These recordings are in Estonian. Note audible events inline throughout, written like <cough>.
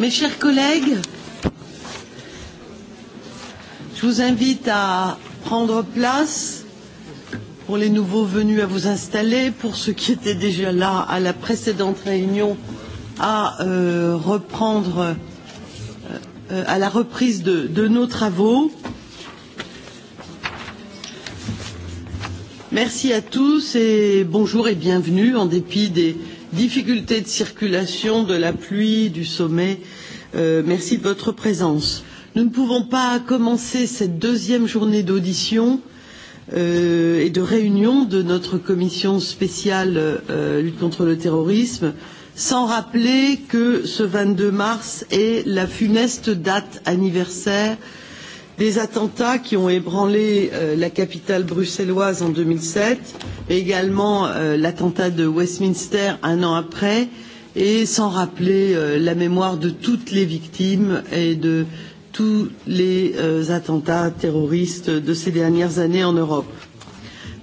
Mes chers collègues, je vous invite à prendre place pour les nouveaux venus à vous installer, pour ceux qui étaient déjà là à la précédente réunion à euh, reprendre euh, euh à la reprise de, de nos travaux. Merci à tous et bonjour et bienvenue en dépit des difficultés de circulation, de la pluie, du sommet, Euh, merci de votre présence. Nous ne pouvons pas commencer cette deuxième journée d'audition euh, et de réunion de notre commission spéciale euh, lutte contre le terrorisme sans rappeler que ce 22 mars est la funeste date anniversaire des attentats qui ont ébranlé euh, la capitale bruxelloise en 2007, mais également euh, l'attentat de Westminster un an après, euh, et sans rappeler euh, la mémoire de toutes les victimes et de tous les euh, attentats terroristes de ces dernières années en Europe.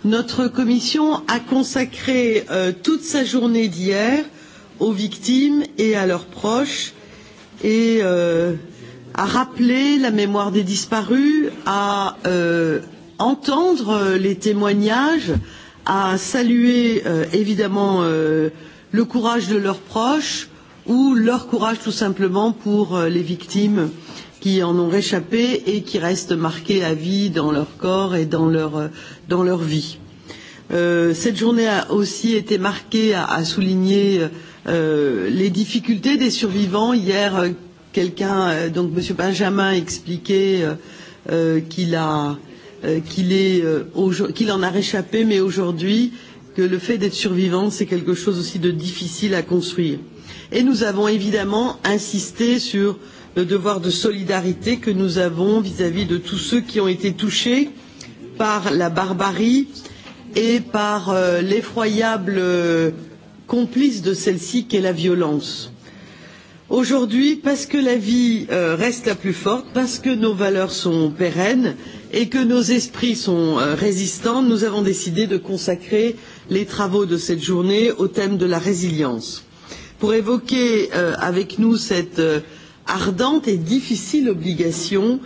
Notre commission a consacré euh, toute sa journée d'hier aux victimes et à leurs proches et euh, à rappeler la mémoire des disparus, à euh, entendre les témoignages, à saluer euh, évidemment euh, le courage de leurs proches ou leur courage tout simplement pour euh, les victimes qui en ont réchappé et qui restent marquées à vie dans leur corps et dans leur, euh, dans leur vie. Euh, cette journée a aussi été marquée à, à souligner euh, les difficultés des survivants. Hier, euh, quelqu'un, euh, donc M. Benjamin, expliquait euh, euh, qu'il a euh, qu'il euh, qu en a réchappé, mais aujourd'hui, euh, que le fait d'être survivant, c'est quelque chose aussi de difficile à construire. Et nous avons évidemment insisté sur le devoir de solidarité que nous avons vis-à-vis -vis de tous ceux qui ont été touchés par la barbarie et par euh, l'effroyable euh, complice de celle-ci qu'est la violence. Aujourd'hui, parce que la vie euh, reste la plus forte, parce que nos valeurs sont pérennes et que nos esprits sont euh, résistants, nous avons décidé de consacrer euh, les travaux de cette journée au thème de la résilience pour évoquer euh, avec nous cette euh, ardente et difficile obligation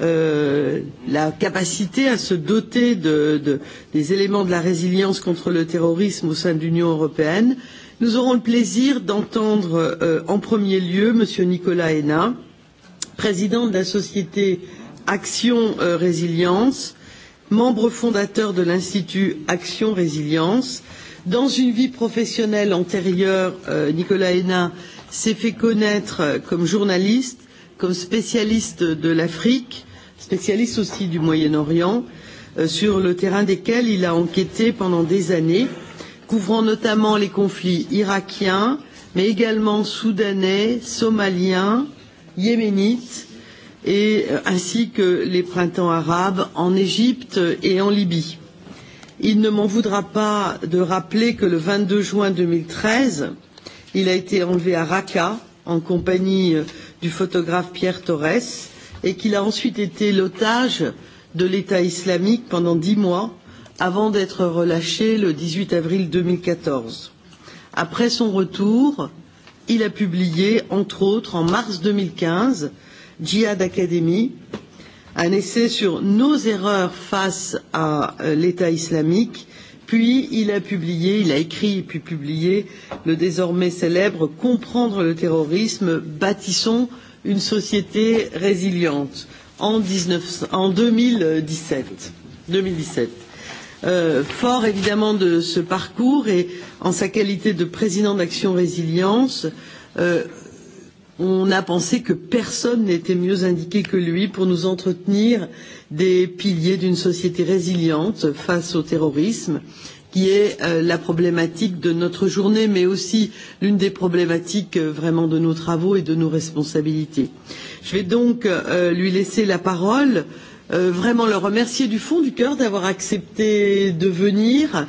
euh, la capacité à se doter de, de, des éléments de la résilience contre le terrorisme au sein de l'Union européenne. Nous aurons le plaisir d'entendre euh, en premier lieu M. Nicolas Hénin, président de la société Action euh, Résilience, membre fondateur de l'Institut Action Résilience. Dans une vie professionnelle antérieure, euh, Nicolas Hénin s'est fait connaître euh, comme journaliste, comme spécialiste de l'Afrique, spécialiste aussi du Moyen-Orient, euh, sur le terrain desquels il a enquêté pendant des années, couvrant notamment les conflits irakiens, mais également soudanais, somaliens, yéménites, et, euh, ainsi que les printemps arabes en Égypte et en Libye. Il ne m'en voudra pas de rappeler que le 22 juin 2013, il a été enlevé à Raqqa en compagnie euh, du photographe Pierre Torres et qu'il a ensuite été l'otage de l'État islamique pendant dix mois avant d'être relâché le 18 avril 2014. Après son retour, il a publié, entre autres, en mars 2015, Jihad Academy, un essai sur nos erreurs face à euh, l'État islamique, puis il a publié, il a écrit puis publié le désormais célèbre Comprendre le terrorisme, bâtissons une société résiliente en, 19, en 2017. 2017. Euh, fort évidemment de ce parcours et en sa qualité de président d'Action Résilience, euh, on a pensé que personne n'était mieux indiqué que lui pour nous entretenir des piliers d'une société résiliente face au terrorisme, qui est euh, la problématique de notre journée, mais aussi l'une des problématiques euh, vraiment de nos travaux et de nos responsabilités. Je vais donc euh, lui laisser la parole, euh, vraiment le remercier du fond du cœur d'avoir accepté de venir,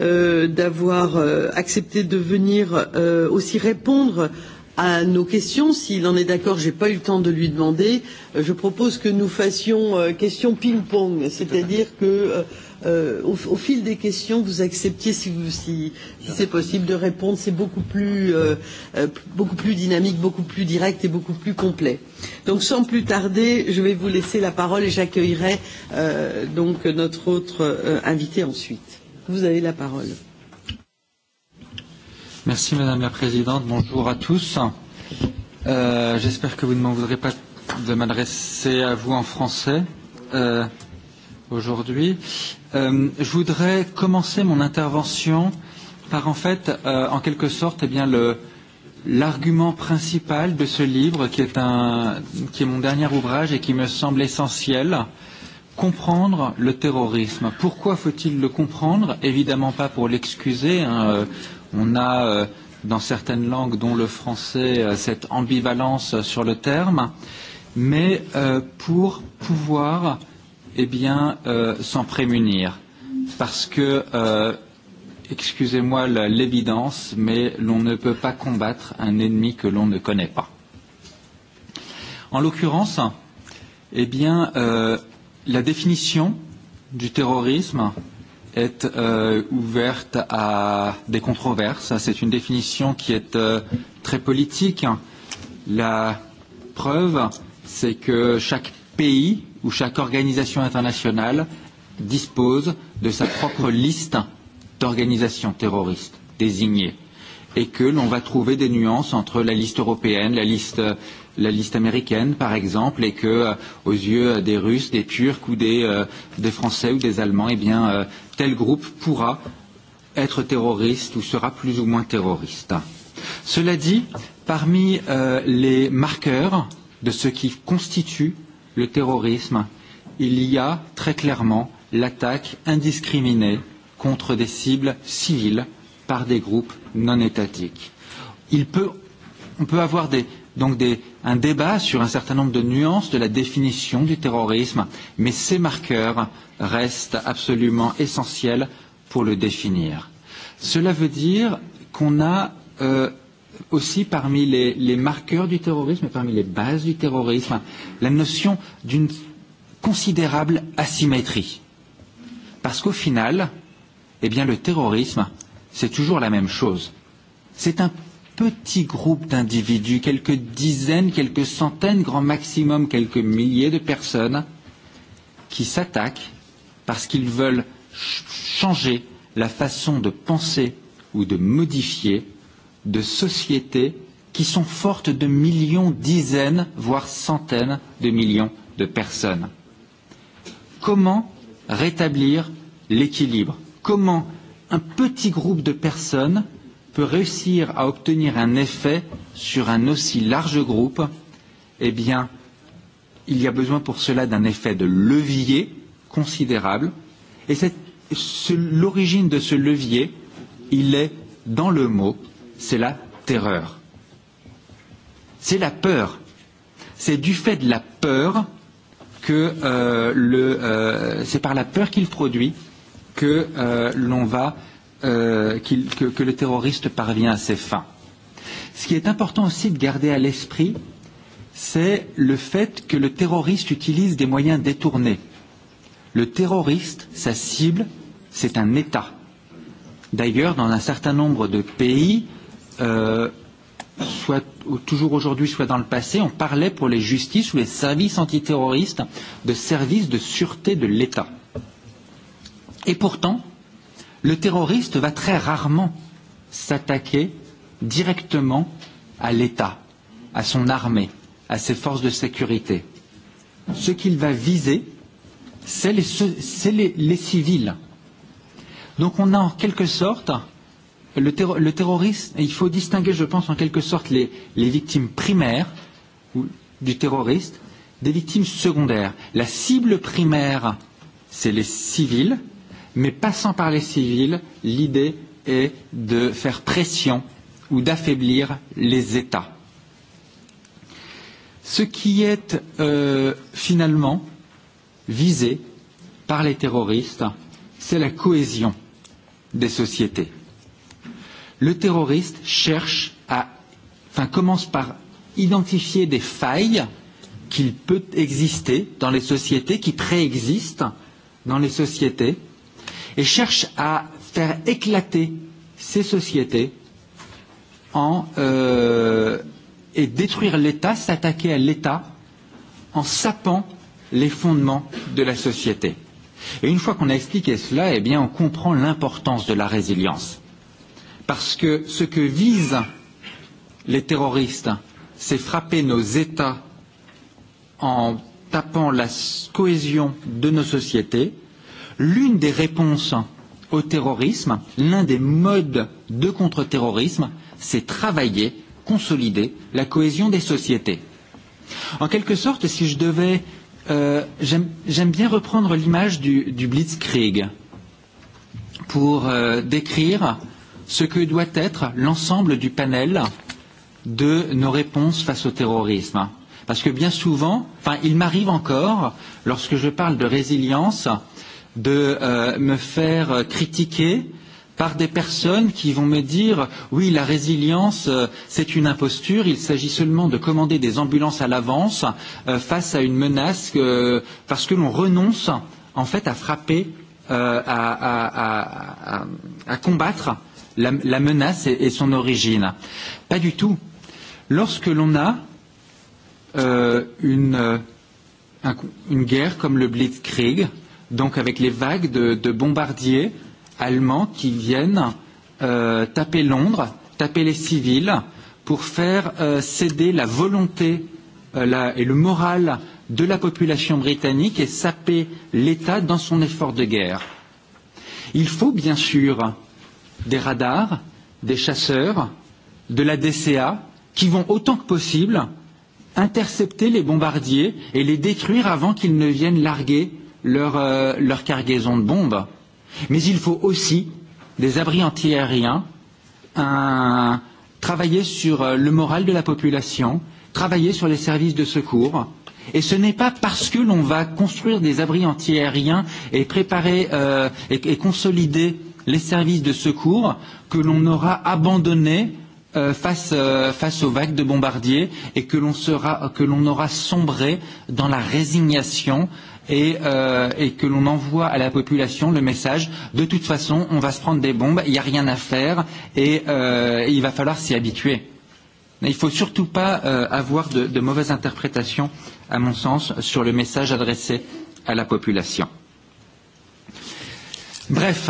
euh, d'avoir euh, accepté de venir euh, aussi répondre euh, à nos questions. S'il en est d'accord, je n'ai pas eu le temps de lui demander. Euh, je propose que nous fassions euh, question ping-pong, c'est-à-dire que euh, euh, au, au fil des questions, vous acceptiez, si, vous, si, si c'est possible, de répondre. C'est beaucoup plus, euh, euh, beaucoup plus dynamique, beaucoup plus direct et beaucoup plus complet. Donc, sans plus tarder, je vais vous laisser la parole et j'accueillerai euh, donc notre autre euh, invité ensuite. Vous avez la parole. Merci. Merci Madame la Présidente, bonjour à tous. Euh, J'espère que vous ne m'en voudrez pas de m'adresser à vous en français euh, aujourd'hui. Euh, je voudrais commencer mon intervention par en fait, euh, en quelque sorte, eh bien, le, l'argument principal de ce livre, qui est, un, qui est mon dernier ouvrage et qui me semble essentiel, comprendre le terrorisme. Pourquoi faut-il le comprendre Évidemment pas pour l'excuser. Hein, euh, On a euh, dans certaines langues, dont le français, euh, cette ambivalence sur le terme, mais euh, pour pouvoir eh bien, euh, s'en prémunir. Parce que, euh, excusez-moi l'évidence, mais l'on ne peut pas combattre un ennemi que l'on ne connaît pas. En l'occurrence, eh bien, euh, la définition du terrorisme est euh, ouverte à des controverses. C'est une définition qui est euh, très politique. La preuve, c'est que chaque pays ou chaque organisation internationale dispose de sa propre liste d'organisations terroristes désignées et que l'on va trouver des nuances entre la liste européenne, la liste, la liste américaine par exemple, et que euh, aux yeux des Russes, des Turcs ou des, euh, des Français ou des Allemands, eh bien, euh, tel groupe pourra être terroriste ou sera plus ou moins terroriste. Cela dit, parmi euh, les marqueurs de ce qui constitue le terrorisme, il y a très clairement l'attaque indiscriminée contre des cibles civiles par des groupes non étatiques. Il peut, on peut avoir des, donc des, un débat sur un certain nombre de nuances de la définition du terrorisme, mais ces marqueurs restent absolument essentiels pour le définir. Cela veut dire qu'on a euh, aussi parmi les, les marqueurs du terrorisme et parmi les bases du terrorisme la notion d'une considérable asymétrie. Parce qu'au final, eh bien, le terrorisme, c'est toujours la même chose. C'est un petits groupes d'individus, quelques dizaines, quelques centaines, grand maximum quelques milliers de personnes qui s'attaquent parce qu'ils veulent ch changer la façon de penser ou de modifier de sociétés qui sont fortes de millions, dizaines, voire centaines de millions de personnes. Comment rétablir l'équilibre Comment un petit groupe de personnes peut réussir à obtenir un effet sur un aussi large groupe, eh bien, il y a besoin pour cela d'un effet de levier considérable. Et l'origine de ce levier, il est dans le mot, c'est la terreur. C'est la peur. C'est du fait de la peur que euh, le, euh, c'est par la peur qu'il produit que euh, l'on va euh, qu que, que le terroriste parvient à ses fins. Ce qui est important aussi de garder à l'esprit, c'est le fait que le terroriste utilise des moyens détournés. Le terroriste, sa cible, c'est un État. D'ailleurs, dans un certain nombre de pays, euh, soit toujours aujourd'hui, soit dans le passé, on parlait pour les justices ou les services antiterroristes de services de sûreté de l'État. Et pourtant, Le terroriste va très rarement s'attaquer directement à l'État, à son armée, à ses forces de sécurité. Ce qu'il va viser, c'est les, les, les civils. Donc on a en quelque sorte le, terro le terrorisme, et il faut distinguer, je pense, en quelque sorte les, les victimes primaires ou, du terroriste des victimes secondaires. La cible primaire, c'est les civils, mais passant par les civils, l'idée est de faire pression ou d'affaiblir les États. Ce qui est euh, finalement visé par les terroristes, c'est la cohésion des sociétés. Le terroriste cherche à, enfin, commence par identifier des failles qu'il peut exister dans les sociétés, qui préexistent dans les sociétés, et cherche à faire éclater ces sociétés en, euh, et détruire l'État, s'attaquer à l'État en sapant les fondements de la société. Et une fois qu'on a expliqué cela, eh bien, on comprend l'importance de la résilience. Parce que ce que visent les terroristes, c'est frapper nos États en tapant la cohésion de nos sociétés, l'une des réponses au terrorisme, l'un des modes de contre-terrorisme, c'est travailler, consolider la cohésion des sociétés. En quelque sorte, si je devais, euh, j'aime bien reprendre l'image du, du Blitzkrieg pour euh, décrire ce que doit être l'ensemble du panel de nos réponses face au terrorisme. Parce que bien souvent, enfin, il m'arrive encore, lorsque je parle de résilience, euh, de euh, me faire critiquer par des personnes qui vont me dire oui, la résilience, euh, c'est une imposture, il s'agit seulement de commander des ambulances à l'avance euh, face à une menace euh, parce que l'on renonce en fait à frapper, euh, à, à, à, à, à combattre la, la menace et, et son origine. Pas du tout. Lorsque l'on a euh, une, euh, un, une guerre comme le Blitzkrieg, euh, donc avec les vagues de, de bombardiers allemands qui viennent euh, taper Londres, taper les civils, pour faire euh, céder la volonté euh, la, et le moral de la population britannique et saper l'État dans son effort de guerre. Il faut bien sûr des radars, des chasseurs, de la DCA qui vont autant que possible intercepter les bombardiers et les détruire avant qu'ils ne viennent larguer leur, euh, leur cargaison de bombes, mais il faut aussi des abris antiaériens, un, travailler sur euh, le moral de la population, travailler sur les services de secours. Et ce n'est pas parce que l'on va construire des abris antiaériens et préparer euh, et, et consolider les services de secours que l'on aura abandonné euh, face, euh, face aux vagues de bombardiers et que l'on aura sombré dans la résignation euh, et, euh, et que l'on envoie à la population le message de toute façon, on va se prendre des bombes, il n'y a rien à faire et, euh, et il va falloir s'y habituer. Mais il ne faut surtout pas euh, avoir de, de mauvaises interprétations, à mon sens, sur le message adressé à la population. Bref,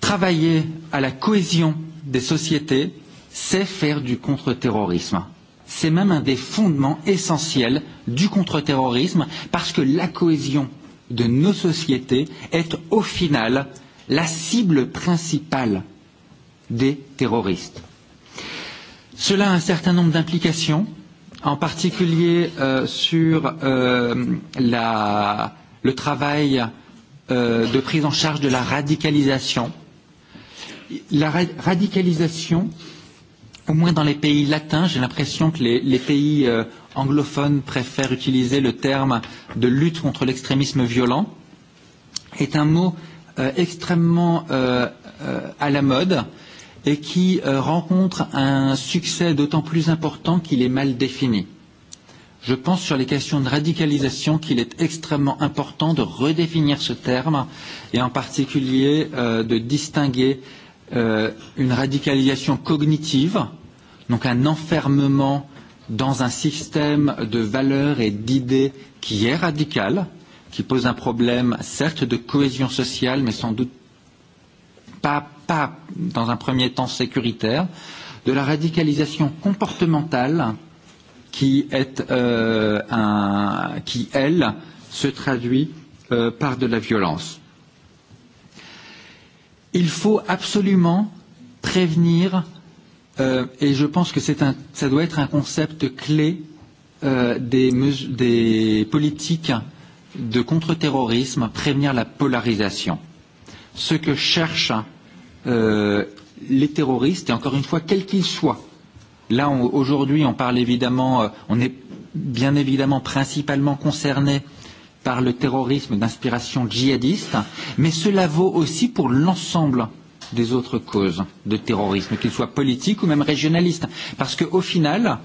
travailler à la cohésion des sociétés, c'est faire du contre-terrorisme. C'est même un des fondements essentiels du contre-terrorisme, parce que la cohésion de nos sociétés est au final la cible principale des terroristes. Cela a un certain nombre d'implications, en particulier euh, sur euh, la, le travail euh, de prise en charge de la radicalisation. La ra radicalisation, au moins dans les pays latins, j'ai l'impression que les, les pays euh, anglophone préfère utiliser le terme de lutte contre l'extrémisme violent, est un mot euh, extrêmement euh, euh, à la mode et qui euh, rencontre un succès d'autant plus important qu'il est mal défini. Je pense sur les questions de radicalisation qu'il est extrêmement important de redéfinir ce terme et en particulier euh, de distinguer euh, une radicalisation cognitive, donc un enfermement dans un système de valeurs et d'idées qui est radical, qui pose un problème certes de cohésion sociale, mais sans doute pas, pas dans un premier temps sécuritaire, de la radicalisation comportementale qui est euh, un, qui elle se traduit euh, par de la violence. Il faut absolument prévenir euh, Euh, et je pense que un, ça doit être un concept clé euh, des, des politiques de contre-terrorisme, prévenir la polarisation. Ce que cherchent euh, les terroristes, et encore une fois, quels qu'ils soient, là aujourd'hui on parle évidemment, euh, on est bien évidemment principalement concerné par le terrorisme d'inspiration djihadiste, mais cela vaut aussi pour l'ensemble euh, des autres causes de terrorisme, qu'ils soient politiques ou même régionalistes. Parce qu'au final,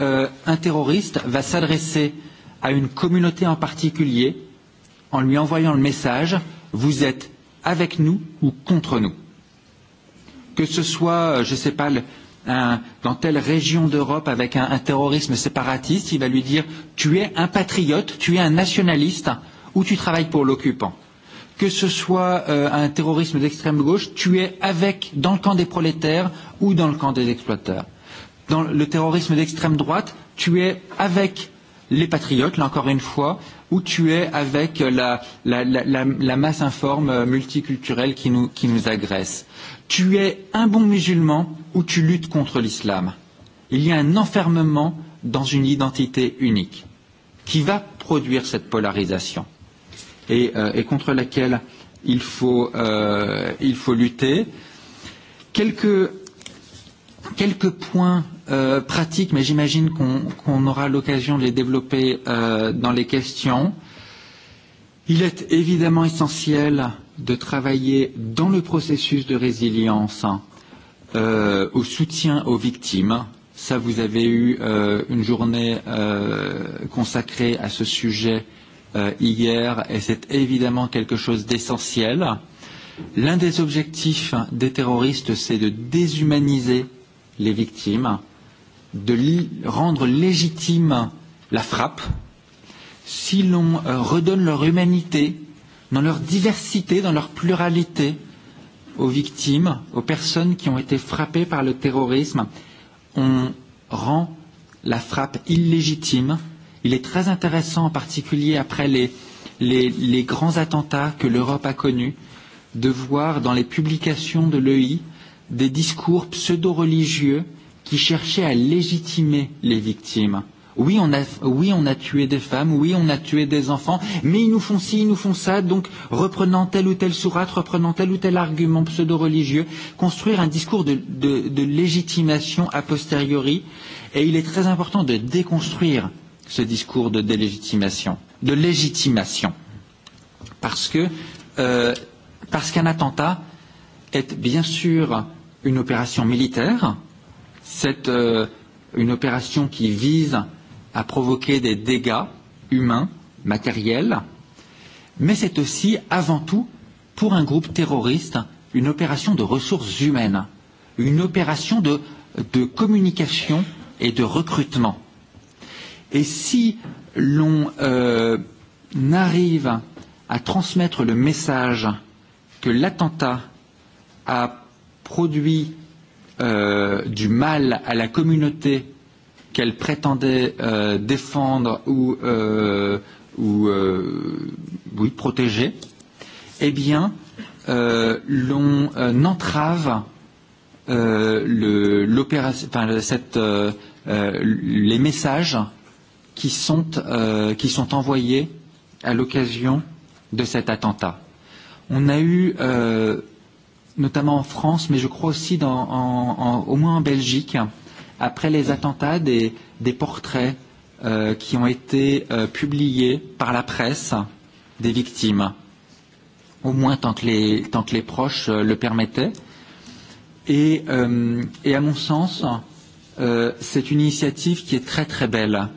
euh, un terroriste va s'adresser à une communauté en particulier en lui envoyant le message vous êtes avec nous ou contre nous. Que ce soit, euh, je ne sais pas, le, un, dans telle région d'Europe avec un, un terrorisme séparatiste, il va lui dire tu es un patriote, tu es un nationaliste ou tu travailles pour l'occupant que ce soit euh, un terrorisme d'extrême gauche, tu es avec, dans le camp des prolétaires ou dans le camp des exploiteurs. Dans le terrorisme d'extrême droite, tu es avec les patriotes, là encore une fois, ou tu es avec la, la, la, la, la masse informe multiculturelle qui nous, qui nous agresse. Tu es un bon musulman ou tu luttes contre l'islam. Il y a un enfermement dans une identité unique qui va produire cette polarisation et, euh, et contre laquelle il faut, euh, il faut lutter. Quelques, quelques points euh, pratiques, mais j'imagine qu'on qu, on, qu on aura l'occasion de les développer euh, dans les questions. Il est évidemment essentiel de travailler dans le processus de résilience euh, au soutien aux victimes. Ça, vous avez eu euh, une journée euh, consacrée à ce sujet euh, euh, hier et c'est évidemment quelque chose d'essentiel. L'un des objectifs des terroristes, c'est de déshumaniser les victimes, de rendre légitime la frappe. Si l'on euh, redonne leur humanité, dans leur diversité, dans leur pluralité, aux victimes, aux personnes qui ont été frappées par le terrorisme, on rend la frappe illégitime Il est très intéressant, en particulier après les, les, les grands attentats que l'Europe a connus, de voir dans les publications de l'EI des discours pseudo-religieux qui cherchaient à légitimer les victimes. Oui on, a, oui, on a tué des femmes, oui, on a tué des enfants, mais ils nous font ci, ils nous font ça, donc reprenant telle ou telle sourate, reprenant tel ou tel argument pseudo-religieux, construire un discours de, de, de légitimation a posteriori. Et il est très important de déconstruire euh, ce discours de délégitimation, de légitimation, parce que euh, parce qu'un attentat est bien sûr une opération militaire, c'est euh, une opération qui vise à provoquer des dégâts humains, matériels, mais c'est aussi avant tout pour un groupe terroriste une opération de ressources humaines, une opération de, de communication et de recrutement. Et si l'on euh, arrive à transmettre le message que l'attentat a produit euh, du mal à la communauté qu'elle prétendait euh, défendre ou, euh, ou euh, oui, protéger, eh bien, euh, l'on euh, entrave euh, le, enfin, cette, euh, euh, les messages qui sont, euh, qui sont envoyés à l'occasion de cet attentat. On a eu, euh, notamment en France, mais je crois aussi dans, en, en, au moins en Belgique, après les attentats, des, des portraits euh, qui ont été euh, publiés par la presse des victimes, au moins tant que les, tant que les proches euh, le permettaient. Et, euh, et à mon sens, euh, c'est une initiative qui est très très belle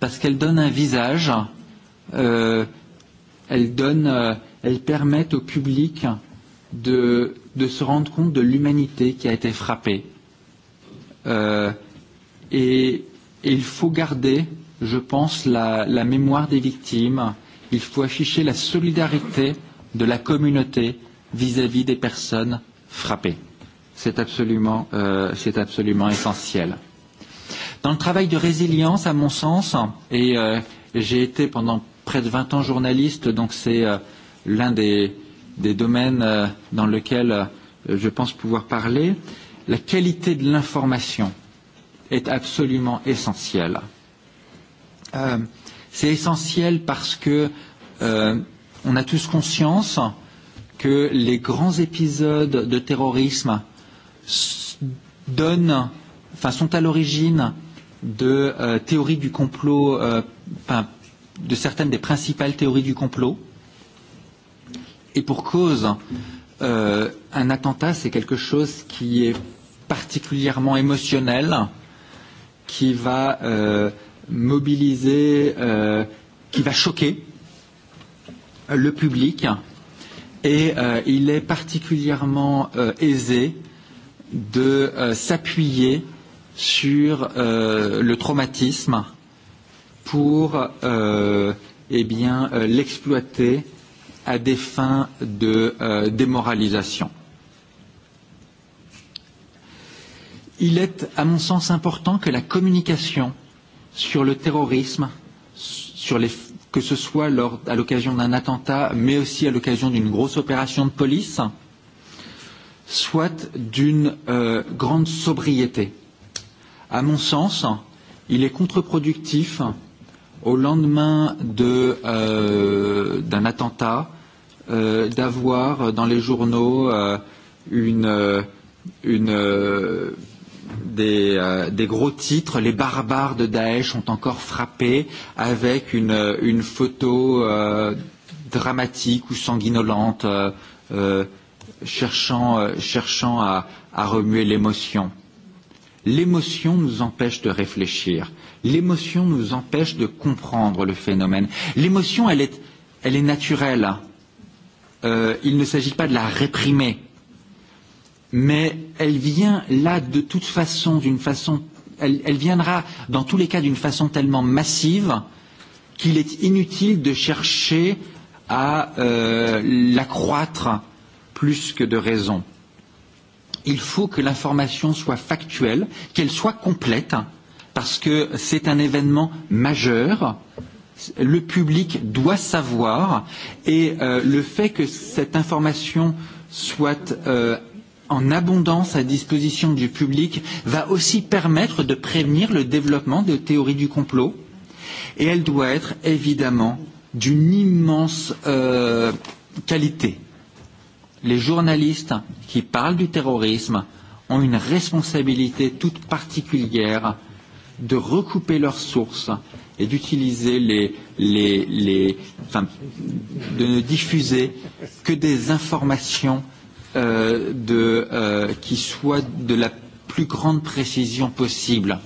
parce qu'elles donnent un visage, euh, elles, donnent, euh, elles permettent au public de, de se rendre compte de l'humanité qui a été frappée. Euh, et, et il faut garder, je pense, la, la mémoire des victimes, il faut afficher la solidarité de la communauté vis-à-vis -vis des personnes frappées. C'est absolument, euh, absolument essentiel. Dans le travail de résilience, à mon sens, et euh, j'ai été pendant près de 20 ans journaliste, donc c'est euh, l'un des, des domaines euh, dans lequel euh, je pense pouvoir parler, la qualité de l'information est absolument essentielle. Euh, c'est essentiel parce que euh, on a tous conscience que les grands épisodes de terrorisme donnent, enfin, sont à l'origine de euh, théories du complot, euh, enfin, de certaines des principales théories du complot. Et pour cause, euh, un attentat, c'est quelque chose qui est particulièrement émotionnel, qui va euh, mobiliser, euh, qui va choquer le public. Et euh, il est particulièrement euh, aisé de euh, s'appuyer euh, sur euh, le traumatisme pour euh, eh bien euh, l'exploiter à des fins de euh, démoralisation. Il est, à mon sens, important que la communication sur le terrorisme, sur les, que ce soit lors, à l'occasion d'un attentat, mais aussi à l'occasion d'une grosse opération de police, soit d'une euh, grande sobriété. Euh, À mon sens, il est contre-productif au lendemain euh, d'un euh, attentat euh, d'avoir dans les journaux euh, une, euh, une, euh, des, euh, des gros titres. Les barbares de Daesh ont encore frappé avec une, une photo euh, dramatique ou sanguinolente euh, euh, cherchant, euh, cherchant à, à remuer l'émotion. Euh, L'émotion nous empêche de réfléchir. L'émotion nous empêche de comprendre le phénomène. L'émotion, elle est, elle est naturelle. Euh, il ne s'agit pas de la réprimer. Mais elle vient là de toute façon, d'une façon, elle, elle viendra dans tous les cas d'une façon tellement massive qu'il est inutile de chercher à euh, l'accroître plus que de raison. Euh, il faut que l'information soit factuelle, qu'elle soit complète, parce que c'est un événement majeur. Le public doit savoir et euh, le fait que cette information soit euh, en abondance à disposition du public va aussi permettre de prévenir le développement de théories du complot et elle doit être évidemment d'une immense euh, qualité les journalistes qui parlent du terrorisme ont une responsabilité toute particulière de recouper leurs sources et d'utiliser les, les, les enfin, de ne diffuser que des informations euh, de, euh, qui soient de la plus grande précision possible,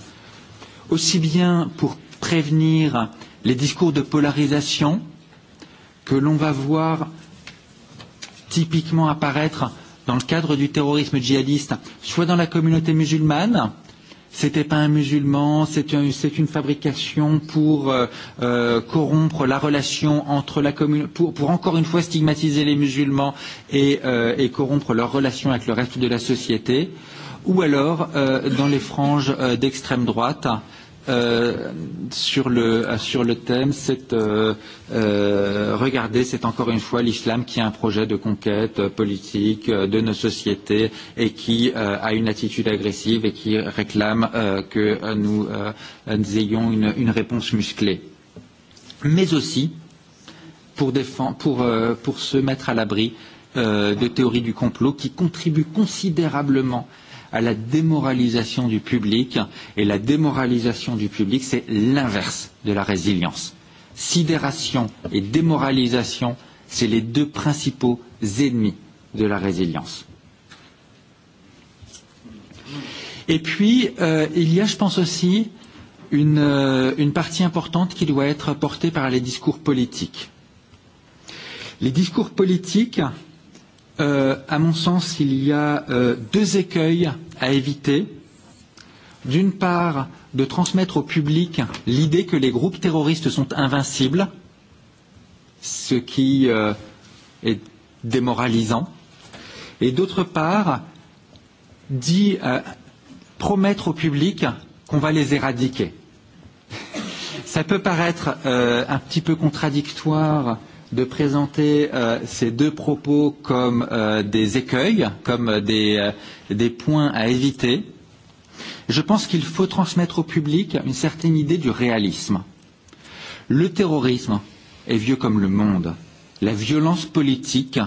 aussi bien pour prévenir les discours de polarisation que l'on va voir typiquement apparaître dans le cadre du terrorisme djihadiste, soit dans la communauté musulmane, c'était pas un musulman, c'est un, une fabrication pour euh, euh, corrompre la relation entre la commune, pour, pour encore une fois stigmatiser les musulmans et, euh, et corrompre leur relation avec le reste de la société, ou alors euh, dans les franges euh, d'extrême droite, euh, euh, sur, le, euh, sur le thème, c'est euh, euh, regarder, c'est encore une fois l'islam qui a un projet de conquête euh, politique euh, de nos sociétés et qui euh, a une attitude agressive et qui réclame euh, que euh, nous, euh, nous ayons une, une réponse musclée. Mais aussi pour, défendre, pour, euh, pour se mettre à l'abri euh, de théories du complot qui contribuent considérablement euh, à la démoralisation du public. Et la démoralisation du public, c'est l'inverse de la résilience. Sidération et démoralisation, c'est les deux principaux ennemis de la résilience. Et puis, euh, il y a, je pense aussi, une, euh, une partie importante qui doit être portée par les discours politiques. Les discours politiques, euh, euh, à mon sens, il y a euh, deux écueils à éviter. D'une part, de transmettre au public l'idée que les groupes terroristes sont invincibles, ce qui euh, est démoralisant. Et d'autre part, dit, euh, promettre au public qu'on va les éradiquer. <laughs> Ça peut paraître euh, un petit peu contradictoire euh, de présenter euh, ces deux propos comme euh, des écueils, comme euh, des, euh, des points à éviter. Je pense qu'il faut transmettre au public une certaine idée du réalisme. Le terrorisme est vieux comme le monde. La violence politique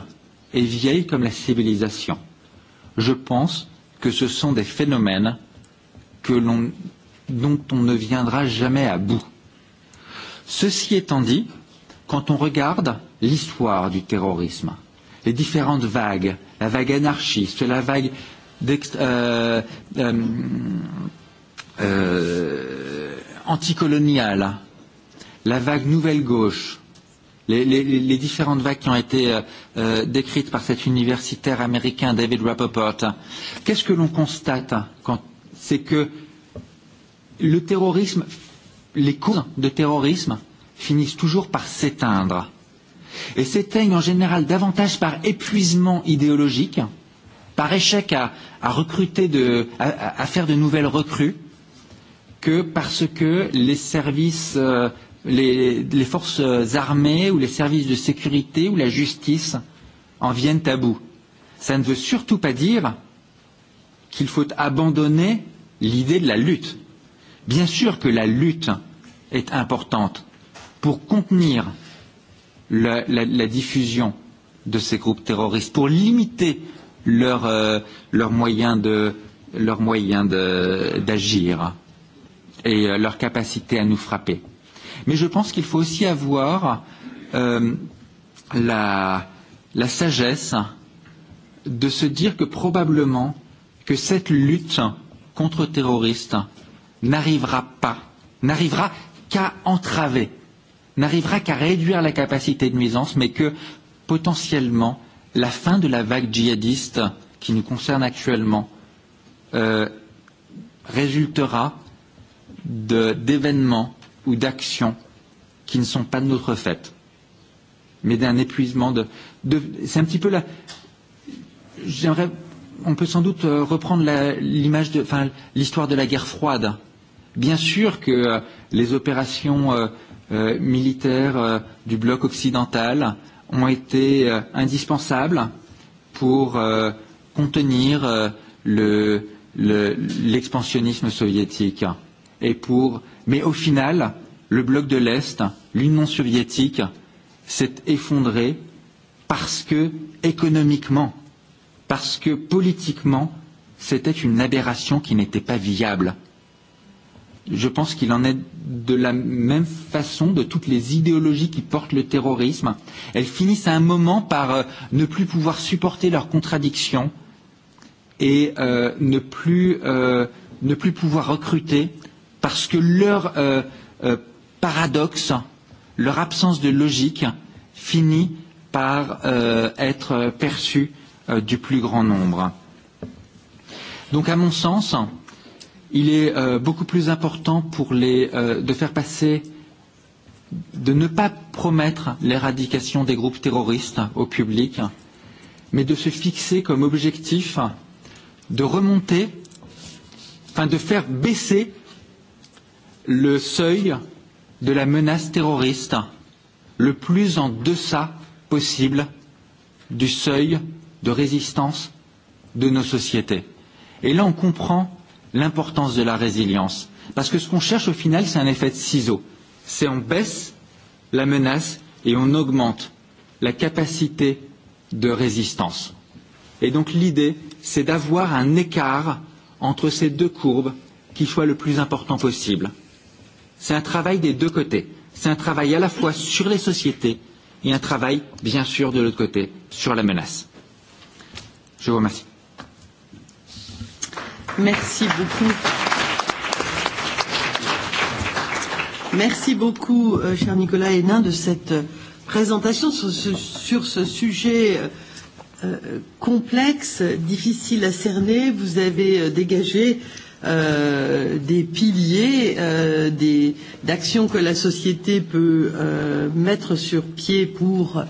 est vieille comme la civilisation. Je pense que ce sont des phénomènes que l'on, dont on ne viendra jamais à bout. Ceci étant dit, euh, Quand on regarde l'histoire du terrorisme, les différentes vagues, la vague anarchiste, la vague euh, euh, euh, anticoloniale, la vague nouvelle gauche, les, les, les différentes vagues qui ont été euh, euh, décrites par cet universitaire américain David Rappaport, qu'est-ce que l'on constate quand c'est que le terrorisme, les causes de terrorisme finissent toujours par s'éteindre et s'éteignent en général davantage par épuisement idéologique, par échec à, à recruter de, à, à faire de nouvelles recrues, que parce que les services, euh, les, les forces armées ou les services de sécurité ou la justice en viennent à bout. Ça ne veut surtout pas dire qu'il faut abandonner l'idée de la lutte. Bien sûr que la lutte est importante, pour contenir la, la, la diffusion de ces groupes terroristes, pour limiter leurs euh, leur moyens de leur moyen d'agir et euh, leur capacité à nous frapper. Mais je pense qu'il faut aussi avoir euh, la, la sagesse de se dire que probablement que cette lutte contre terroristes n'arrivera pas, n'arrivera qu'à entraver euh, n'arrivera qu'à réduire la capacité de nuisance, mais que potentiellement la fin de la vague djihadiste qui nous concerne actuellement euh, résultera d'événements ou d'actions qui ne sont pas de notre fait, mais d'un épuisement de, de c'est un petit peu la j'aimerais on peut sans doute euh, reprendre l'image de enfin l'histoire de la guerre froide. Bien sûr que euh, les opérations euh, euh, militaires euh, du bloc occidental ont été euh, indispensables pour euh, contenir euh, le, le, l'expansionnisme soviétique. Et pour... Mais au final, le bloc de l'Est, l'Union soviétique, s'est effondré parce que économiquement, parce que politiquement, c'était une aberration qui n'était pas viable je pense qu'il en est de la même façon de toutes les idéologies qui portent le terrorisme. Elles finissent à un moment par euh, ne plus pouvoir supporter leurs contradictions et euh, ne, plus, euh, ne plus pouvoir recruter parce que leur euh, euh, paradoxe, leur absence de logique finit par euh, être perçue euh, du plus grand nombre. Donc à mon sens, euh, il est euh, beaucoup plus important pour les, euh, de faire passer, de ne pas promettre l'éradication des groupes terroristes au public, mais de se fixer comme objectif de remonter, enfin de faire baisser le seuil de la menace terroriste le plus en deçà possible du seuil de résistance de nos sociétés. Et là, on comprend l'importance de la résilience. Parce que ce qu'on cherche au final, c'est un effet de ciseau. C'est on baisse la menace et on augmente la capacité de résistance. Et donc l'idée, c'est d'avoir un écart entre ces deux courbes qui soit le plus important possible. C'est un travail des deux côtés. C'est un travail à la fois sur les sociétés et un travail, bien sûr, de l'autre côté, sur la menace. Je vous remercie. Merci beaucoup. Merci beaucoup, euh, cher Nicolas Hénin, de cette euh, présentation sur ce, sur ce sujet euh, euh, complexe, difficile à cerner. Vous avez euh, dégagé euh, des piliers euh, d'actions que la société peut euh, mettre sur pied pour euh,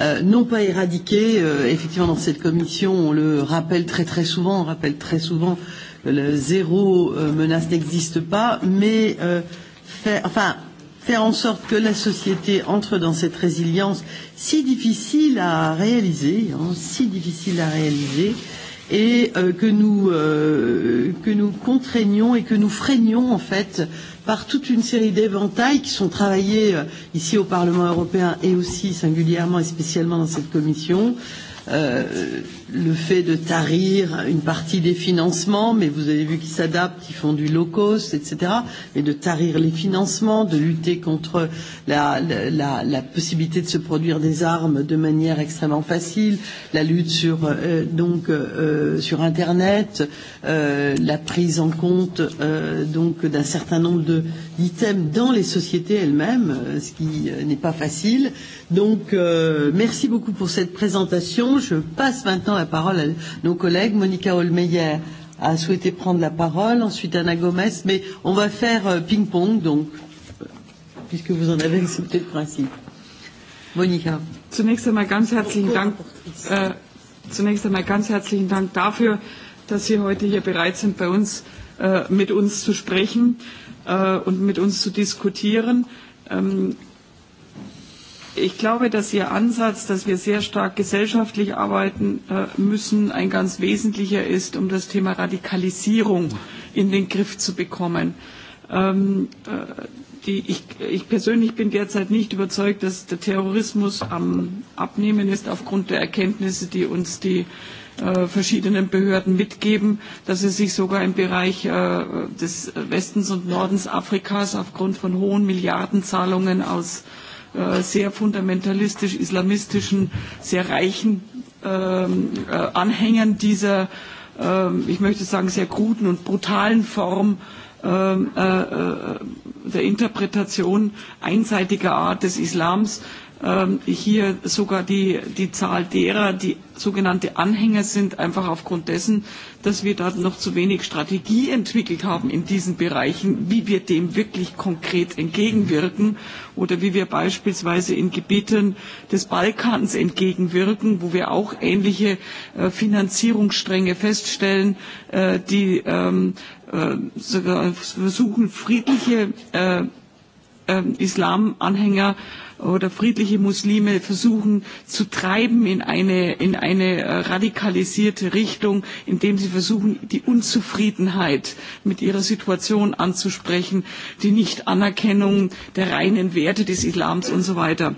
euh, non pas éradiqué. Euh, effectivement, dans cette commission, on le rappelle très très souvent, on rappelle très souvent que le zéro euh, menace n'existe pas, mais euh, faire, enfin, faire en sorte que la société entre dans cette résilience si difficile à réaliser, hein, si difficile à réaliser, euh, et euh, que, nous, euh, que nous contraignons et que nous freinions en fait par toute une série d'éventails qui sont travaillés euh, ici au Parlement européen et aussi singulièrement et spécialement dans cette commission. Euh, le fait de tarir une partie des financements, mais vous avez vu qu'ils s'adaptent, ils font du low cost, etc., mais de tarir les financements, de lutter contre la, la, la possibilité de se produire des armes de manière extrêmement facile, la lutte sur, euh, donc, euh, euh sur Internet, euh, la prise en compte euh, donc d'un certain nombre d'items dans les sociétés elles-mêmes, euh, ce qui euh, n'est pas facile. Donc, euh, merci beaucoup pour cette présentation. Je passe maintenant à la parole à nos collègues. Monica Holmeyer a souhaité prendre la parole, ensuite Anna Gomez, mais on va faire euh, ping-pong, donc, euh, puisque vous en avez accepté le principe. Monika. Zunächst einmal ganz herzlichen Dank. Äh, zunächst einmal ganz herzlichen Dank dafür, dass Sie heute hier bereit sind, bei uns äh, mit uns zu sprechen äh, und mit uns zu diskutieren. Ähm, Ich glaube, dass Ihr Ansatz, dass wir sehr stark gesellschaftlich arbeiten äh, müssen, ein ganz wesentlicher ist, um das Thema Radikalisierung in den Griff zu bekommen. Ähm, äh, die, ich, ich persönlich bin derzeit nicht überzeugt, dass der Terrorismus am Abnehmen ist, aufgrund der Erkenntnisse, die uns die äh, verschiedenen Behörden mitgeben, dass es sich sogar im Bereich äh, des Westens und Nordens Afrikas aufgrund von hohen Milliardenzahlungen aus äh, äh, sehr fundamentalistisch islamistischen, sehr reichen ähm, äh, Anhängern dieser, ähm, ich möchte sagen, sehr kruden und brutalen Form ähm, äh, äh, der Interpretation einseitiger Art des Islams ähm, hier sogar die, die Zahl derer, die sogenannte Anhänger sind, einfach aufgrund dessen, dass wir da noch zu wenig Strategie entwickelt haben in diesen Bereichen, wie wir dem wirklich konkret entgegenwirken oder wie wir beispielsweise in Gebieten des Balkans entgegenwirken, wo wir auch ähnliche äh, Finanzierungsstränge feststellen, äh, die ähm, äh, sogar versuchen, friedliche äh, äh, Islamanhänger oder friedliche Muslime versuchen zu treiben in eine, in eine äh, radikalisierte Richtung, indem sie versuchen, die Unzufriedenheit mit ihrer Situation anzusprechen, die Nichtanerkennung der reinen Werte des Islams und so weiter.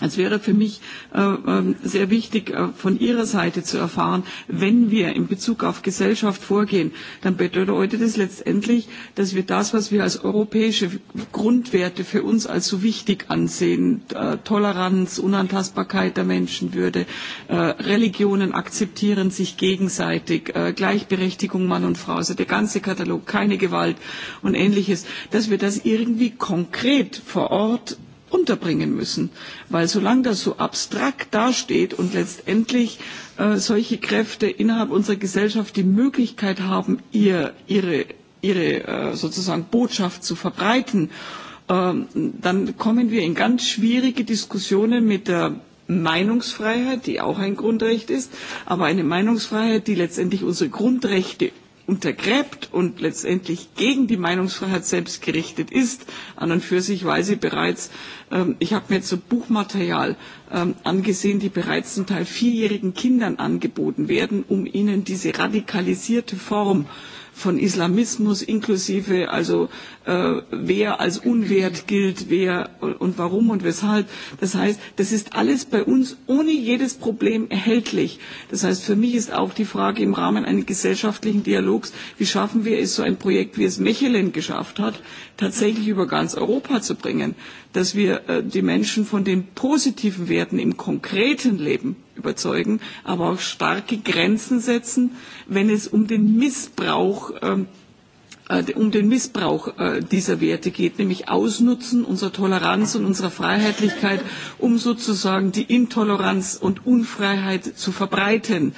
Es wäre für mich äh, ähm, sehr wichtig, äh, von Ihrer Seite zu erfahren, wenn wir in Bezug auf Gesellschaft vorgehen, dann bedeutet es letztendlich, dass wir das, was wir als europäische Grundwerte für uns als so wichtig ansehen, äh, Toleranz, Unantastbarkeit der Menschenwürde, Religionen akzeptieren sich gegenseitig, Gleichberechtigung Mann und Frau, also der ganze Katalog, keine Gewalt und ähnliches, dass wir das irgendwie konkret vor Ort unterbringen müssen. Weil solange das so abstrakt dasteht und letztendlich äh, solche Kräfte innerhalb unserer Gesellschaft die Möglichkeit haben, ihr, ihre, ihre äh, sozusagen Botschaft zu verbreiten, äh, dann kommen wir in ganz schwierige Diskussionen mit der Meinungsfreiheit, die auch ein Grundrecht ist, aber eine Meinungsfreiheit, die letztendlich unsere Grundrechte untergräbt und letztendlich gegen die Meinungsfreiheit selbst gerichtet ist. An und für sich weiß ich bereits, ähm, ich habe mir jetzt so Buchmaterial ähm, angesehen, die bereits zum Teil vierjährigen Kindern angeboten werden, um ihnen diese radikalisierte Form äh, von Islamismus inklusive, also äh, wer als unwert gilt, wer und warum und weshalb. Das heißt, das ist alles bei uns ohne jedes Problem erhältlich. Das heißt, für mich ist auch die Frage im Rahmen eines gesellschaftlichen Dialogs, wie schaffen wir es, so ein Projekt, wie es Mechelen geschafft hat, tatsächlich über ganz Europa zu bringen, dass wir äh, die Menschen von den positiven Werten im konkreten Leben überzeugen, aber auch starke Grenzen setzen, wenn es um den Missbrauch ähm, äh, um den Missbrauch äh, dieser Werte geht, nämlich Ausnutzen unserer Toleranz und unserer Freiheitlichkeit, um sozusagen die Intoleranz und Unfreiheit zu verbreiten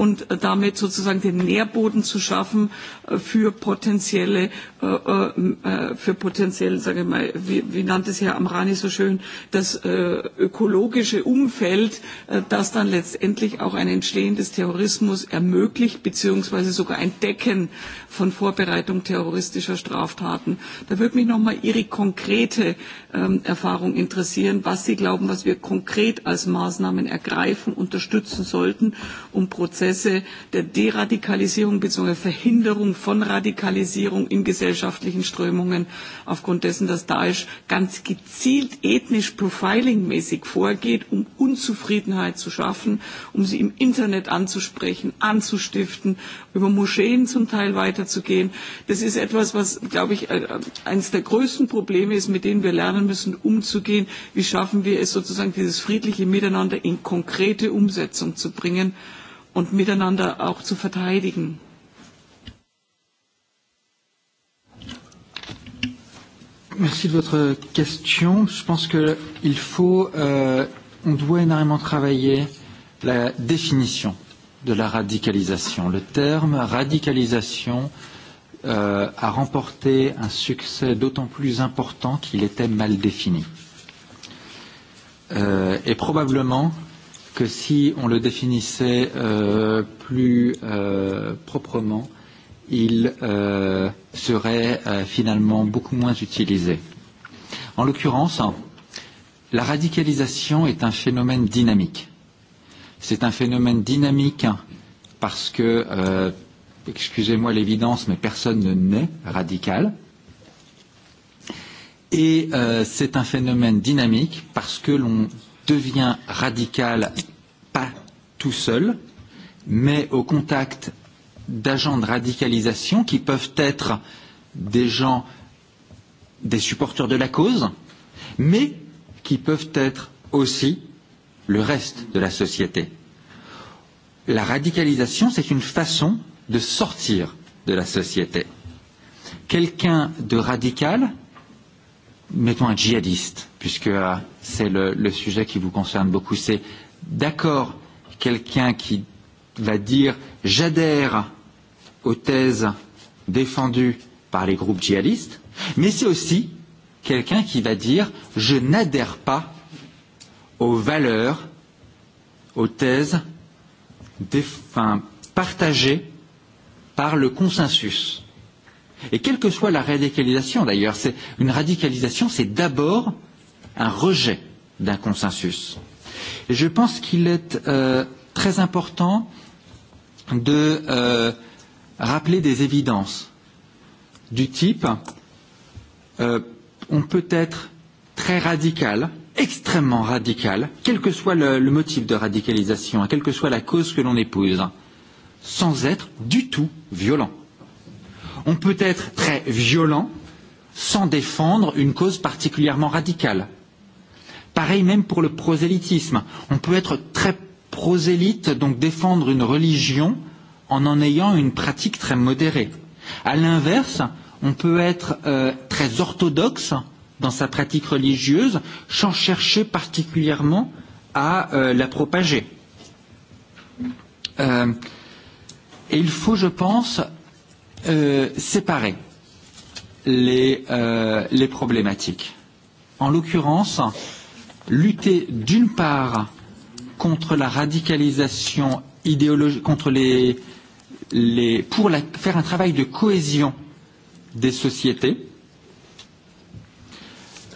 und damit sozusagen den Nährboden zu schaffen äh, für potenzielle, äh, äh, für potenziell, sage ich mal, wie, wie nannte es Herr Amrani so schön, das ökologische Umfeld, das dann letztendlich auch ein Entstehen des Terrorismus ermöglicht, beziehungsweise sogar ein Decken von Vorbereitung terroristischer Straftaten. Da würde mich nochmal Ihre konkrete ähm, Erfahrung interessieren, was Sie glauben, was wir konkret als Maßnahmen ergreifen, unterstützen sollten, um Prozesse Prozesse der Deradikalisierung bzw. Verhinderung von Radikalisierung in gesellschaftlichen Strömungen aufgrund dessen, dass Daesh ganz gezielt ethnisch profilingmäßig vorgeht, um Unzufriedenheit zu schaffen, um sie im Internet anzusprechen, anzustiften, über Moscheen zum Teil weiterzugehen. Das ist etwas, was, glaube ich, äh, äh, eines der größten Probleme ist, mit denen wir lernen müssen, umzugehen. Wie schaffen wir es sozusagen, dieses friedliche Miteinander in konkrete Umsetzung zu bringen? und miteinander auch zu verteidigen. Merci de votre question. Je pense qu'il faut, euh, on doit énormément travailler la définition de la radicalisation. Le terme radicalisation euh, a remporté un succès d'autant plus important qu'il était mal défini. Euh, et probablement, euh, que si on le définissait euh, plus euh, proprement, il euh, serait euh, finalement beaucoup moins utilisé. En l'occurrence, la radicalisation est un phénomène dynamique. C'est un phénomène dynamique parce que, euh, excusez-moi l'évidence, mais personne ne naît radical. Et euh, c'est un phénomène dynamique parce que l'on devient radical pas tout seul, mais au contact d'agents de radicalisation qui peuvent être des gens, des supporters de la cause, mais qui peuvent être aussi le reste de la société. La radicalisation, c'est une façon de sortir de la société. Quelqu'un de radical mettons un djihadiste, puisque euh, c'est le, le sujet qui vous concerne beaucoup, c'est d'accord quelqu'un qui va dire j'adhère aux thèses défendues par les groupes djihadistes, mais c'est aussi quelqu'un qui va dire je n'adhère pas aux valeurs, aux thèses déf- enfin, partagées par le consensus Et quelle que soit la radicalisation d'ailleurs, une radicalisation, c'est d'abord un rejet d'un consensus. Et je pense qu'il est euh, très important de euh, rappeler des évidences du type euh, on peut être très radical, extrêmement radical, quel que soit le, le motif de radicalisation, quelle que soit la cause que l'on épouse, sans être du tout violent. On peut être très violent sans défendre une cause particulièrement radicale. Pareil même pour le prosélytisme. On peut être très prosélyte, donc défendre une religion en en ayant une pratique très modérée. À l'inverse, on peut être euh, très orthodoxe dans sa pratique religieuse sans chercher particulièrement à euh, la propager. Euh, et il faut, je pense, euh, séparer les, euh, les problématiques. En l'occurrence, lutter d'une part contre la radicalisation idéologique, contre les, les, pour la, faire un travail de cohésion des sociétés.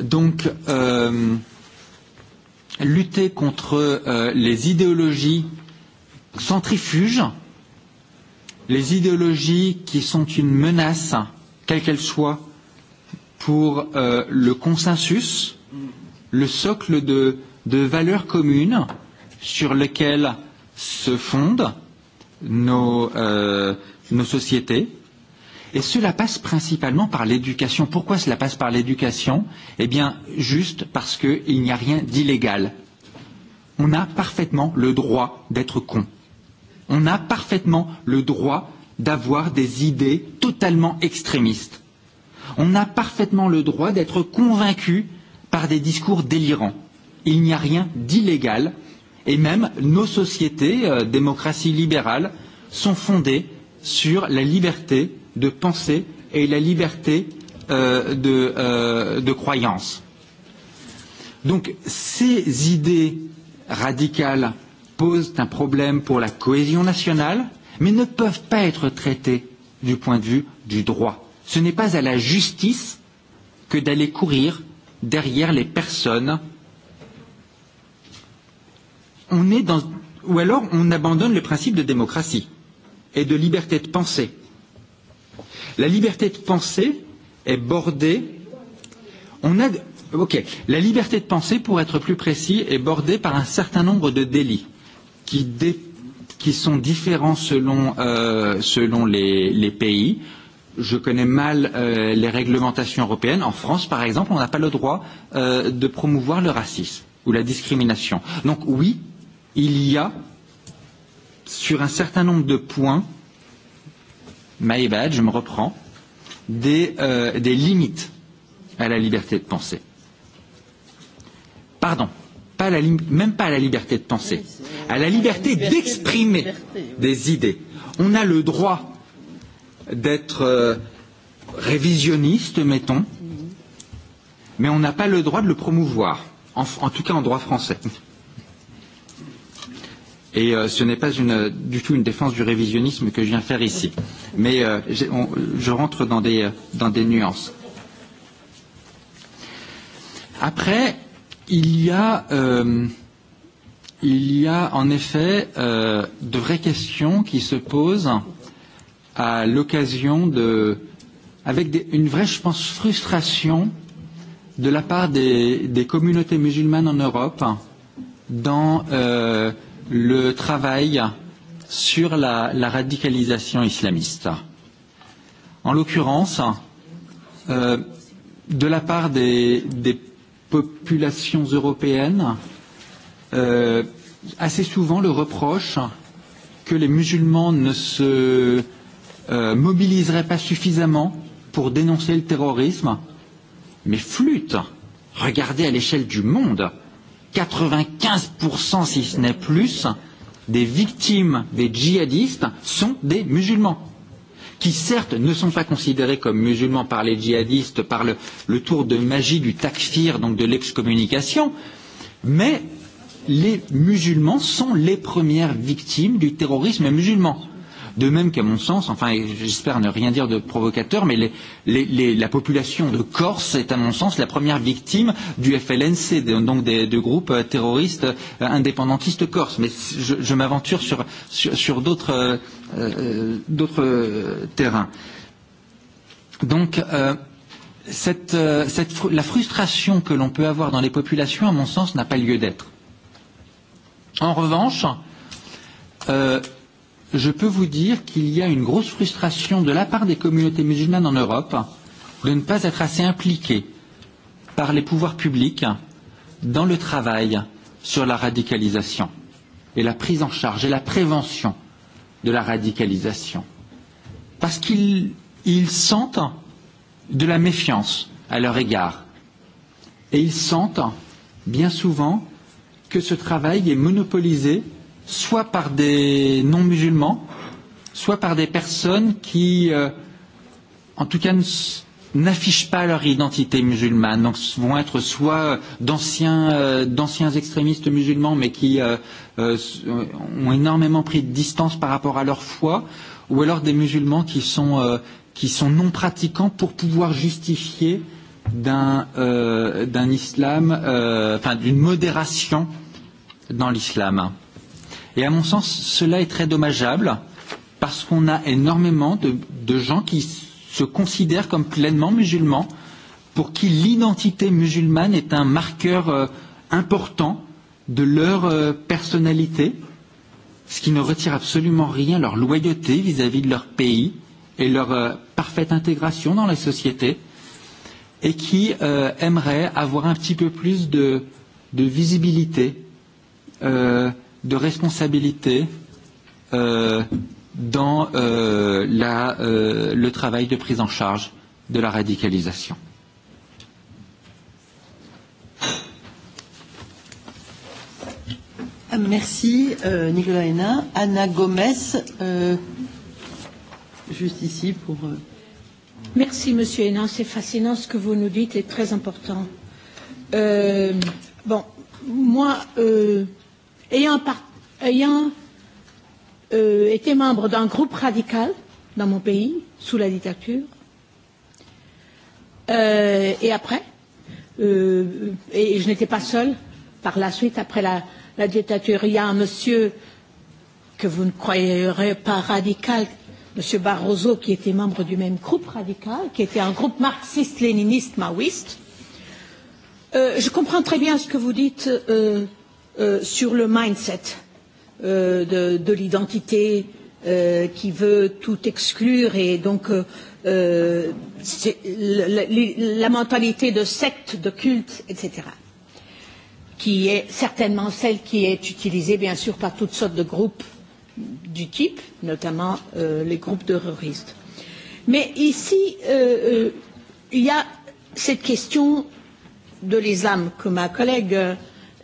Donc, euh, lutter contre euh, les idéologies centrifuges, euh, les idéologies qui sont une menace, quelle qu'elle soit, pour euh, le consensus, le socle de, de valeurs communes sur lesquelles se fondent nos, euh, nos sociétés. Et cela passe principalement par l'éducation. Pourquoi cela passe par l'éducation Eh bien, juste parce qu'il n'y a rien d'illégal. On a parfaitement le droit d'être con on a parfaitement le droit d'avoir des idées totalement extrémistes. On a parfaitement le droit d'être convaincu par des discours délirants. Il n'y a rien d'illégal et même nos sociétés, euh, démocratie libérale, sont fondées sur la liberté de pensée et la liberté euh, de, euh, de croyance. Donc ces idées radicales posent un problème pour la cohésion nationale, mais ne peuvent pas être traités du point de vue du droit. Ce n'est pas à la justice que d'aller courir derrière les personnes. On est dans, ou alors on abandonne le principe de démocratie et de liberté de pensée. La liberté de pensée est bordée. On a, ok, la liberté de pensée, pour être plus précis, est bordée par un certain nombre de délits qui, dé, qui sont différents selon, euh, selon les, les pays. Je connais mal euh, les réglementations européennes. En France, par exemple, on n'a pas le droit euh, de promouvoir le racisme ou la discrimination. Donc oui, il y a sur un certain nombre de points, my bad, je me reprends, des, euh, des limites à la liberté de penser. Pardon, pas la, même pas à la liberté de penser, à la liberté d'exprimer des idées. On a le droit d'être euh, révisionniste, mettons, mais on n'a pas le droit de le promouvoir, en, en tout cas en droit français. Et euh, ce n'est pas une, du tout une défense du révisionnisme que je viens faire ici. Mais euh, on, je rentre dans des, euh, dans des nuances. Après, Il y a, euh, il y a en effet euh, de vraies questions qui se posent à l'occasion de, avec des, une vraie, je pense, frustration de la part des, des communautés musulmanes en Europe dans euh, le travail sur la, la radicalisation islamiste. En l'occurrence, euh, de la part des, des populations européennes, euh, assez souvent le reproche que les musulmans ne se euh, mobiliseraient pas suffisamment pour dénoncer le terrorisme. Mais flûte, regardez à l'échelle du monde, 95%, si ce n'est plus, des victimes des djihadistes sont des musulmans qui certes ne sont pas considérés comme musulmans par les djihadistes par le, le tour de magie du takfir, donc de l'excommunication, mais les musulmans sont les premières victimes du terrorisme musulman. De même qu'à mon sens, enfin, j'espère ne rien dire de provocateur, mais les, les, les, la population de Corse est à mon sens la première victime du FLNC, donc des, de groupes euh, terroristes euh, indépendantistes corse. Mais je, je m'aventure sur, sur, sur d'autres euh, euh, euh terrains. Donc, euh, cette, euh, cette, la frustration que l'on peut avoir dans les populations, à mon sens, n'a pas lieu d'être. En revanche, euh, je peux vous dire qu'il y a une grosse frustration de la part des communautés musulmanes en Europe de ne pas être assez impliquées par les pouvoirs publics dans le travail sur la radicalisation et la prise en charge et la prévention de la radicalisation. Parce qu'ils ils sentent de la méfiance à leur égard. Et ils sentent bien souvent que ce travail est monopolisé soit par des non-musulmans, soit par des personnes qui, euh, en tout cas, n'affichent pas leur identité musulmane, donc vont être soit d'anciens euh, d'anciens extrémistes musulmans, mais qui euh, euh, euh, ont énormément pris de distance par rapport à leur foi, ou alors des musulmans qui sont euh, qui sont non pratiquants pour pouvoir justifier d'un euh, d'un islam, euh, enfin euh, d'une modération dans l'islam. Euh, Et à mon sens, cela est très dommageable parce qu'on a énormément de, de gens qui se considèrent comme pleinement musulmans, pour qui l'identité musulmane est un marqueur euh, important de leur euh, personnalité, ce qui ne retire absolument rien leur loyauté vis-à-vis -vis de leur pays et leur euh, parfaite intégration dans la société, et qui euh, aimeraient avoir un petit peu plus de, de visibilité. Euh, de responsabilité euh, dans euh, la, euh, le travail de prise en charge de la radicalisation. Merci euh, Nicolas Hénin. Anna Gomez, euh, juste ici pour. Euh... Merci Monsieur Hénin, c'est fascinant ce que vous nous dites et très important. Euh, bon, moi, euh, ayant, par, ayant euh, été membre d'un groupe radical dans mon pays, sous la dictature, euh, et après, euh, et je n'étais pas seule par la suite, après la, la dictature, il y a un monsieur que vous ne croyez pas radical, monsieur Barroso, qui était membre du même groupe radical, qui était un groupe marxiste-léniniste-maoïste. Euh, je comprends très bien ce que vous dites. Euh, euh, sur le mindset euh, de, de l'identité euh, qui veut tout exclure et donc euh, euh, la, la, la mentalité de secte, de culte, etc. qui est certainement celle qui est utilisée bien sûr par toutes sortes de groupes du type, notamment euh, les groupes terroristes. Mais ici, euh, euh, il y a cette question de l'islam que ma collègue euh,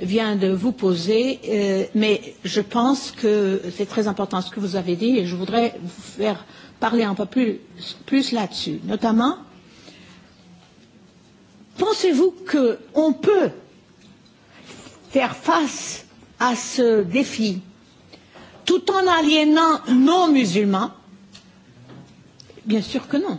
vient de vous poser, euh, mais je pense que c'est très important ce que vous avez dit et je voudrais vous faire parler un peu plus, plus là-dessus. Notamment, pensez-vous qu'on peut faire face à ce défi tout en aliénant nos musulmans Bien sûr que non.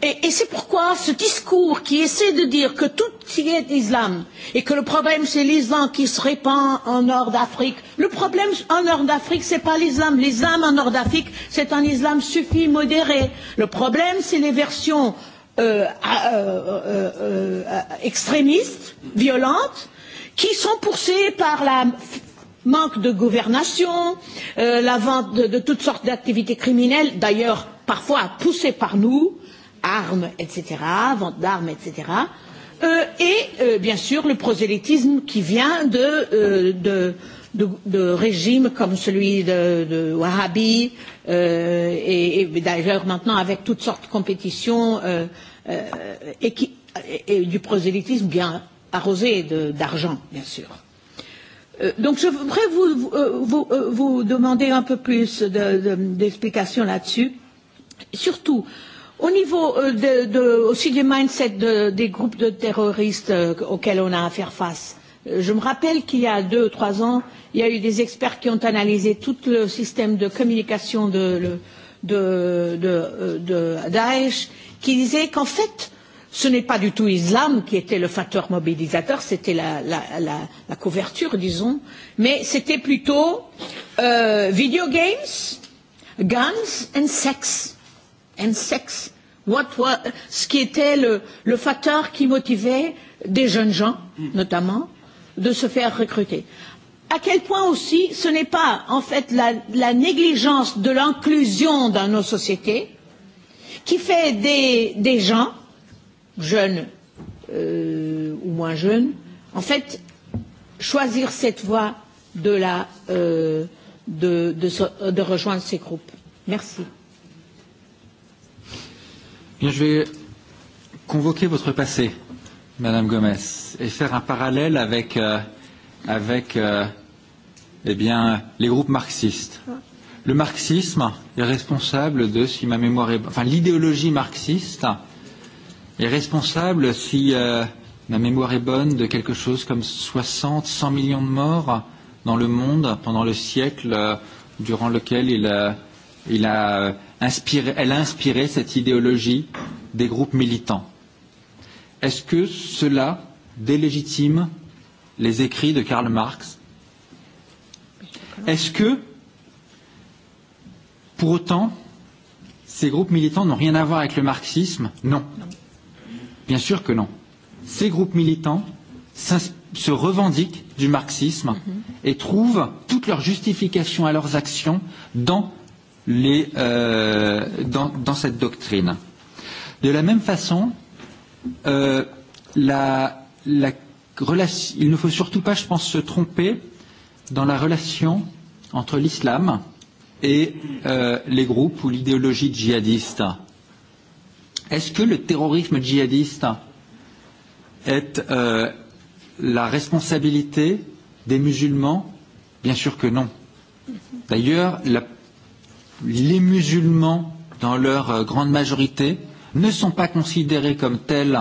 Et, et c'est pourquoi ce discours qui essaie de dire que tout y est d'islam et que le problème c'est l'islam qui se répand en nord d'Afrique, le problème en nord d'Afrique c'est pas l'islam. L'islam en nord d'Afrique c'est un islam suffi modéré. Le problème c'est les versions euh, euh, euh, euh, extrémistes, violentes, qui sont poussées par la manque de gouvernation, euh, la vente de, de toutes sortes d'activités criminelles, d'ailleurs parfois poussées par nous, armes, etc., vente d'armes, etc., euh, et euh, bien sûr le prosélytisme qui vient de, euh, de, de, de régimes comme celui de, de Wahhabi, euh, et, et d'ailleurs maintenant avec toutes sortes de compétitions, euh, euh, et, qui, et, et du prosélytisme bien arrosé d'argent, bien sûr. Euh, donc je voudrais vous, vous, euh, vous, euh, vous demander un peu plus d'explications de, de, là-dessus. Surtout, euh, Au niveau euh, de, de, aussi du mindset de, des groupes de terroristes euh, auxquels on a à faire face, euh, je me rappelle qu'il y a deux ou trois ans, il y a eu des experts qui ont analysé tout le système de communication de, de, de, de Daesh, qui disaient qu'en fait, ce n'est pas du tout l'islam qui était le facteur mobilisateur, c'était la, la, la, la couverture, disons, mais c'était plutôt euh, video games, guns and sex and sex. What was, ce qui était le, le facteur qui motivait des jeunes gens, hmm. notamment, de se faire recruter. À quel point aussi ce n'est pas en fait la, la négligence de l'inclusion dans nos sociétés qui fait des, des gens, jeunes euh, ou moins jeunes, en fait, choisir cette voie de, la, euh, de, de, de, de rejoindre ces groupes. Merci. Bien, je vais convoquer votre passé, Madame Gomez, et faire un parallèle avec, euh, avec euh, eh bien, les groupes marxistes. Le marxisme est responsable de, si ma mémoire est... Enfin, l'idéologie marxiste est responsable, si euh, ma mémoire est bonne, de quelque chose comme 60, 100 millions de morts dans le monde pendant le siècle euh, durant lequel il, euh, il a... Euh, inspiré, elle a inspiré cette idéologie des groupes militants. Est-ce que cela délégitime les écrits de Karl Marx Est-ce que, pour autant, ces groupes militants n'ont rien à voir avec le marxisme Non. Bien sûr que non. Ces groupes militants se revendiquent du marxisme mm -hmm. et trouvent toute leur justification à leurs actions dans les, euh, dans, dans cette doctrine. De la même façon, euh, la, la relation, il ne faut surtout pas, je pense, se tromper dans la relation entre l'islam et euh, les groupes ou l'idéologie djihadiste. Est-ce que le terrorisme djihadiste est euh, la responsabilité des musulmans Bien sûr que non. D'ailleurs, la les musulmans, dans leur euh, grande majorité, ne sont pas considérés comme tels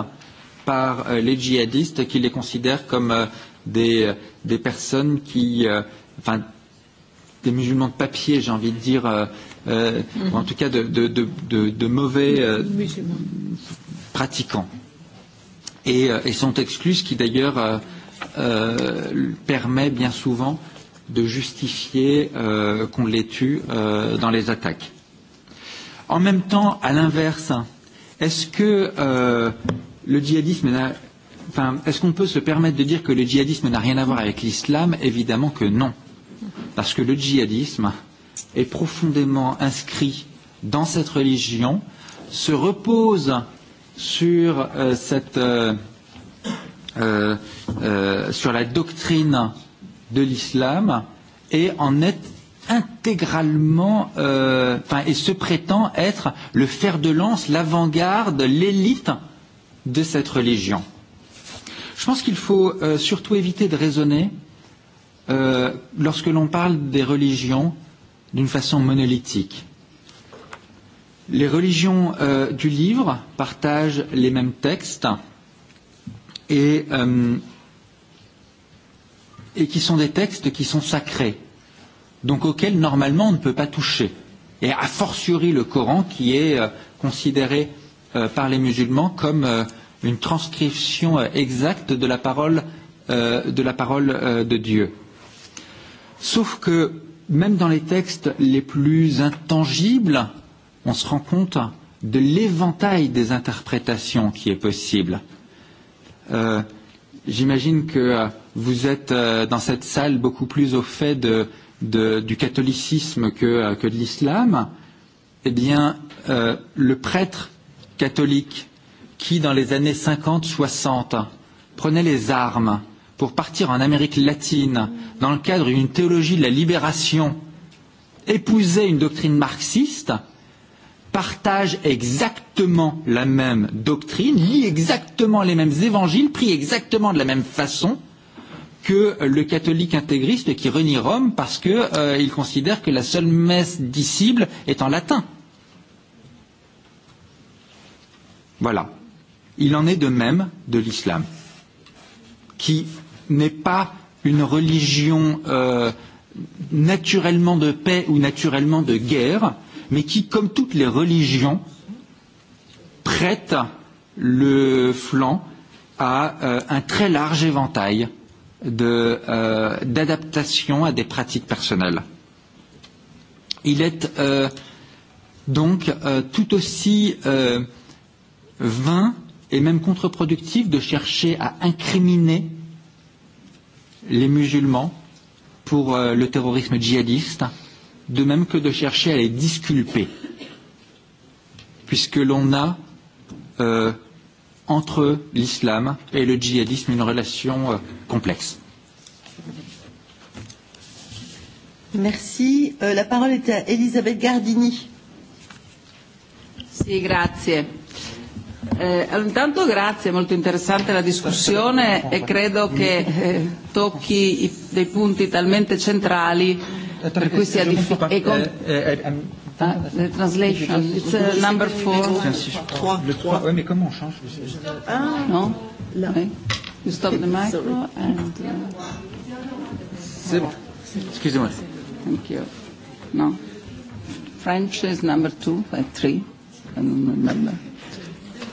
par euh, les djihadistes qui les considèrent comme euh, des, des personnes qui, euh, enfin, des musulmans de papier, j'ai envie de dire, euh, euh, mm -hmm. ou en mhm. tout cas de, de, de, de, de mauvais euh, musulmans. pratiquants. Et, euh, et sont exclus, ce qui d'ailleurs euh, euh, permet bien souvent euh, de justifier euh, qu'on les tue euh, dans les attaques. En même temps, à l'inverse, est-ce que euh, le djihadisme n'a enfin, est-ce qu'on peut se permettre de dire que le djihadisme n'a rien à voir avec l'islam Évidemment que non. Parce que le djihadisme est profondément inscrit dans cette religion, se repose sur euh, cette euh, euh, euh sur la doctrine de l'islam et en est intégralement, euh, et se prétend être le fer de lance, l'avant-garde, l'élite de cette religion. Je pense qu'il faut euh, surtout éviter de raisonner euh, lorsque l'on parle des religions d'une façon monolithique. Les religions euh, du livre partagent les mêmes textes et euh, et qui sont des textes qui sont sacrés, donc auxquels normalement on ne peut pas toucher, et a fortiori le Coran qui est euh, considéré euh, par les musulmans comme euh, une transcription euh, exacte de la parole, euh, de, la parole euh, de Dieu. Sauf que même dans les textes les plus intangibles, on se rend compte de l'éventail des interprétations qui est possible. Euh, J'imagine que euh, vous êtes euh, dans cette salle beaucoup plus au fait de, de, du catholicisme que, euh, que de l'islam, eh bien, euh, le prêtre catholique qui, dans les années 50-60, prenait les armes pour partir en Amérique latine dans le cadre d'une théologie de la libération, épousait une doctrine marxiste, partage exactement la même doctrine, lit exactement les mêmes évangiles, prie exactement de la même façon, que le catholique intégriste qui renie Rome parce qu'il euh, considère que la seule messe disciple est en latin. Voilà. Il en est de même de l'islam, qui n'est pas une religion euh, naturellement de paix ou naturellement de guerre, mais qui, comme toutes les religions, prête le flanc à euh, un très large éventail euh, d'adaptation de, euh, à des pratiques personnelles. Il est euh, donc euh, tout aussi euh, vain et même contre-productif de chercher à incriminer les musulmans pour euh, le terrorisme djihadiste, de même que de chercher à les disculper, puisque l'on a euh, entre l'islam et le djihadisme, une relation euh, complexe. Merci. Euh, la parole est à Elisabeth Gardini. Sì, grazie. Eh, intanto grazie, molto interessante la discussione e credo che eh, tocchi i, dei punti talmente centrali per cui sia difficile. Ah, the translation, it's uh, number four. Le 3. Oui, mais comment on change Ah, non. Là. Oui. You stop the micro and... Uh... C'est bon. Excusez-moi. Thank you. Non. French is number two, uh, three. I don't remember.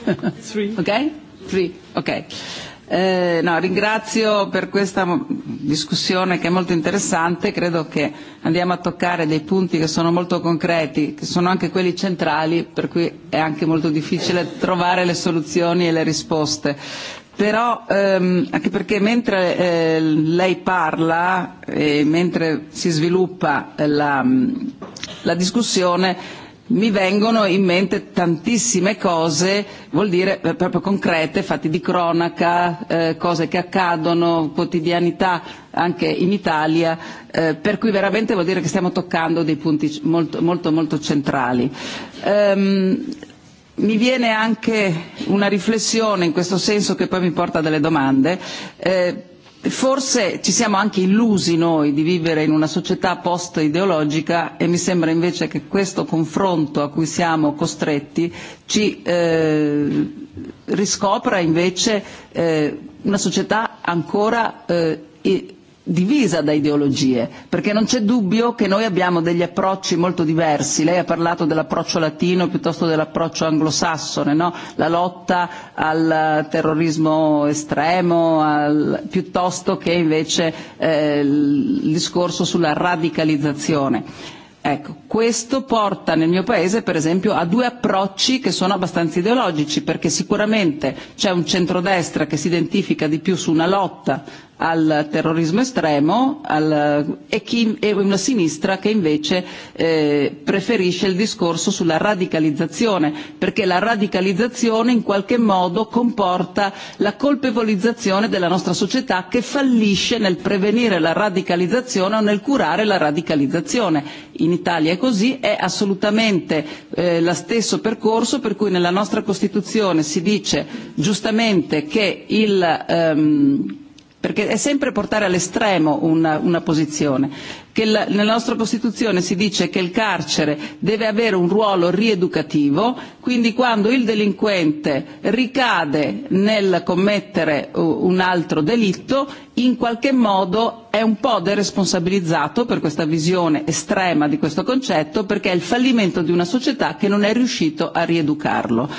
<laughs> three. Okay? Three. Okay. Eh, no, ringrazio per questa discussione che è molto interessante, credo che andiamo a toccare dei punti che sono molto concreti, che sono anche quelli centrali, per cui è anche molto difficile trovare le soluzioni e le risposte. Però, ehm, anche perché mentre eh, lei parla e mentre si sviluppa la, la discussione, mi vengono in mente tantissime cose, vuol dire eh, proprio concrete, fatti di cronaca, eh, cose che accadono, quotidianità anche in Italia, eh, per cui veramente vuol dire che stiamo toccando dei punti molto molto, molto centrali. Ehm, mi viene anche una riflessione in questo senso che poi mi porta a delle domande. Eh, Forse ci siamo anche illusi noi di vivere in una società post-ideologica e mi sembra invece che questo confronto a cui siamo costretti ci eh, riscopra invece eh, una società ancora eh, divisa da ideologie, perché non c'è dubbio che noi abbiamo degli approcci molto diversi. Lei ha parlato dell'approccio latino piuttosto dell'approccio anglosassone, no? la lotta al terrorismo estremo, al, piuttosto che invece eh, il discorso sulla radicalizzazione. Ecco, questo porta nel mio paese, per esempio, a due approcci che sono abbastanza ideologici, perché sicuramente c'è un centrodestra che si identifica di più su una lotta al terrorismo estremo al, e, chi, e una sinistra che invece eh, preferisce il discorso sulla radicalizzazione, perché la radicalizzazione in qualche modo comporta la colpevolizzazione della nostra società che fallisce nel prevenire la radicalizzazione o nel curare la radicalizzazione. In Italia è così, è assolutamente eh, lo stesso percorso per cui nella nostra Costituzione si dice giustamente che il, ehm, perché è sempre portare all'estremo una, una posizione. Che la, nella nostra Costituzione si dice che il carcere deve avere un ruolo rieducativo, quindi quando il delinquente ricade nel commettere uh, un altro delitto, in qualche modo è un po' deresponsabilizzato per questa visione estrema di questo concetto, perché è il fallimento di una società che non è riuscito a rieducarlo.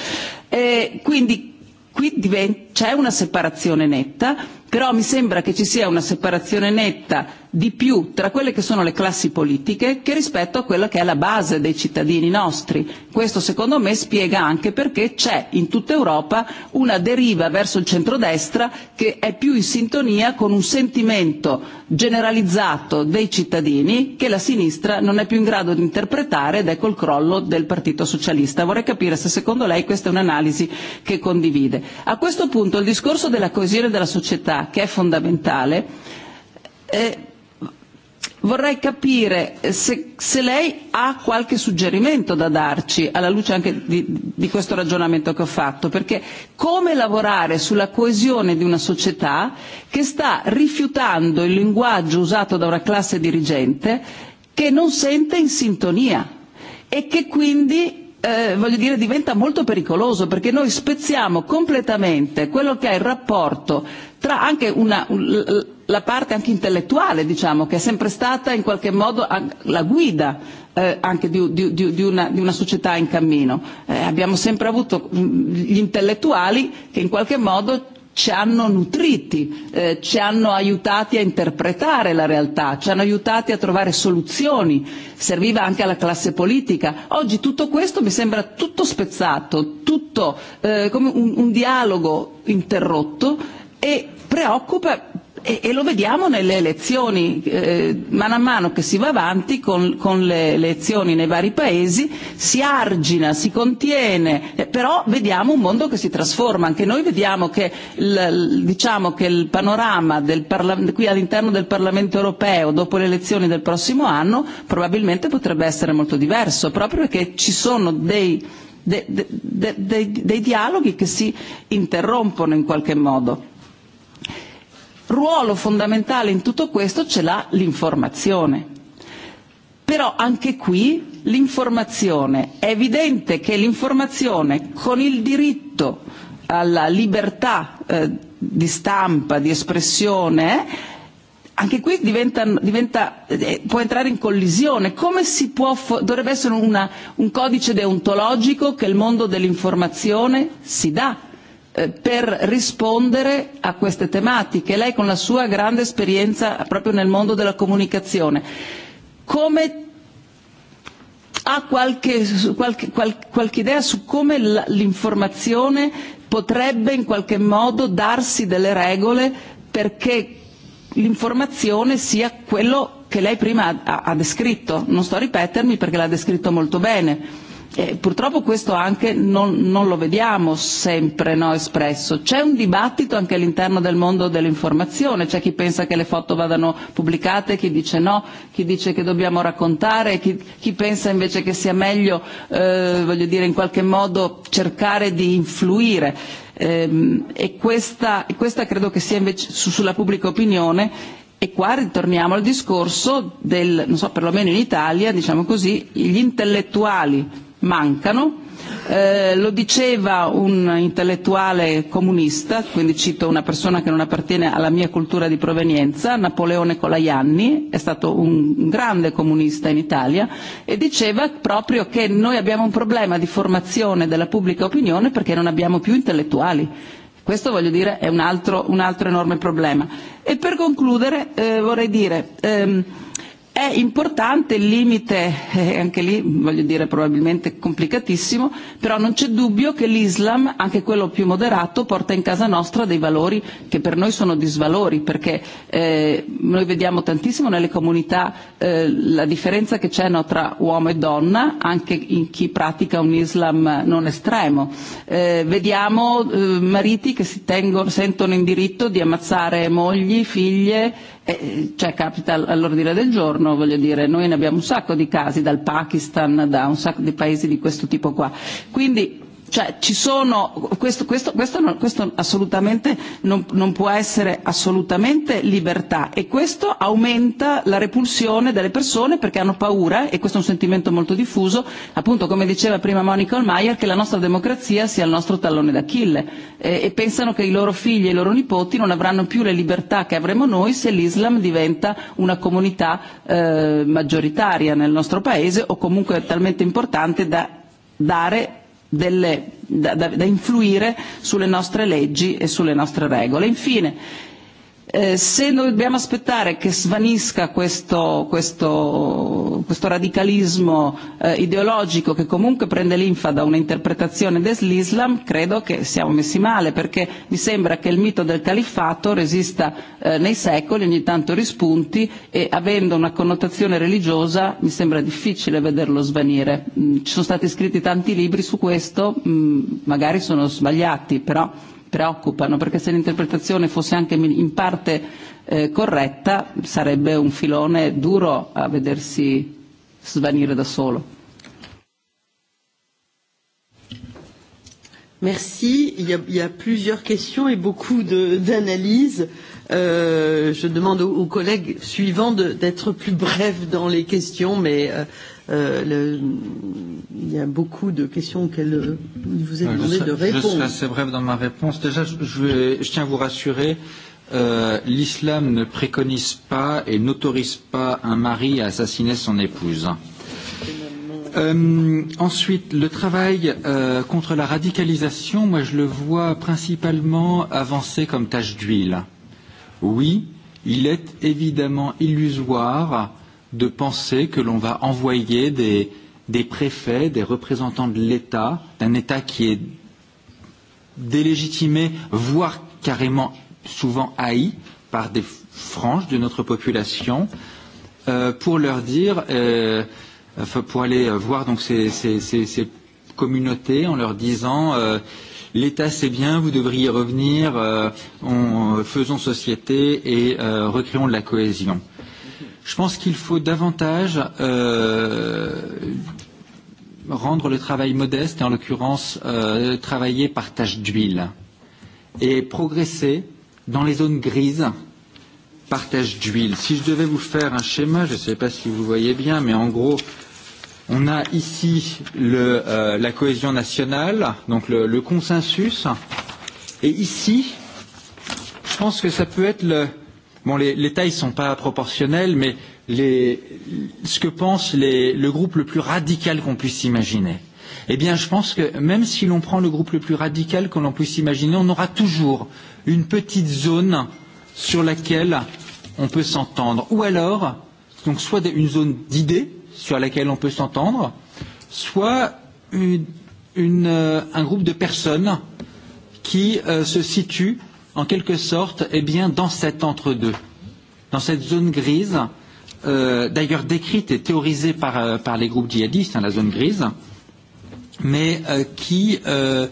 E quindi qui c'è una separazione netta però mi sembra che ci sia una separazione netta di più tra quelle che sono le classi politiche che rispetto a quella che è la base dei cittadini nostri. Questo secondo me spiega anche perché c'è in tutta Europa una deriva verso il centrodestra che è più in sintonia con un sentimento generalizzato dei cittadini che la sinistra non è più in grado di interpretare ed è col crollo del Partito Socialista. Vorrei capire se secondo lei questa è un'analisi che condivide. A questo punto il discorso della coesione della società libertà, che è fondamentale, eh, vorrei capire se, se lei ha qualche suggerimento da darci, alla luce anche di, di questo ragionamento che ho fatto, perché come lavorare sulla coesione di una società che sta rifiutando il linguaggio usato da una classe dirigente che non sente in sintonia e che quindi eh, voglio dire, diventa molto pericoloso perché noi spezziamo completamente quello che è il rapporto tra anche una, un, la parte anche intellettuale, diciamo, che è sempre stata in qualche modo la guida eh, anche di, di, di, di, una, di una società in cammino. Eh, abbiamo sempre avuto mh, mm, gli intellettuali che in qualche modo ci hanno nutriti, eh, ci hanno aiutati a interpretare la realtà, ci hanno aiutati a trovare soluzioni, serviva anche alla classe politica. Oggi tutto questo mi sembra tutto spezzato, tutto eh, come un, un dialogo interrotto e preoccupa E, e lo vediamo nelle elezioni, eh, man a mano che si va avanti con, con le elezioni nei vari paesi, si argina, si contiene, eh, però vediamo un mondo che si trasforma, anche noi vediamo che il, diciamo che il panorama del Parla- qui all'interno del Parlamento europeo dopo le elezioni del prossimo anno probabilmente potrebbe essere molto diverso, proprio perché ci sono dei, de, de, de, de, dei dialoghi che si interrompono in qualche modo ruolo fondamentale in tutto questo ce l'ha l'informazione. Però anche qui l'informazione, è evidente che l'informazione con il diritto alla libertà eh, di stampa, di espressione, anche qui diventa, diventa, eh, può entrare in collisione. Come si può, dovrebbe essere una, un codice deontologico che il mondo dell'informazione si dà per rispondere a queste tematiche. Lei con la sua grande esperienza proprio nel mondo della comunicazione, come ha qualche, qualche, qualche, qualche idea su come l'informazione potrebbe in qualche modo darsi delle regole perché l'informazione sia quello che lei prima ha, ha descritto. Non sto a ripetermi perché l'ha descritto molto bene Eh, purtroppo questo anche non, non lo vediamo sempre no, espresso. C'è un dibattito anche all'interno del mondo dell'informazione, c'è chi pensa che le foto vadano pubblicate, chi dice no, chi dice che dobbiamo raccontare, chi, chi pensa invece che sia meglio eh, voglio dire, in qualche modo cercare di influire. Eh, e questa, e questa credo che sia invece su, sulla pubblica opinione E qua ritorniamo al discorso del, non so, perlomeno in Italia, diciamo così, gli intellettuali mancano. Eh, lo diceva un intellettuale comunista, quindi cito una persona che non appartiene alla mia cultura di provenienza, Napoleone Colaianni, è stato un grande comunista in Italia, e diceva proprio che noi abbiamo un problema di formazione della pubblica opinione perché non abbiamo più intellettuali. Questo voglio dire è un altro, un altro enorme problema. E per concludere eh, vorrei dire ehm, È importante il limite, <laughs> eh, anche lì voglio dire probabilmente complicatissimo, però non c'è dubbio che l'Islam, anche quello più moderato, porta in casa nostra dei valori che per noi sono disvalori, perché eh, noi vediamo tantissimo nelle comunità eh, la differenza che c'è no, tra uomo e donna, anche in chi pratica un Islam non estremo. Eh, vediamo eh, mariti che si tengono, sentono in diritto di ammazzare mogli, figlie, eh, c'è capital all'ordine del giorno, voglio dire, noi ne abbiamo un sacco di casi dal Pakistan, da un sacco di paesi di questo tipo qua. Quindi Cioè, ci sono, questo, questo, questo, non, questo assolutamente non, non può essere assolutamente libertà e questo aumenta la repulsione delle persone perché hanno paura, e questo è un sentimento molto diffuso, appunto come diceva prima Monica Olmaier, che la nostra democrazia sia il nostro tallone d'Achille e, e pensano che i loro figli e i loro nipoti non avranno più le libertà che avremo noi se l'Islam diventa una comunità eh, maggioritaria nel nostro paese o comunque talmente importante da dare delle, da, da, da influire sulle nostre leggi e sulle nostre regole. Infine, Eh, se noi dobbiamo aspettare che svanisca questo, questo, questo radicalismo eh, ideologico che comunque prende l'infa da un'interpretazione dell'Islam, credo che siamo messi male, perché mi sembra che il mito del califfato resista eh, nei secoli, ogni tanto rispunti e avendo una connotazione religiosa mi sembra difficile vederlo svanire. Mm, ci sono stati scritti tanti libri su questo, mm, magari sono sbagliati, però preoccupano, perché se l'interpretazione fosse anche in parte eh, corretta sarebbe un filone duro a vedersi svanire da solo. Merci. Il y, a, il y a plusieurs questions et beaucoup d'analyses. Euh, je demande aux, aux collègues suivants d'être plus brefs dans les questions, mais euh, Euh, le, il y a beaucoup de questions auxquelles euh, il vous est euh, demandé je, de répondre. Je serai assez bref dans ma réponse. Déjà, je, je, vais, je tiens à vous rassurer. Euh, L'islam ne préconise pas et n'autorise pas un mari à assassiner son épouse. Euh, ensuite, le travail euh, contre la radicalisation, moi je le vois principalement avancer comme tâche d'huile. Oui, il est évidemment illusoire euh, de penser que l'on va envoyer des, des préfets, des représentants de l'État, d'un État qui est délégitimé, voire carrément souvent haï par des franges de notre population, euh, pour leur dire, euh, pour aller voir donc ces, ces, ces, ces communautés en leur disant euh, l'État c'est bien, vous devriez revenir, euh, on, euh, faisons société et euh, recréons de la cohésion. Euh, Je pense qu'il faut davantage euh, rendre le travail modeste et en l'occurrence euh, travailler par tâche d'huile et progresser dans les zones grises par tâche d'huile. Si je devais vous faire un schéma, je ne sais pas si vous voyez bien, mais en gros, on a ici le, euh, la cohésion nationale, donc le, le consensus, et ici, je pense que ça peut être le, euh, Bon, les, les tailles ne sont pas proportionnelles, mais les, ce que pense les, le groupe le plus radical qu'on puisse imaginer. Eh bien, je pense que même si l'on prend le groupe le plus radical que l'on puisse imaginer, on aura toujours une petite zone sur laquelle on peut s'entendre. Ou alors, donc soit une zone d'idées sur laquelle on peut s'entendre, soit une, une, euh, un groupe de personnes qui euh, se situent en quelque sorte, eh bien, dans cet entre-deux, dans cette zone grise, euh, d'ailleurs décrite et théorisée par, euh, par les groupes djihadistes, hein, la zone grise, mais euh, qui, euh,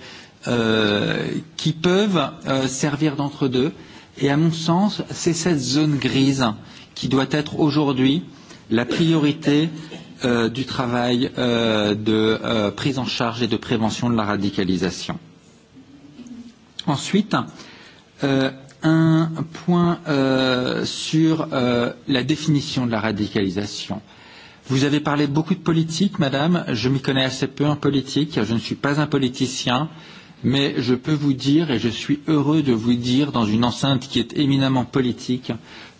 euh, qui peuvent euh, servir d'entre-deux. Et à mon sens, c'est cette zone grise qui doit être aujourd'hui la priorité euh, du travail euh, de euh, prise en charge et de prévention de la radicalisation. Ensuite, Euh, un point euh, sur euh, la définition de la radicalisation. Vous avez parlé beaucoup de politique, madame. Je m'y connais assez peu en politique. Je ne suis pas un politicien. Mais je peux vous dire, et je suis heureux de vous dire, dans une enceinte qui est éminemment politique,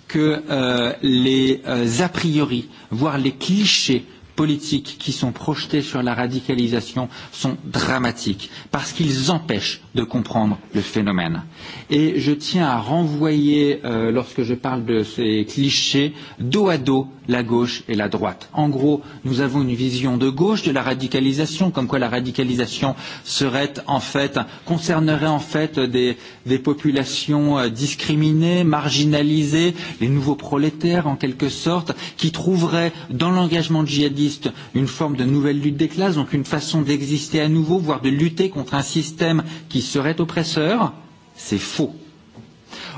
que euh, les euh, a priori, voire les clichés politiques qui sont projetés sur la radicalisation sont dramatiques parce qu'ils empêchent de comprendre le phénomène. Et je tiens à renvoyer, euh, lorsque je parle de ces clichés, dos à dos la gauche et la droite. En gros, nous avons une vision de gauche de la radicalisation, comme quoi la radicalisation serait en fait, concernerait en fait des, des populations euh, discriminées, marginalisées, les nouveaux prolétaires en quelque sorte, qui trouveraient dans l'engagement djihadiste existe une forme de nouvelle lutte des classes, donc une façon d'exister à nouveau, voire de lutter contre un système qui serait oppresseur, c'est faux.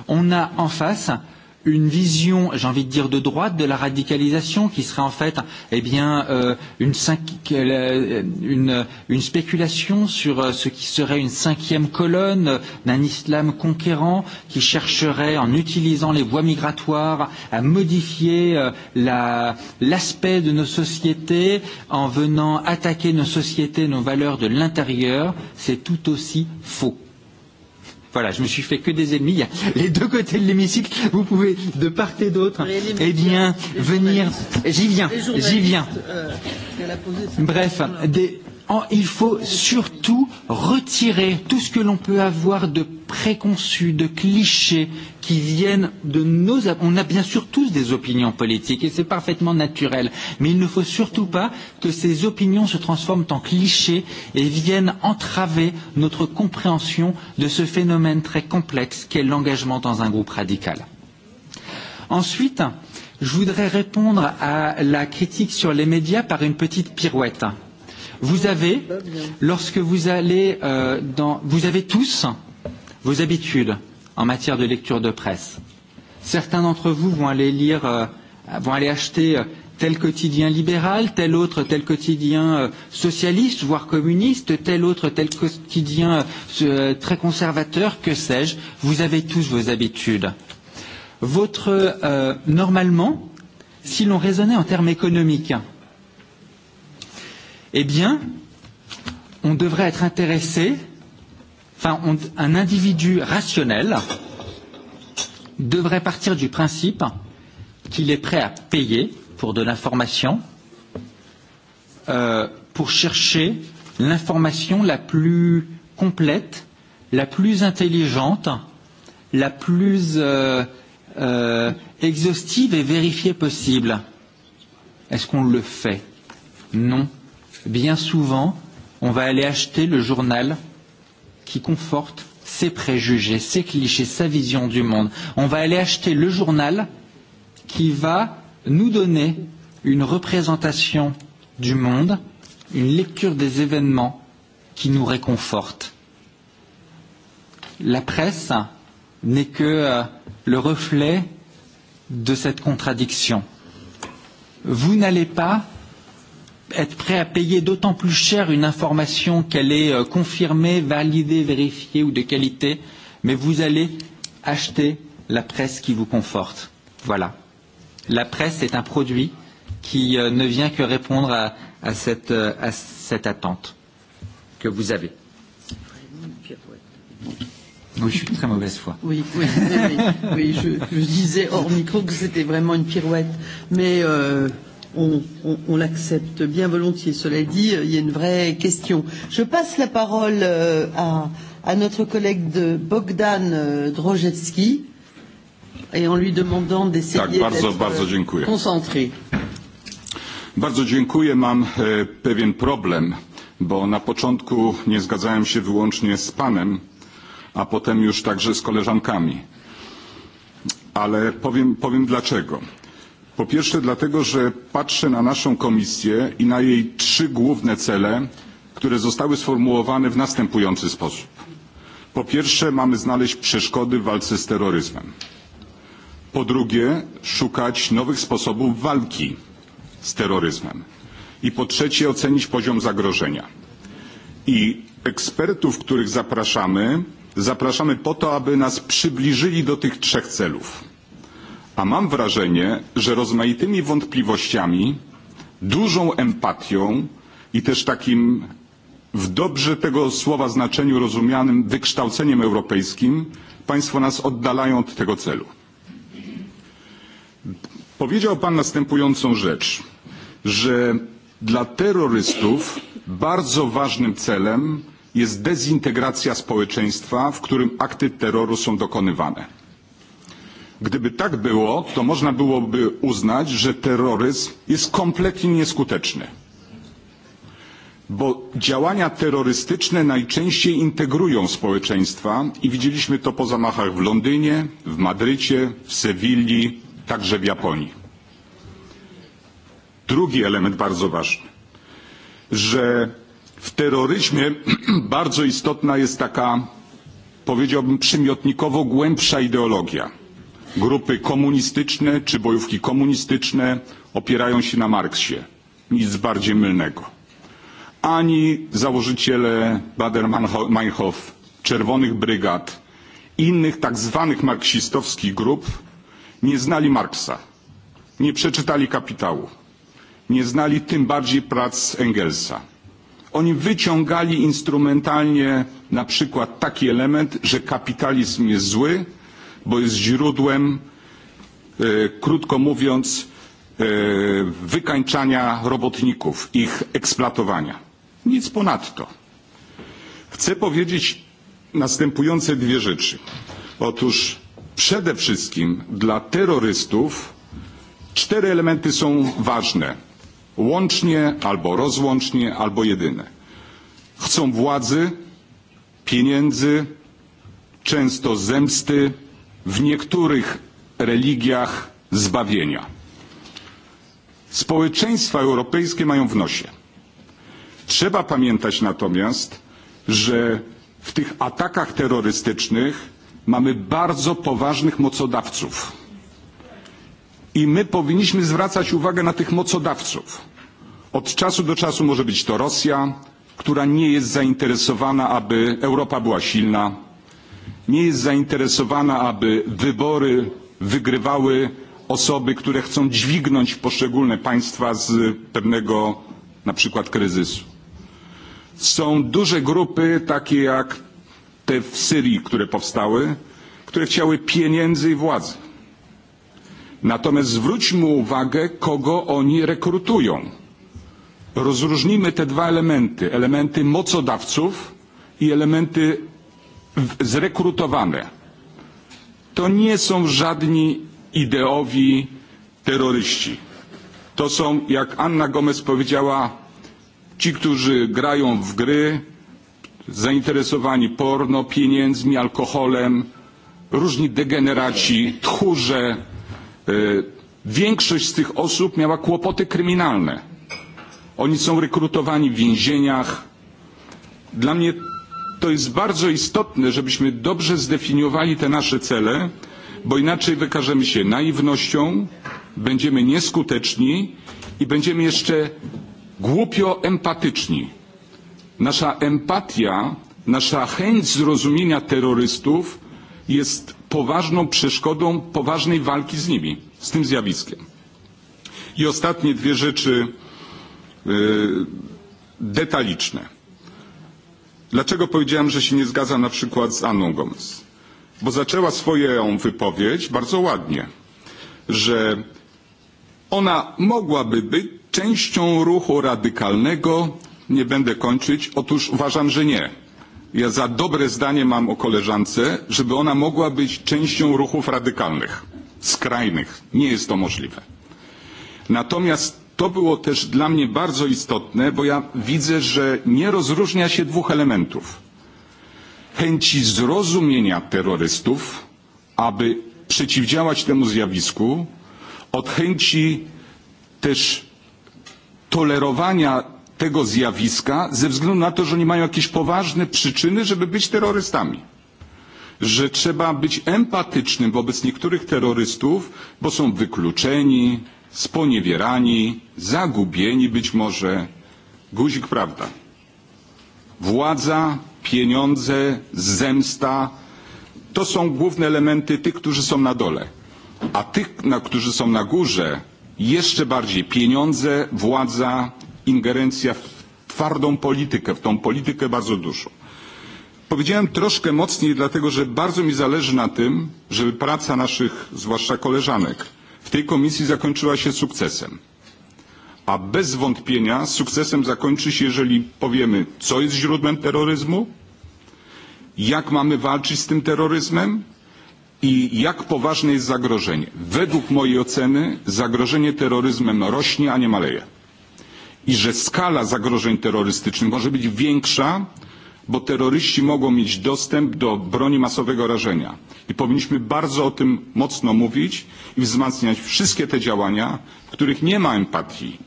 On a en face une vision, j'ai envie de dire de droite, de la radicalisation, qui serait en fait, eh bien, euh, une, cinqui, euh, une, euh, une spéculation sur euh, ce qui serait une cinquième colonne d'un islam conquérant qui chercherait, en utilisant les voies migratoires, à modifier euh, la, l'aspect de nos sociétés en venant attaquer nos sociétés, nos valeurs de l'intérieur. C'est tout aussi faux. Voilà, je me suis fait que des ennemis. Il y a les deux côtés de l'hémicycle. Vous pouvez, de part et d'autre, eh bien, venir. J'y viens, j'y viens. Euh, Bref, des, en, il faut surtout retirer tout ce que l'on peut avoir de préconçus, de clichés qui viennent de nos... On a bien sûr tous des opinions politiques et c'est parfaitement naturel, mais il ne faut surtout pas que ces opinions se transforment en clichés et viennent entraver notre compréhension de ce phénomène très complexe qu'est l'engagement dans un groupe radical. Ensuite, je voudrais répondre à la critique sur les médias par une petite pirouette. Hein Vous avez, lorsque vous allez euh, dans, vous avez tous vos habitudes en matière de lecture de presse. Certains d'entre vous vont aller lire, euh, vont aller acheter euh, tel quotidien libéral, tel autre tel quotidien euh, socialiste, voire communiste, tel autre tel quotidien euh, euh très conservateur, que sais-je. Vous avez tous vos habitudes. Votre, euh, normalement, si l'on raisonnait en termes économiques, eh bien, on devrait être intéressé, enfin, on, un individu rationnel devrait partir du principe qu'il est prêt à payer pour de l'information, euh, pour chercher l'information la plus complète, la plus intelligente, la plus euh, euh, exhaustive et vérifiée possible. Est-ce qu'on le fait Non bien souvent, on va aller acheter le journal qui conforte ses préjugés, ses clichés, sa vision du monde. On va aller acheter le journal qui va nous donner une représentation du monde, une lecture des événements qui nous réconforte. La presse n'est que euh, le reflet de cette contradiction. Vous n'allez pas être prêt à payer d'autant plus cher une information qu'elle est euh, confirmée, validée, vérifiée ou de qualité, mais vous allez acheter la presse qui vous conforte. Voilà. La presse est un produit qui euh, ne vient que répondre à, à, cette, euh, à cette attente que vous avez. Oui, je suis très mauvaise foi. Oui, oui, oui, oui, oui je, je disais hors micro que c'était vraiment une pirouette, mais euh, on, on, on l'accepte bien volontiers. Cela dit, euh, il y a une vraie question. Je passe la parole euh, à, à notre collègue de Bogdan euh, Drojewski et en lui demandant d'essayer tak, bardzo, d'être bardzo euh, dziękuję. concentré. Bardzo dziękuję. Mam e, pewien problem, bo na początku nie zgadzałem się wyłącznie z panem, a potem już także z koleżankami. Ale powiem, powiem dlaczego. Po pierwsze dlatego, że patrzę na naszą komisję i na jej trzy główne cele, które zostały sformułowane w następujący sposób. Po pierwsze mamy znaleźć przeszkody w walce z terroryzmem. Po drugie szukać nowych sposobów walki z terroryzmem. I po trzecie ocenić poziom zagrożenia. I ekspertów, których zapraszamy, zapraszamy po to, aby nas przybliżyli do tych trzech celów a mam wrażenie, że rozmaitymi wątpliwościami, dużą empatią i też takim w dobrze tego słowa znaczeniu rozumianym wykształceniem europejskim państwo nas oddalają od tego celu. Powiedział Pan następującą rzecz, że dla terrorystów bardzo ważnym celem jest dezintegracja społeczeństwa, w którym akty terroru są dokonywane. Gdyby tak było, to można byłoby uznać, że terroryzm jest kompletnie nieskuteczny, bo działania terrorystyczne najczęściej integrują społeczeństwa i widzieliśmy to po zamachach w Londynie, w Madrycie, w Sewilli, także w Japonii. Drugi element bardzo ważny, że w terroryzmie <clears throat> bardzo istotna jest taka, powiedziałbym, przymiotnikowo głębsza ideologia – Grupy komunistyczne czy bojówki komunistyczne opierają się na Marksie. Nic bardziej mylnego. Ani założyciele Bader-Meinhof, Czerwonych Brygad i innych tak zwanych marksistowskich grup nie znali Marksa, nie przeczytali kapitału, nie znali tym bardziej prac Engelsa. Oni wyciągali instrumentalnie na przykład taki element, że kapitalizm jest zły, bo jest źródłem, e, krótko mówiąc, e, wykańczania robotników, ich eksploatowania. Nic ponadto. Chcę powiedzieć następujące dwie rzeczy. Otóż przede wszystkim dla terrorystów cztery elementy są ważne. Łącznie albo rozłącznie, albo jedyne. Chcą władzy, pieniędzy, często zemsty, w niektórych religiach zbawienia. Społeczeństwa europejskie mają w nosie. Trzeba pamiętać natomiast, że w tych atakach terrorystycznych mamy bardzo poważnych mocodawców. I my powinniśmy zwracać uwagę na tych mocodawców. Od czasu do czasu może być to Rosja, która nie jest zainteresowana, aby Europa była silna, nie jest zainteresowana, aby wybory wygrywały osoby, które chcą dźwignąć poszczególne państwa z pewnego na przykład kryzysu. Są duże grupy, takie jak te w Syrii, które powstały, które chciały pieniędzy i władzy. Natomiast zwróćmy uwagę, kogo oni rekrutują. Rozróżnimy te dwa elementy, elementy mocodawców i elementy zrekrutowane. To nie są żadni ideowi terroryści. To są, jak Anna Gomez powiedziała, ci, którzy grają w gry, zainteresowani porno, pieniędzmi, alkoholem, różni degeneraci, tchórze. E, większość z tych osób miała kłopoty kryminalne. Oni są rekrutowani w więzieniach. Dla mnie to jest bardzo istotne, żebyśmy dobrze zdefiniowali te nasze cele, bo inaczej wykażemy się naiwnością, będziemy nieskuteczni i będziemy jeszcze głupio empatyczni. Nasza empatia, nasza chęć zrozumienia terrorystów jest poważną przeszkodą poważnej walki z nimi, z tym zjawiskiem. I ostatnie dwie rzeczy yy, detaliczne Dlaczego powiedziałem, że się nie zgadzam na przykład z Anną Gomez? Bo zaczęła swoją wypowiedź bardzo ładnie, że ona mogłaby być częścią ruchu radykalnego. Nie będę kończyć. Otóż uważam, że nie. Ja za dobre zdanie mam o koleżance, żeby ona mogła być częścią ruchów radykalnych, skrajnych. Nie jest to możliwe. Natomiast To było też dla mnie bardzo istotne, bo ja widzę, że nie rozróżnia się dwóch elementów. Chęci zrozumienia terrorystów, aby przeciwdziałać temu zjawisku, od chęci też tolerowania tego zjawiska ze względu na to, że oni mają jakieś poważne przyczyny, żeby być terrorystami. Że trzeba być empatycznym wobec niektórych terrorystów, bo są wykluczeni, sponiewierani, zagubieni być może. Guzik prawda. Władza, pieniądze, zemsta to są główne elementy tych, którzy są na dole. A tych, na, którzy są na górze, jeszcze bardziej pieniądze, władza, ingerencja w twardą politykę, w tą politykę bardzo dużą. Powiedziałem troszkę mocniej, dlatego że bardzo mi zależy na tym, żeby praca naszych, zwłaszcza koleżanek, w tej komisji zakończyła się sukcesem. A bez wątpienia sukcesem zakończy się, jeżeli powiemy, co jest źródłem terroryzmu, jak mamy walczyć z tym terroryzmem i jak poważne jest zagrożenie. Według mojej oceny zagrożenie terroryzmem rośnie, a nie maleje. I że skala zagrożeń terrorystycznych może być większa, bo terroryści mogą mieć dostęp do broni masowego rażenia i powinniśmy bardzo o tym mocno mówić i wzmacniać wszystkie te działania, w których nie ma empatii,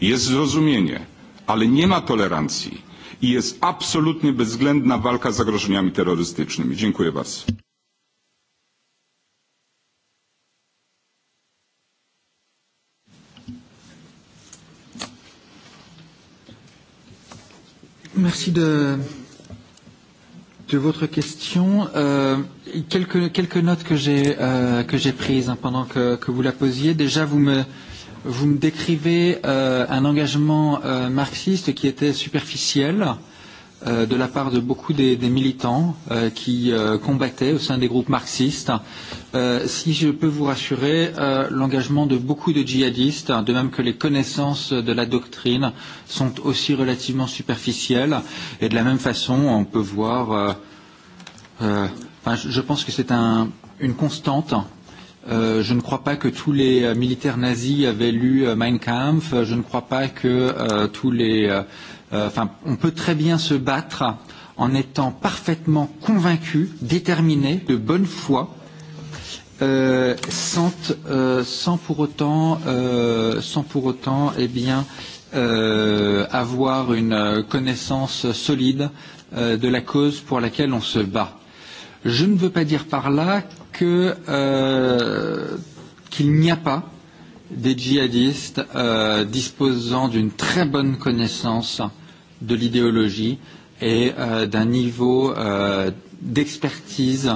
jest zrozumienie, ale nie ma tolerancji i jest absolutnie bezwzględna walka z zagrożeniami terrorystycznymi. Dziękuję bardzo. Merci de, de votre question. Euh, quelques, quelques notes que j'ai euh, que j'ai prises hein, pendant que, que vous la posiez. Déjà, vous me vous me décrivez euh, un engagement euh, marxiste qui était superficiel euh, de la part de beaucoup des, des militants euh, qui euh, combattaient au sein des groupes marxistes. Euh, si je peux vous rassurer, euh, l'engagement de beaucoup de djihadistes, de même que les connaissances de la doctrine, sont aussi relativement superficielles. Et de la même façon, on peut voir. Euh, euh, enfin, je, je pense que c'est un, une constante Euh, je ne crois pas que tous les euh, militaires nazis avaient lu euh, Mein Kampf. Je ne crois pas que euh, tous les euh, euh, enfin, on peut très bien se battre en étant parfaitement convaincu, déterminé, de bonne foi, euh, sans, euh, sans pour autant, euh, sans pour autant, eh bien, euh, avoir une connaissance solide euh, de la cause pour laquelle on se bat. Je ne veux pas dire par là que euh, qu'il n'y a pas des djihadistes euh, disposant d'une très bonne connaissance euh, de l'idéologie et euh, d'un niveau euh, d'expertise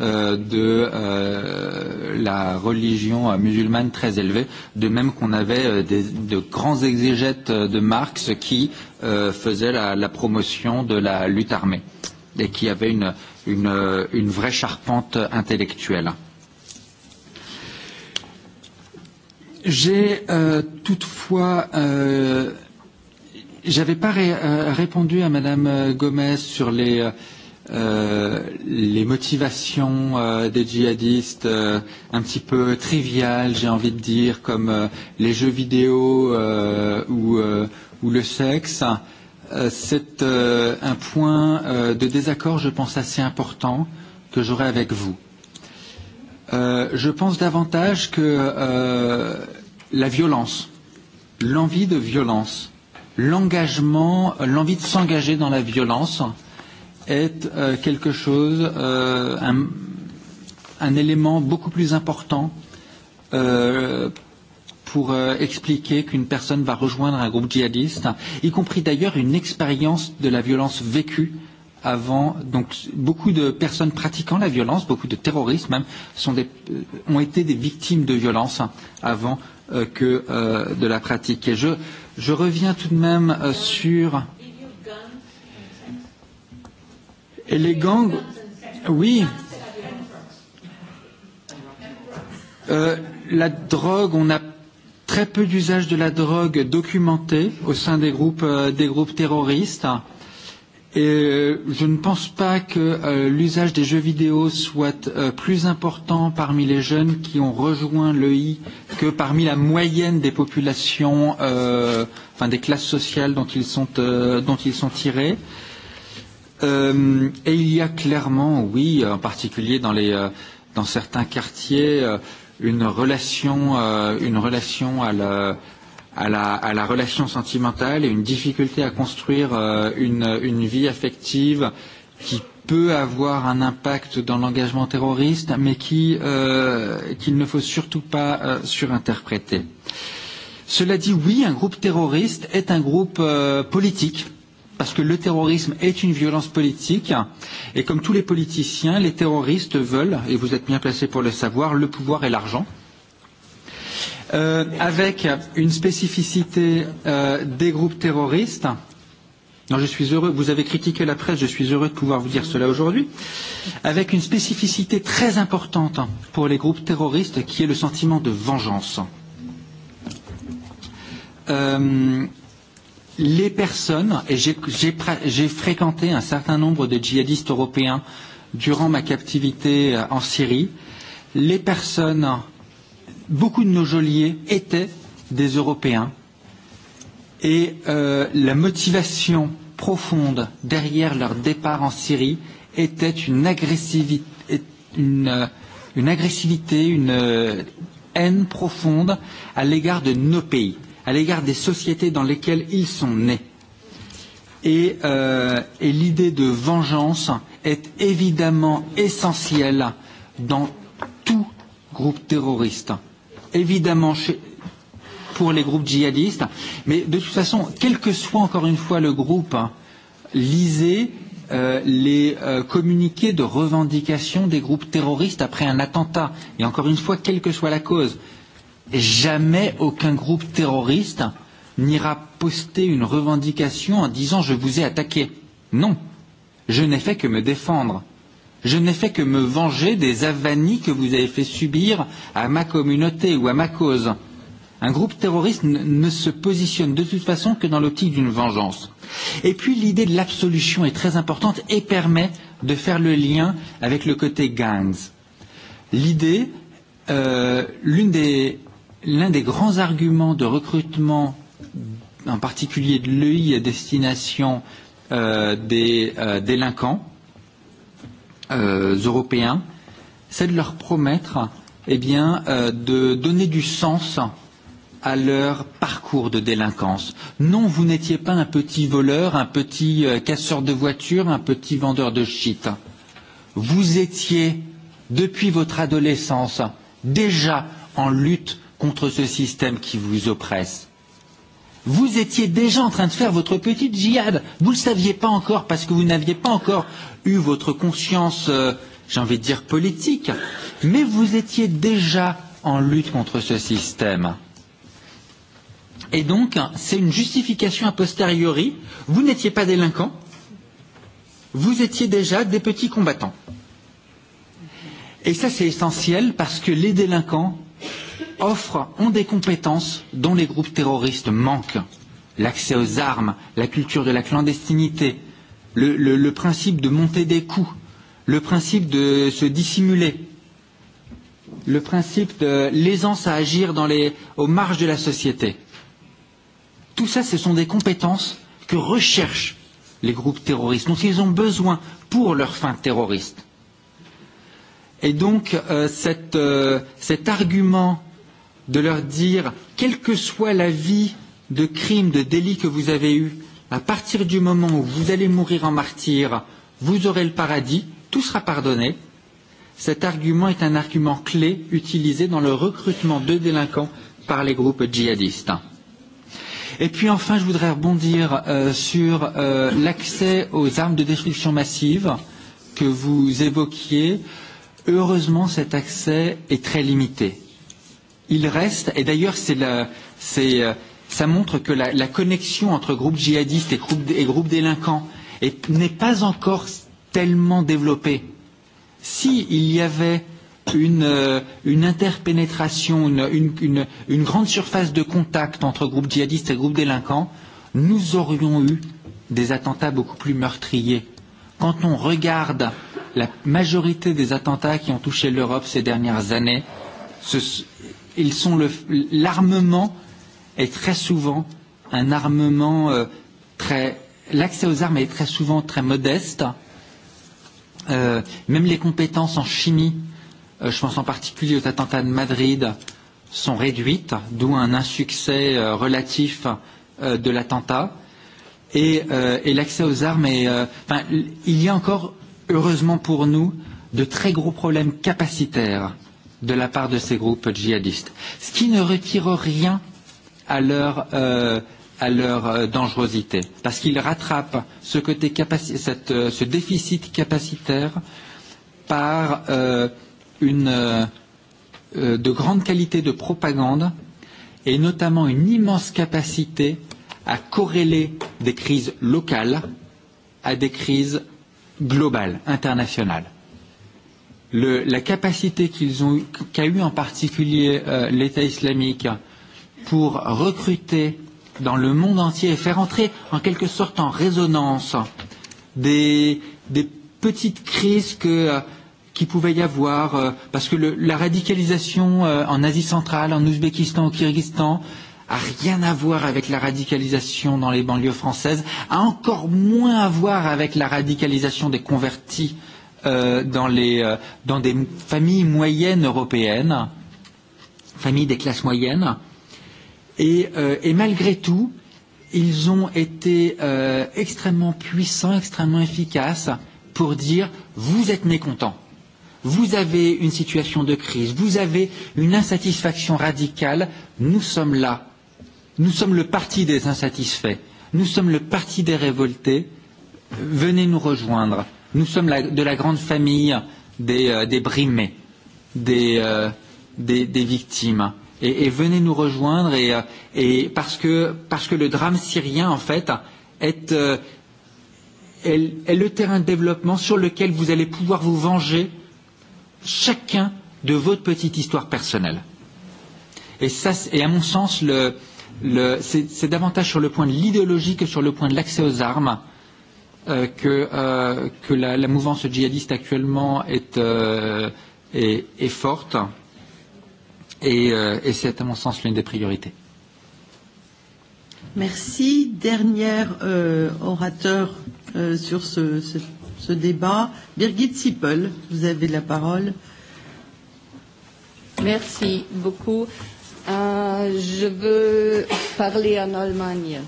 euh, de euh, la religion euh, musulmane très élevée, de même qu'on avait euh, des, de grands exégètes euh, de Marx qui euh, faisaient la, la promotion de la lutte armée et qui avaient une, une, une vraie charpente intellectuelle. J'ai euh, toutefois euh, J'avais pas ré, euh, répondu à Madame euh, Gomez sur les, euh, euh, les motivations euh, des djihadistes euh, un petit peu triviales, j'ai envie de dire, comme euh, les jeux vidéo euh, ou, euh, ou le sexe. Euh, C'est euh, un point euh, de désaccord, je pense, assez important que j'aurai avec vous. Euh, je pense davantage que euh, la violence, l'envie de violence, l'engagement, euh, l'envie de s'engager dans la violence est euh, quelque chose, euh, un, un élément beaucoup plus important euh, pour euh, expliquer qu'une personne va rejoindre un groupe djihadiste, y compris d'ailleurs une expérience de la violence vécue avant. Donc beaucoup de personnes pratiquant la violence, beaucoup de terroristes même, sont des, euh, ont été des victimes de violence avant euh, que euh, de la pratique. Et je, Je reviens tout de même euh, sur et les gangs. Oui. Euh, la drogue, on a très peu d'usage de la drogue documenté au sein des groupes, euh, des groupes terroristes. Et euh, je ne pense pas que euh, l'usage des jeux vidéo soit euh, plus important parmi les jeunes qui ont rejoint l'EI que parmi la moyenne des populations, euh, enfin des classes sociales dont ils sont, euh, dont ils sont tirés. Euh, et il y a clairement, oui, en particulier dans, les, euh, dans certains quartiers, euh, une relation, euh, une relation à la à la, à la relation sentimentale et une difficulté à construire euh, une, une vie affective qui peut avoir un impact dans l'engagement terroriste, mais qui, euh, qu'il ne faut surtout pas euh, surinterpréter. Cela dit, oui, un groupe terroriste est un groupe euh, politique, parce que le terrorisme est une violence politique, et comme tous les politiciens, les terroristes veulent, et vous êtes bien placé pour le savoir, le pouvoir et l'argent. Euh, euh, avec une spécificité euh, des groupes terroristes. Non, je suis heureux, vous avez critiqué la presse, je suis heureux de pouvoir vous dire cela aujourd'hui, avec une spécificité très importante pour les groupes terroristes qui est le sentiment de vengeance. Euh, les personnes, et j'ai fréquenté un certain nombre de djihadistes européens durant ma captivité euh, en Syrie, les personnes beaucoup de nos geôliers étaient des Européens et euh, la motivation profonde derrière leur départ en Syrie était une agressivité, une, euh, une, agressivité, une euh, haine profonde à l'égard de nos pays, à l'égard des sociétés dans lesquelles ils sont nés. Et, euh, et l'idée de vengeance est évidemment essentielle dans tout groupe terroriste. Euh, évidemment chez, pour les groupes djihadistes, mais de toute façon, quel que soit encore une fois le groupe, lisez euh, les euh, communiqués de revendication des groupes terroristes après un attentat. Et encore une fois, quelle que soit la cause, jamais aucun groupe terroriste n'ira poster une revendication en disant je vous ai attaqué. Non, je n'ai fait que me défendre. Je n'ai fait que me venger des avanies que vous avez fait subir à ma communauté ou à ma cause. Un groupe terroriste ne se positionne de toute façon que dans l'optique d'une vengeance. Et puis l'idée de l'absolution est très importante et permet de faire le lien avec le côté gangs. L'idée, euh, l'une des, l'un des grands arguments de recrutement, en particulier de l'EI à destination euh, des euh, délinquants, euh, européens, c'est de leur promettre eh bien, euh, de donner du sens à leur parcours de délinquance. Non, vous n'étiez pas un petit voleur, un petit euh, casseur de voiture, un petit vendeur de shit. Vous étiez, depuis votre adolescence, déjà en lutte contre ce système qui vous oppresse. Vous étiez déjà en train de faire votre petite djihad. Vous ne le saviez pas encore parce que vous n'aviez pas encore eu votre conscience, euh, j'ai envie de dire, politique. Mais vous étiez déjà en lutte contre ce système. Et donc, c'est une justification a posteriori. Vous n'étiez pas délinquant. Vous étiez déjà des petits combattants. Et ça, c'est essentiel parce que les délinquants offrent ont des compétences dont les groupes terroristes manquent. L'accès aux armes, la culture de la clandestinité, le, le, le principe de monter des coups, le principe de se dissimuler, le principe de l'aisance à agir dans les, aux marges de la société. Tout ça, ce sont des compétences que recherchent les groupes terroristes, dont ils ont besoin pour leurs fins terroristes. Et donc, euh, cette, euh, cet argument de leur dire, quel que soit l'avis de crime, de délit que vous avez eu, à partir du moment où vous allez mourir en martyr, vous aurez le paradis, tout sera pardonné. Cet argument est un argument clé utilisé dans le recrutement de délinquants par les groupes djihadistes. Et puis enfin, je voudrais rebondir euh, sur euh, l'accès aux armes de destruction massive que vous évoquiez. Heureusement, cet accès est très limité il reste, et d'ailleurs c'est la, c'est, euh, ça montre que la, la connexion entre groupes djihadistes et groupes, et groupes délinquants n'est pas encore tellement développée. S'il si y avait une, euh, une interpénétration, une, une, une, une grande surface de contact entre groupes djihadistes et groupes délinquants, nous aurions eu des attentats beaucoup plus meurtriers. Quand on regarde la majorité des attentats qui ont touché l'Europe ces dernières années, ce, ils sont le, l'armement est très souvent un armement euh, très l'accès aux armes est très souvent très modeste. Euh, même les compétences en chimie, euh, je pense en particulier aux attentats de Madrid, sont réduites, d'où un insuccès euh, relatif euh, de l'attentat. Et, euh, et l'accès aux armes est. Euh, il y a encore, heureusement pour nous, de très gros problèmes capacitaires. Euh, de la part de ces groupes djihadistes, ce qui ne retire rien à leur, euh, à leur euh, dangerosité, parce qu'ils rattrapent ce, côté cette, euh, ce déficit capacitaire par euh, une, euh, euh, de grandes qualités de propagande et notamment une immense capacité à corréler des crises locales à des crises globales, internationales le, la capacité qu'ils ont qu'a eu en particulier euh, l'État islamique pour recruter dans le monde entier et faire entrer en quelque sorte en résonance des, des petites crises que euh, qu'il pouvait y avoir, euh, parce que le, la radicalisation euh, en Asie centrale, en Ouzbékistan, au Kyrgyzstan, a rien à voir avec la radicalisation dans les banlieues françaises, a encore moins à voir avec la radicalisation des convertis euh, euh, dans, les, euh, dans des familles moyennes européennes, familles des classes moyennes, et, euh, et malgré tout, ils ont été euh, extrêmement puissants, extrêmement efficaces pour dire vous êtes mécontents vous avez une situation de crise, vous avez une insatisfaction radicale, nous sommes là. Nous sommes le parti des insatisfaits, nous sommes le parti des révoltés, venez nous rejoindre. Nous sommes la, de la grande famille des, euh, des brimés, des, euh, des, des victimes. Et, et venez nous rejoindre et, euh, et parce, que, parce que le drame syrien, en fait, est, euh, est, est le terrain de développement sur lequel vous allez pouvoir vous venger chacun de votre petite histoire personnelle. Et ça, et à mon sens, le, le, c'est davantage sur le point de l'idéologie que sur le point de l'accès aux armes euh, que, euh, que la, la mouvance djihadiste actuellement est, euh, est, est forte et, euh, et c'est à mon sens l'une des priorités. Merci. Dernier euh, orateur euh, sur ce, ce, ce débat, Birgit Sippel, vous avez la parole. Merci beaucoup. Euh, je veux parler en Allemagne.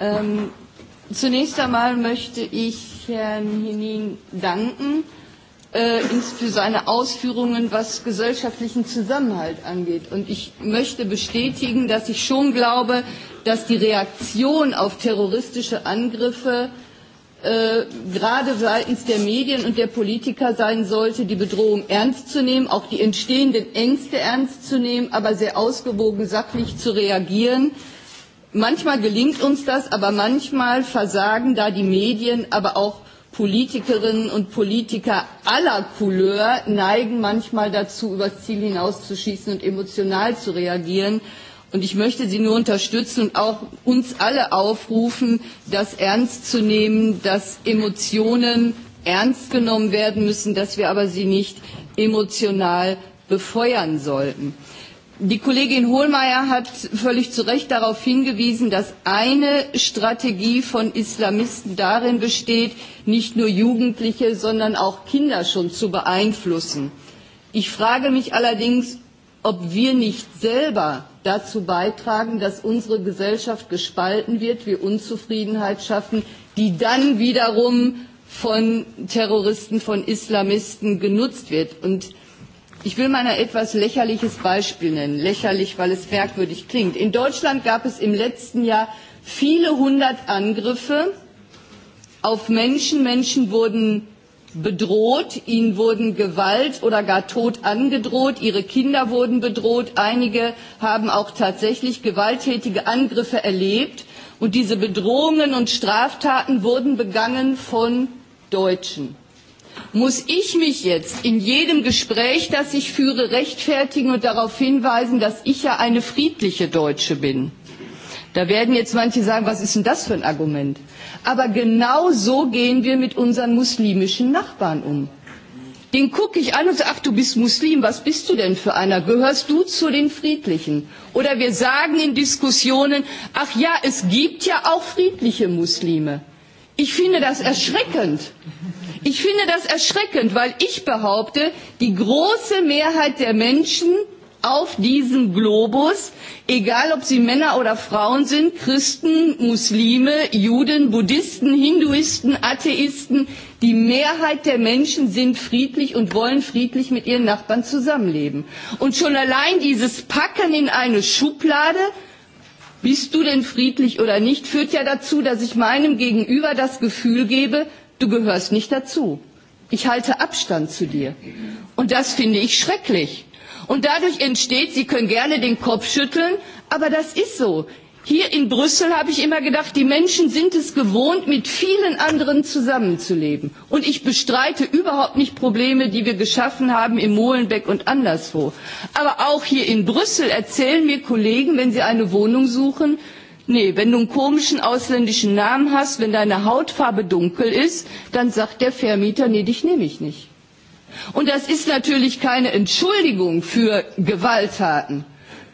Euh, um, Zunächst einmal möchte ich Herrn Henin danken äh, für seine Ausführungen, was gesellschaftlichen Zusammenhalt angeht. Und ich möchte bestätigen, dass ich schon glaube, dass die Reaktion auf terroristische Angriffe äh, gerade seitens der Medien und der Politiker sein sollte, die Bedrohung ernst zu nehmen, auch die entstehenden Ängste ernst zu nehmen, aber sehr ausgewogen sachlich zu reagieren. Äh, manchmal gelingt uns das, aber manchmal versagen da die Medien, aber auch Politikerinnen und Politiker aller Couleur neigen manchmal dazu, übers Ziel hinauszuschießen und emotional zu reagieren. Und ich möchte Sie nur unterstützen und auch uns alle aufrufen, das ernst zu nehmen, dass Emotionen ernst genommen werden müssen, dass wir aber sie nicht emotional befeuern sollten. Die Kollegin Hohlmeier hat völlig zu Recht darauf hingewiesen, dass eine Strategie von Islamisten darin besteht, nicht nur Jugendliche, sondern auch Kinder schon zu beeinflussen. Ich frage mich allerdings, ob wir nicht selber dazu beitragen, dass unsere Gesellschaft gespalten wird, wir Unzufriedenheit schaffen, die dann wiederum von Terroristen, von Islamisten genutzt wird. Und Ich will mal ein etwas lächerliches Beispiel nennen. Lächerlich, weil es merkwürdig klingt. In Deutschland gab es im letzten Jahr viele hundert Angriffe auf Menschen. Menschen wurden bedroht, ihnen wurden Gewalt oder gar Tod angedroht, ihre Kinder wurden bedroht, einige haben auch tatsächlich gewalttätige Angriffe erlebt und diese Bedrohungen und Straftaten wurden begangen von Deutschen muss ich mich jetzt in jedem Gespräch, das ich führe, rechtfertigen und darauf hinweisen, dass ich ja eine friedliche Deutsche bin. Da werden jetzt manche sagen, was ist denn das für ein Argument? Aber genau so gehen wir mit unseren muslimischen Nachbarn um. Den gucke ich an und sage, ach du bist Muslim, was bist du denn für einer? Gehörst du zu den Friedlichen? Oder wir sagen in Diskussionen, ach ja, es gibt ja auch friedliche Muslime. Ich finde das erschreckend. Ich finde das erschreckend, weil ich behaupte, die große Mehrheit der Menschen auf diesem Globus, egal ob sie Männer oder Frauen sind, Christen, Muslime, Juden, Buddhisten, Hinduisten, Atheisten, die Mehrheit der Menschen sind friedlich und wollen friedlich mit ihren Nachbarn zusammenleben. Und schon allein dieses Packen in eine Schublade, bist du denn friedlich oder nicht, führt ja dazu, dass ich meinem Gegenüber das Gefühl gebe, du gehörst nicht dazu. Ich halte Abstand zu dir. Und das finde ich schrecklich. Und dadurch entsteht, Sie können gerne den Kopf schütteln, aber das ist so. Hier in Brüssel habe ich immer gedacht, die Menschen sind es gewohnt, mit vielen anderen zusammenzuleben. Und ich bestreite überhaupt nicht Probleme, die wir geschaffen haben in Molenbeek und anderswo. Aber auch hier in Brüssel erzählen mir Kollegen, wenn sie eine Wohnung suchen, nee, wenn du einen komischen ausländischen Namen hast, wenn deine Hautfarbe dunkel ist, dann sagt der Vermieter, nee, dich nehme ich nicht. Und das ist natürlich keine Entschuldigung für Gewalttaten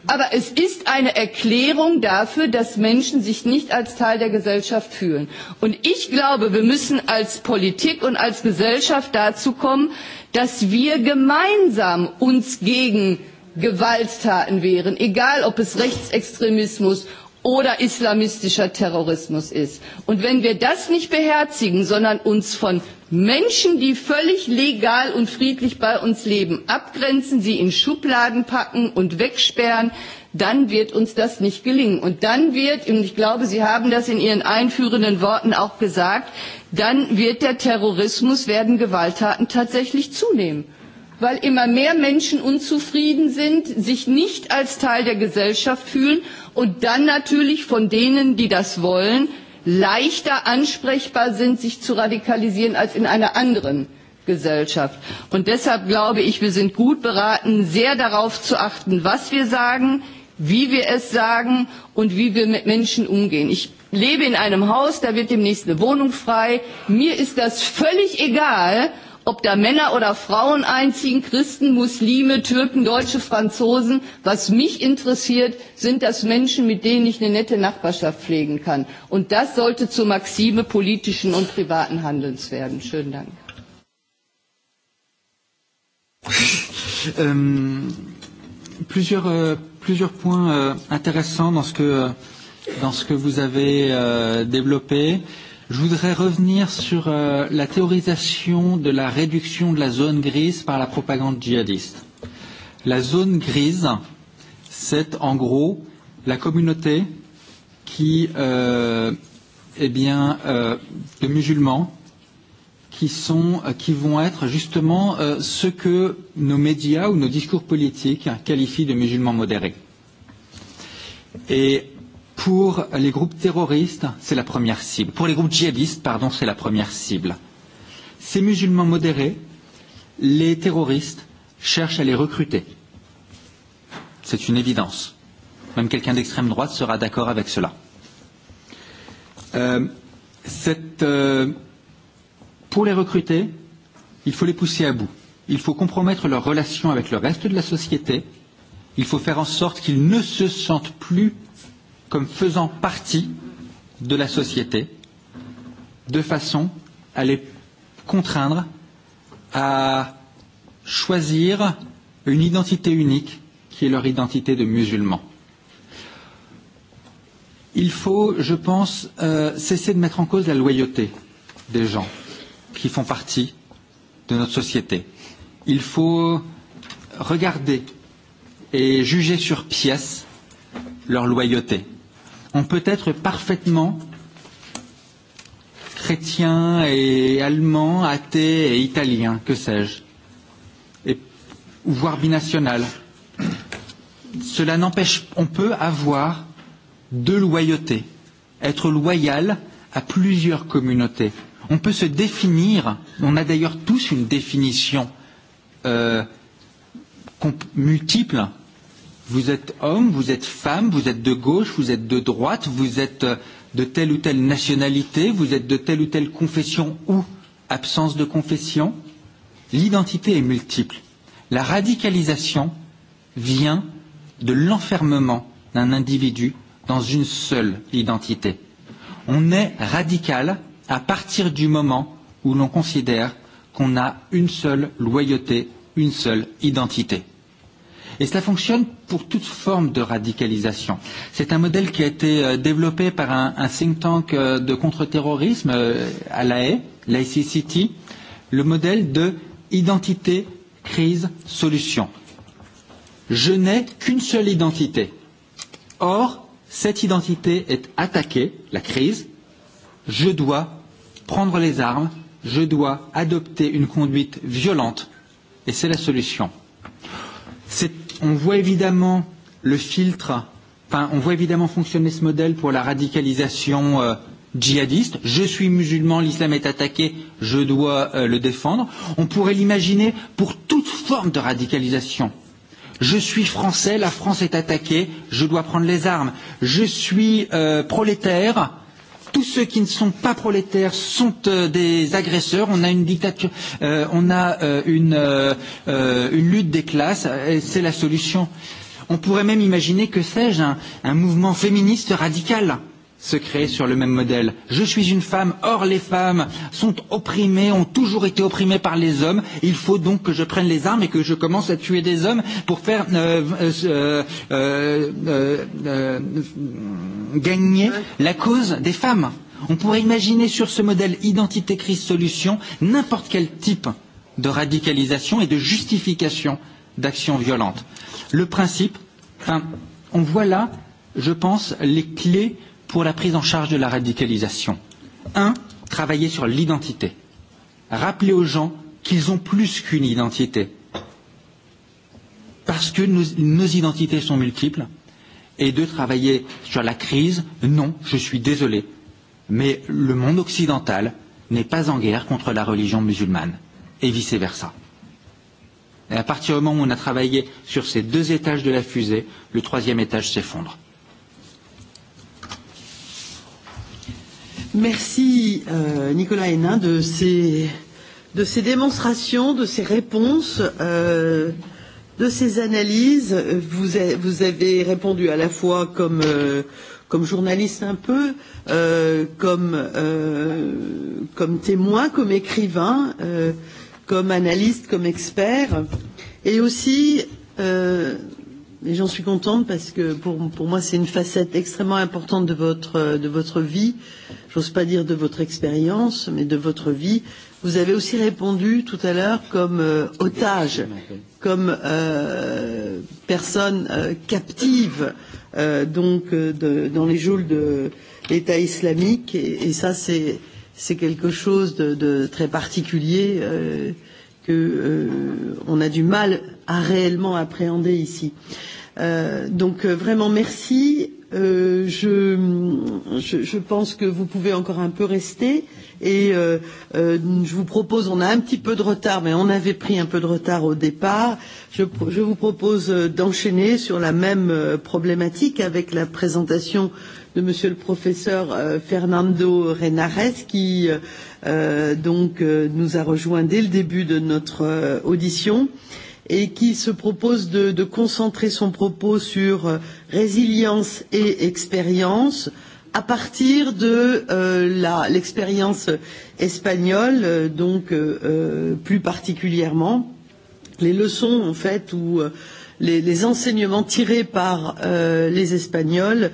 Aber es ist eine Erklärung dafür, dass Menschen sich nicht als Teil der Gesellschaft fühlen. Und ich glaube, wir müssen als Politik und als Gesellschaft dazu kommen, dass wir gemeinsam uns gegen Gewalttaten wehren, egal ob es Rechtsextremismus oder islamistischer Terrorismus ist. Und wenn wir das nicht beherzigen, sondern uns von Menschen, die völlig legal und friedlich bei uns leben, abgrenzen, sie in Schubladen packen und wegsperren, dann wird uns das nicht gelingen. Und dann wird, und ich glaube, Sie haben das in Ihren einführenden Worten auch gesagt, dann wird der Terrorismus, werden Gewalttaten tatsächlich zunehmen weil immer mehr Menschen unzufrieden sind, sich nicht als Teil der Gesellschaft fühlen und dann natürlich von denen, die das wollen, leichter ansprechbar sind, sich zu radikalisieren als in einer anderen Gesellschaft. Und deshalb glaube ich, wir sind gut beraten, sehr darauf zu achten, was wir sagen, wie wir es sagen und wie wir mit Menschen umgehen. Ich lebe in einem Haus, da wird demnächst eine Wohnung frei. Mir ist das völlig egal, ob da Männer oder Frauen einziehen, Christen, Muslime, Türken, Deutsche, Franzosen. Was mich interessiert, sind das Menschen, mit denen ich eine nette Nachbarschaft pflegen kann. Und das sollte zur Maxime politischen und privaten Handelns werden. Schönen Dank. <laughs> ähm, plusieurs, euh, plusieurs points euh, intéressants dans ce que, dans ce que vous avez euh, développé. Euh, Je voudrais revenir sur euh, la théorisation de la réduction de la zone grise par la propagande djihadiste. La zone grise, c'est en gros la communauté qui, euh, eh bien, euh, de musulmans qui, sont, euh, qui vont être justement euh, ce que nos médias ou nos discours politiques qualifient de musulmans modérés. Et Pour les groupes terroristes, c'est la première cible. Pour les groupes djihadistes, pardon, c'est la première cible. Ces musulmans modérés, les terroristes cherchent à les recruter. C'est une évidence. Même quelqu'un d'extrême droite sera d'accord avec cela. Euh, cette, euh, pour les recruter, il faut les pousser à bout. Il faut compromettre leurs relations avec le reste de la société. Il faut faire en sorte qu'ils ne se sentent plus comme faisant partie de la société, de façon à les contraindre à choisir une identité unique qui est leur identité de musulmans. Il faut, je pense, euh, cesser de mettre en cause la loyauté des gens qui font partie de notre société. Il faut regarder et juger sur pièce leur loyauté on peut être parfaitement chrétien et allemand, athée et italien, que sais-je, voire binational. Cela n'empêche, on peut avoir deux loyautés, être loyal à plusieurs communautés. On peut se définir, on a d'ailleurs tous une définition euh, multiple Vous êtes homme, vous êtes femme, vous êtes de gauche, vous êtes de droite, vous êtes euh, de telle ou telle nationalité, vous êtes de telle ou telle confession ou absence de confession. L'identité est multiple. La radicalisation vient de l'enfermement d'un individu dans une seule identité. On est radical à partir du moment où l'on considère qu'on a une seule loyauté, une seule identité. Et cela fonctionne pour toute forme de radicalisation. C'est un modèle qui a été euh, développé par un, un think tank euh, de contre-terrorisme euh, à La Haye, l'ICCT, le modèle de identité, crise, solution. Je n'ai qu'une seule identité. Or, cette identité est attaquée, la crise. Je dois prendre les armes, je dois adopter une conduite violente, et c'est la solution. C'est on voit évidemment le filtre, enfin, on voit évidemment fonctionner ce modèle pour la radicalisation euh, djihadiste. Je suis musulman, l'islam est attaqué, je dois euh, le défendre. On pourrait l'imaginer pour toute forme de radicalisation. Je suis français, la France est attaquée, je dois prendre les armes. Je suis euh, prolétaire, tous ceux qui ne sont pas prolétaires sont euh, des agresseurs. On a une dictature, euh, on a euh, une, euh, euh une lutte des classes, euh, et c'est la solution. On pourrait même imaginer que sais-je un, un mouvement féministe radical. Euh, se créer sur le même modèle. Je suis une femme, or les femmes sont opprimées, ont toujours été opprimées par les hommes. Il faut donc que je prenne les armes et que je commence à tuer des hommes pour faire euh, euh, euh, euh, euh, gagner la cause des femmes. On pourrait imaginer sur ce modèle identité crise solution n'importe quel type de radicalisation et de justification d'actions violentes. Le principe, enfin, on voit là, je pense, les clés pour la prise en charge de la radicalisation. Un, travailler sur l'identité. Rappeler aux gens qu'ils ont plus qu'une identité. Parce que nos, nos identités sont multiples. Et deux, travailler sur la crise. Non, je suis désolé. Mais le monde occidental n'est pas en guerre contre la religion musulmane. Et vice-versa. Et à partir du moment où on a travaillé sur ces deux étages de la fusée, le troisième étage s'effondre. Merci euh, Nicolas Hénin de ces, de ces démonstrations, de ces réponses, euh, de ces analyses. Vous, a, vous avez répondu à la fois comme, euh, comme journaliste un peu, euh, comme, euh, comme témoin, comme écrivain, euh, comme analyste, comme expert, et aussi euh, Et j'en suis contente parce que pour, pour moi, c'est une facette extrêmement importante de votre, euh, de votre vie. J'ose pas dire de votre expérience, mais de votre vie. Vous avez aussi répondu tout à l'heure comme euh, otage, comme euh, personne euh, captive euh, donc euh, de, dans les geôles de l'État islamique. Et, et ça, c'est quelque chose de, de très particulier. Euh, que euh, on a du mal à réellement appréhender ici. Euh, donc euh, vraiment merci. Euh, je, je, je pense que vous pouvez encore un peu rester et euh, euh, je vous propose, on a un petit peu de retard, mais on avait pris un peu de retard au départ. Je, je vous propose euh, d'enchaîner sur la même euh, problématique avec la présentation de Monsieur le professeur euh, Fernando Renares, qui euh, euh, donc euh, nous a rejoint dès le début de notre euh, audition et qui se propose de, de concentrer son propos sur euh, résilience et expérience à partir de euh, l'expérience espagnole, euh, donc euh, euh, plus particulièrement les leçons en fait ou euh, les, les enseignements tirés par euh, les Espagnols euh,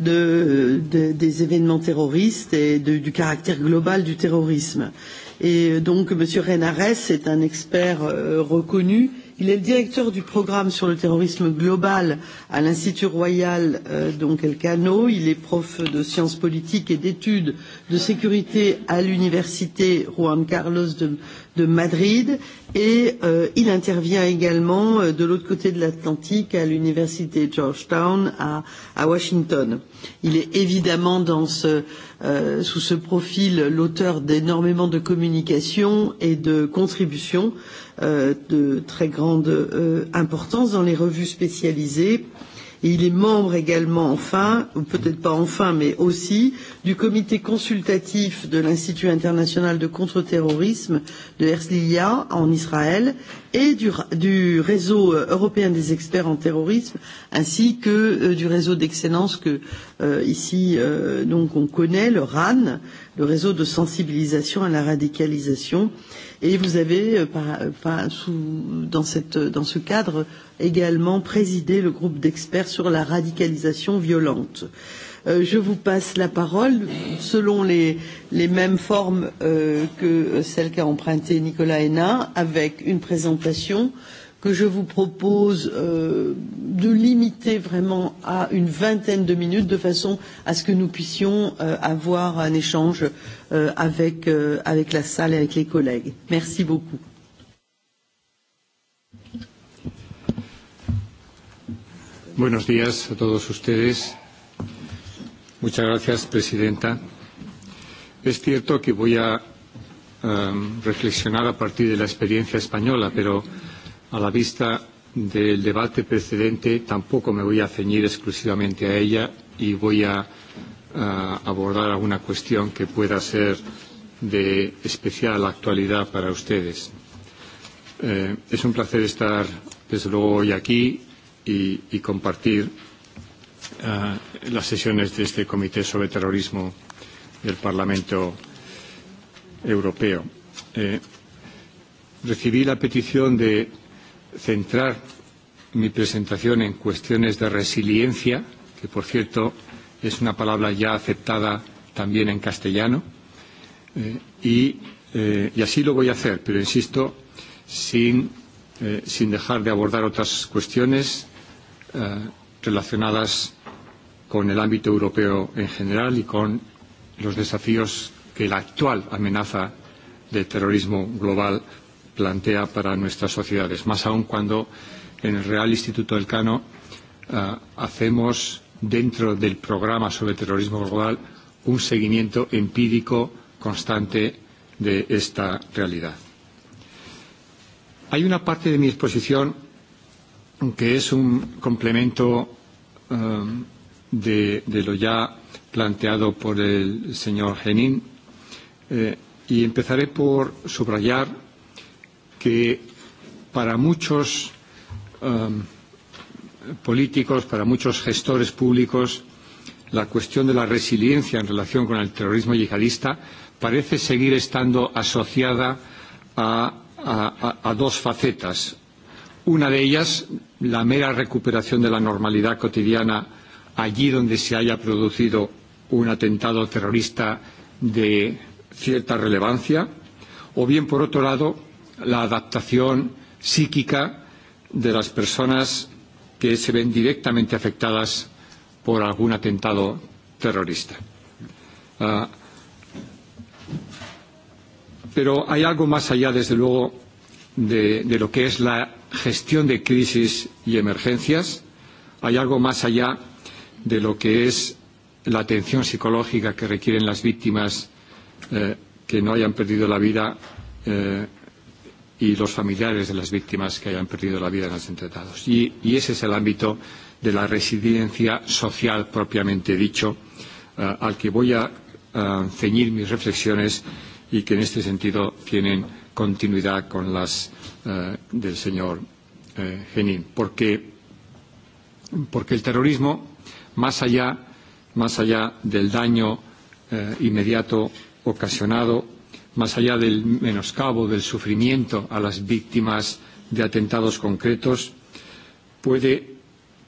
de, de, des événements terroristes et de, du caractère global du terrorisme. Et euh, donc, M. Renares est un expert euh, reconnu. Il est le directeur du programme sur le terrorisme global à l'Institut royal euh, donc Elcano. Il est prof de sciences politiques et d'études de sécurité à l'université Juan Carlos de de Madrid et euh, il intervient également euh, de l'autre côté de l'Atlantique à l'université Georgetown à, à Washington. Il est évidemment dans ce, euh, sous ce profil l'auteur d'énormément de communications et de contributions euh, de très grande euh, importance dans les revues spécialisées euh, Et il est membre également, enfin, ou peut-être pas enfin, mais aussi, du comité consultatif de l'Institut international de contre-terrorisme de Herzliya en Israël et du, du réseau euh, européen des experts en terrorisme, ainsi que euh, du réseau d'excellence que euh, ici, euh, donc, on connaît, le RAN, le réseau de sensibilisation à la radicalisation. Et vous avez, euh, par, euh, par, sous, dans, cette, dans ce cadre, également présidé le groupe d'experts sur la radicalisation violente. Euh, je vous passe la parole selon les, les mêmes formes euh, que celles qu'a empruntées Nicolas Hénin, avec une présentation euh, que je vous propose euh, de limiter vraiment à une vingtaine de minutes de façon à ce que nous puissions euh, avoir un échange euh, avec, euh, avec la salle et avec les collègues. Merci beaucoup. Buenos días a todos ustedes. Muchas gracias, Presidenta. Es cierto que voy a um, reflexionar a partir de la experiencia española, pero uh, a la vista del debate precedente, tampoco me voy a ceñir exclusivamente a ella y voy a, a abordar alguna cuestión que pueda ser de especial actualidad para ustedes. Eh, es un placer estar, desde luego, hoy aquí y, y compartir uh, las sesiones de este Comité sobre Terrorismo del Parlamento Europeo. Eh, recibí la petición de centrar mi presentación en cuestiones de resiliencia, que por cierto es una palabra ya aceptada también en castellano, eh, y, eh, y así lo voy a hacer, pero insisto, sin, eh, sin dejar de abordar otras cuestiones eh, relacionadas con el ámbito europeo en general y con los desafíos que la actual amenaza del terrorismo global plantea para nuestras sociedades, más aún cuando en el Real Instituto del Cano uh, eh, hacemos dentro del programa sobre terrorismo global un seguimiento empírico constante de esta realidad. Hay una parte de mi exposición que es un complemento um, de, de lo ya planteado por el señor Genin eh, y empezaré por subrayar que para muchos um, políticos, para muchos gestores públicos, la cuestión de la resiliencia en relación con el terrorismo yihadista parece seguir estando asociada a, a, a, a dos facetas. Una de ellas, la mera recuperación de la normalidad cotidiana allí donde se haya producido un atentado terrorista de cierta relevancia, o bien, por otro lado, la adaptación psíquica de las personas que se ven directamente afectadas por algún atentado terrorista. Uh, pero hay algo más allá, desde luego, de, de lo que es la gestión de crisis y emergencias. Hay algo más allá de lo que es la atención psicológica que requieren las víctimas eh, que no hayan perdido la vida eh, y los familiares de las víctimas que hayan perdido la vida en los atentados. Y, y ese es el ámbito de la residencia social propiamente dicho, uh, al que voy a uh, ceñir mis reflexiones y que en este sentido tienen continuidad con las uh, del señor uh, Genin. Porque, porque el terrorismo, más allá, más allá del daño uh, inmediato ocasionado más allá del menoscabo, del sufrimiento a las víctimas de atentados concretos, puede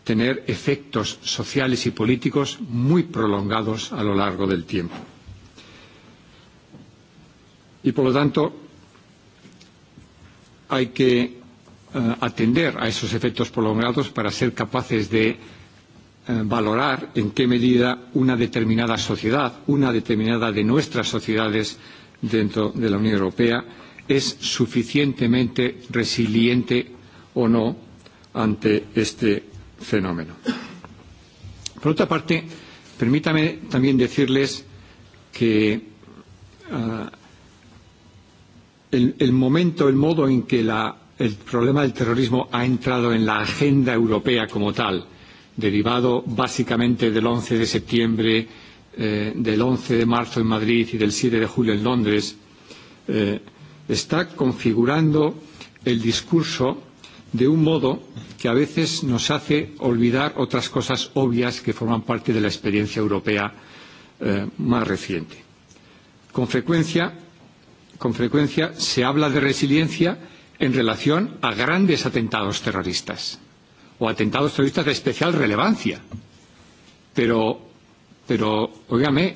tener efectos sociales y políticos muy prolongados a lo largo del tiempo. Y, por lo tanto, hay que eh, atender a esos efectos prolongados para ser capaces de eh, valorar en qué medida una determinada sociedad, una determinada de nuestras sociedades dentro de la Unión Europea es suficientemente resiliente o no ante este fenómeno. Por otra parte, permítame también decirles que uh, el, el momento, el modo en que la, el problema del terrorismo ha entrado en la agenda europea como tal, derivado básicamente del 11 de septiembre, eh, del 11 de marzo en Madrid y del 7 de julio en Londres, eh, está configurando el discurso de un modo que a veces nos hace olvidar otras cosas obvias que forman parte de la experiencia europea eh, más reciente. Con frecuencia, con frecuencia se habla de resiliencia en relación a grandes atentados terroristas o atentados terroristas de especial relevancia. Pero Pero, óigame,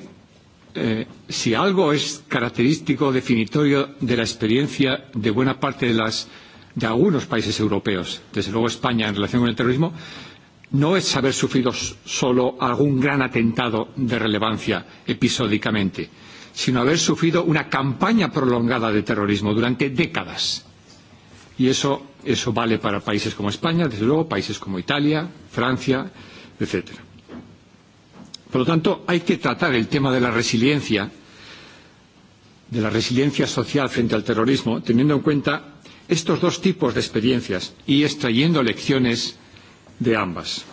eh, si algo es característico, definitorio de la experiencia de buena parte de, las, de algunos países europeos, desde luego España en relación con el terrorismo, no es haber sufrido solo algún gran atentado de relevancia episódicamente, sino haber sufrido una campaña prolongada de terrorismo durante décadas. Y eso, eso vale para países como España, desde luego, países como Italia, Francia, etcétera. Por lo tanto, hay que tratar el tema de la resiliencia, de la resiliencia social frente al terrorismo, teniendo en cuenta estos dos tipos de experiencias y extrayendo lecciones de ambas.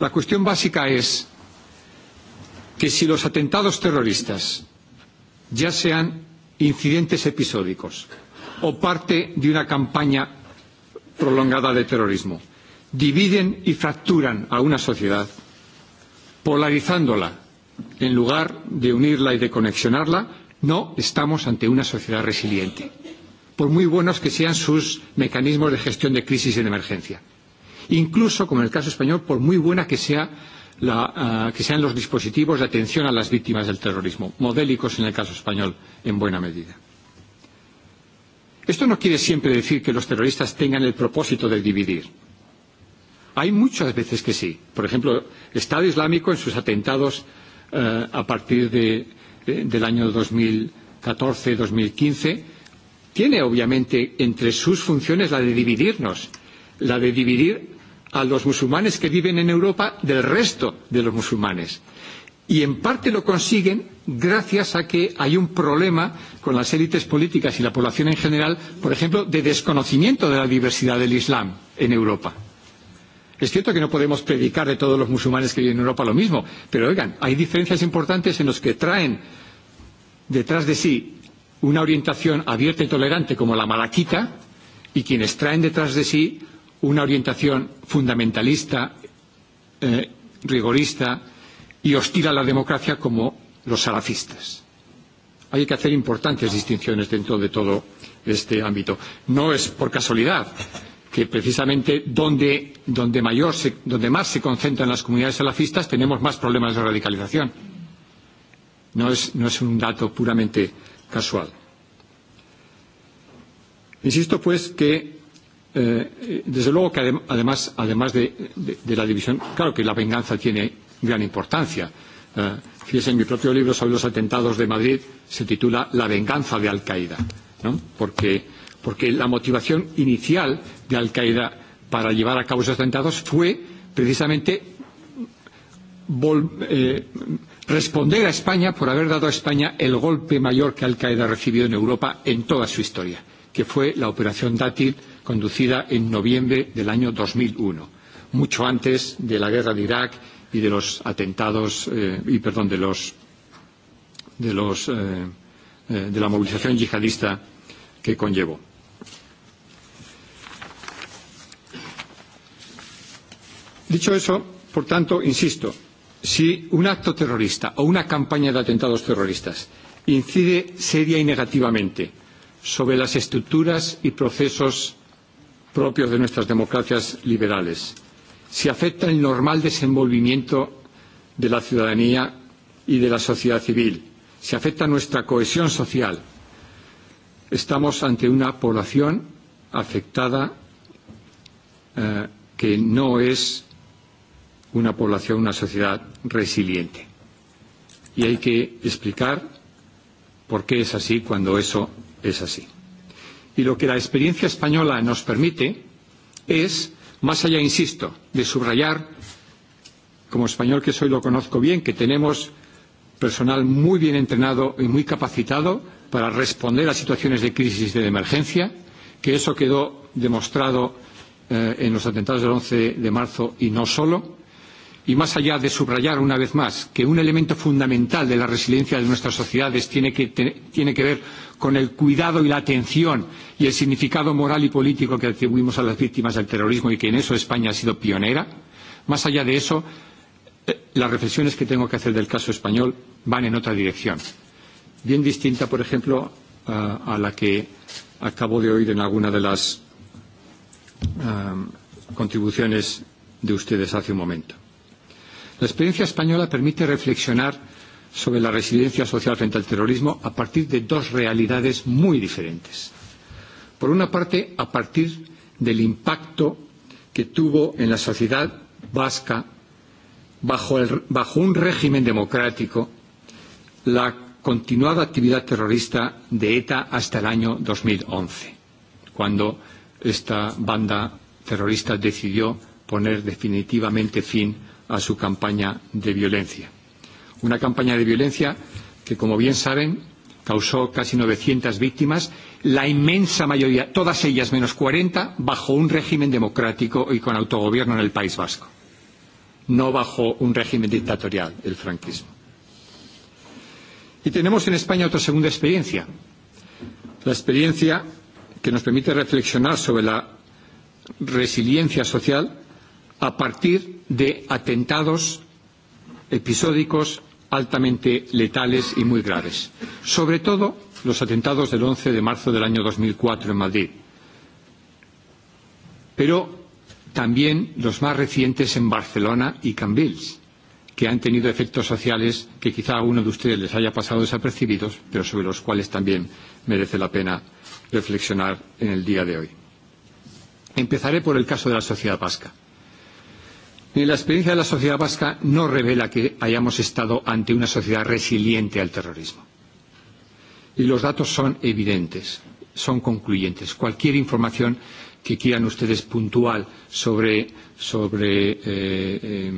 La cuestión básica es que si los atentados terroristas, ya sean incidentes episódicos o parte de una campaña prolongada de terrorismo, dividen y fracturan a una sociedad, polarizándola en lugar de unirla y de conexionarla, no estamos ante una sociedad resiliente, por muy buenos que sean sus mecanismos de gestión de crisis y de emergencia. Incluso, como en el caso español, por muy buena que sea la, uh, que sean los dispositivos de atención a las víctimas del terrorismo, modélicos en el caso español, en buena medida. Esto no quiere siempre decir que los terroristas tengan el propósito de dividir Hay muchas veces que sí. Por ejemplo, Estado Islámico en sus atentados eh, a partir de, eh, del año 2014-2015 tiene obviamente entre sus funciones la de dividirnos, la de dividir a los musulmanes que viven en Europa del resto de los musulmanes. Y en parte lo consiguen gracias a que hay un problema con las élites políticas y la población en general, por ejemplo, de desconocimiento de la diversidad del Islam en Europa. Es cierto que no podemos predicar de todos los musulmanes que viven en Europa lo mismo, pero oigan, hay diferencias importantes en los que traen detrás de sí una orientación abierta y tolerante como la malaquita y quienes traen detrás de sí una orientación fundamentalista, eh, rigorista y hostil a la democracia como los salafistas. Hay que hacer importantes distinciones dentro de todo este ámbito. No es por casualidad que precisamente donde, donde, mayor se, donde más se concentran las comunidades salafistas tenemos más problemas de radicalización. No es, no es un dato puramente casual. Insisto, pues, que eh, desde luego que adem además, además de, de, de la división, claro que la venganza tiene gran importancia. Eh, fíjese, en mi propio libro sobre los atentados de Madrid se titula La venganza de Al Qaeda, ¿no? porque porque la motivación inicial de Al Qaeda para llevar a cabo esos atentados fue precisamente vol eh, responder a España por haber dado a España el golpe mayor que Al Qaeda recibió en Europa en toda su historia, que fue la operación Dátil conducida en noviembre del año 2001, mucho antes de la guerra de Irak y de los atentados eh, y perdón de los de los eh, eh, de la movilización yihadista que conllevó. Dicho eso, por tanto, insisto, si un acto terrorista o una campaña de atentados terroristas incide seria y negativamente sobre las estructuras y procesos propios de nuestras democracias liberales, si afecta el normal desenvolvimiento de la ciudadanía y de la sociedad civil, si afecta nuestra cohesión social, estamos ante una población afectada eh, que no es una población, una sociedad resiliente. Y hay que explicar por qué es así cuando eso es así. Y lo que la experiencia española nos permite es, más allá, insisto, de subrayar, como español que soy lo conozco bien, que tenemos personal muy bien entrenado y muy capacitado para responder a situaciones de crisis y de emergencia, que eso quedó demostrado eh, en los atentados del 11 de marzo y no solo, y más allá de subrayar una vez más que un elemento fundamental de la resiliencia de nuestras sociedades tiene que, te, tiene que ver con el cuidado y la atención y el significado moral y político que atribuimos a las víctimas del terrorismo y que en eso España ha sido pionera, más allá de eso, eh, las reflexiones que tengo que hacer del caso español van en otra dirección, bien distinta, por ejemplo, uh, a la que acabo de oír en alguna de las um, contribuciones de ustedes hace un momento. La experiencia española permite reflexionar sobre la residencia social frente al terrorismo a partir de dos realidades muy diferentes. Por una parte, a partir del impacto que tuvo en la sociedad vasca bajo, el, bajo un régimen democrático la continuada actividad terrorista de ETA hasta el año 2011, cuando esta banda terrorista decidió poner definitivamente fin a a su campaña de violencia. Una campaña de violencia que, como bien saben, causó casi 900 víctimas, la inmensa mayoría, todas ellas menos 40, bajo un régimen democrático y con autogobierno en el País Vasco, no bajo un régimen dictatorial, el franquismo. Y tenemos en España otra segunda experiencia, la experiencia que nos permite reflexionar sobre la resiliencia social a partir de atentados episódicos altamente letales y muy graves. Sobre todo los atentados del 11 de marzo del año 2004 en Madrid. Pero también los más recientes en Barcelona y Cambrils, que han tenido efectos sociales que quizá a uno de ustedes les haya pasado desapercibidos, pero sobre los cuales también merece la pena reflexionar en el día de hoy. Empezaré por el caso de la sociedad vasca. Y la experiencia de la sociedad vasca no revela que hayamos estado ante una sociedad resiliente al terrorismo. Y los datos son evidentes, son concluyentes. Cualquier información que quieran ustedes puntual sobre, sobre eh, eh,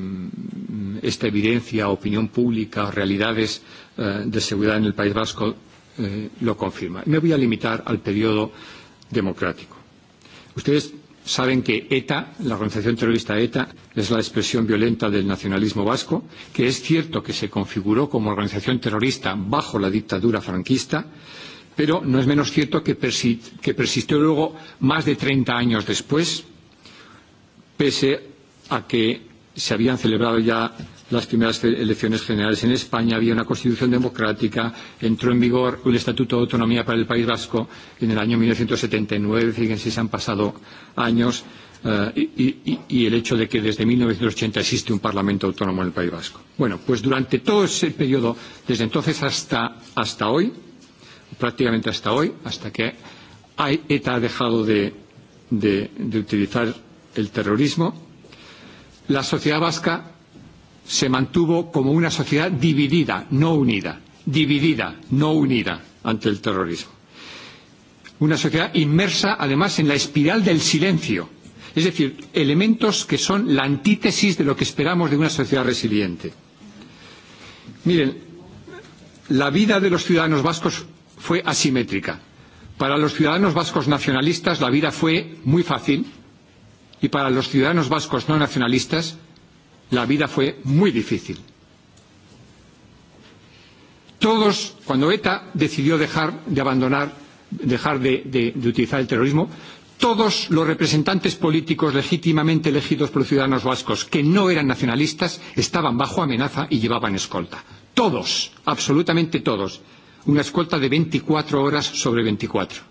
esta evidencia, opinión pública o realidades eh, de seguridad en el País Vasco eh, lo confirma. Me voy a limitar al periodo democrático. Ustedes saben que ETA, la organización terrorista ETA, es la expresión violenta del nacionalismo vasco, que es cierto que se configuró como organización terrorista bajo la dictadura franquista, pero no es menos cierto que, persi que persistió luego más de 30 años después, pese a que se habían celebrado ya las primeras elecciones generales en España, había una constitución democrática, entró en vigor un estatuto de autonomía para el País Vasco en el año 1979, fíjense, se han pasado años, eh, y, y, y el hecho de que desde 1980 existe un Parlamento autónomo en el País Vasco. Bueno, pues durante todo ese periodo, desde entonces hasta, hasta hoy, prácticamente hasta hoy, hasta que ETA ha dejado de, de, de utilizar el terrorismo, la sociedad vasca se mantuvo como una sociedad dividida, no unida, dividida, no unida ante el terrorismo. Una sociedad inmersa, además, en la espiral del silencio, es decir, elementos que son la antítesis de lo que esperamos de una sociedad resiliente. Miren, la vida de los ciudadanos vascos fue asimétrica. Para los ciudadanos vascos nacionalistas la vida fue muy fácil y para los ciudadanos vascos no nacionalistas la vida fue muy difícil. Todos, cuando ETA decidió dejar de abandonar, dejar de, de, de utilizar el terrorismo, todos los representantes políticos legítimamente elegidos por ciudadanos vascos que no eran nacionalistas estaban bajo amenaza y llevaban escolta. Todos, absolutamente todos. Una escolta de 24 horas sobre 24.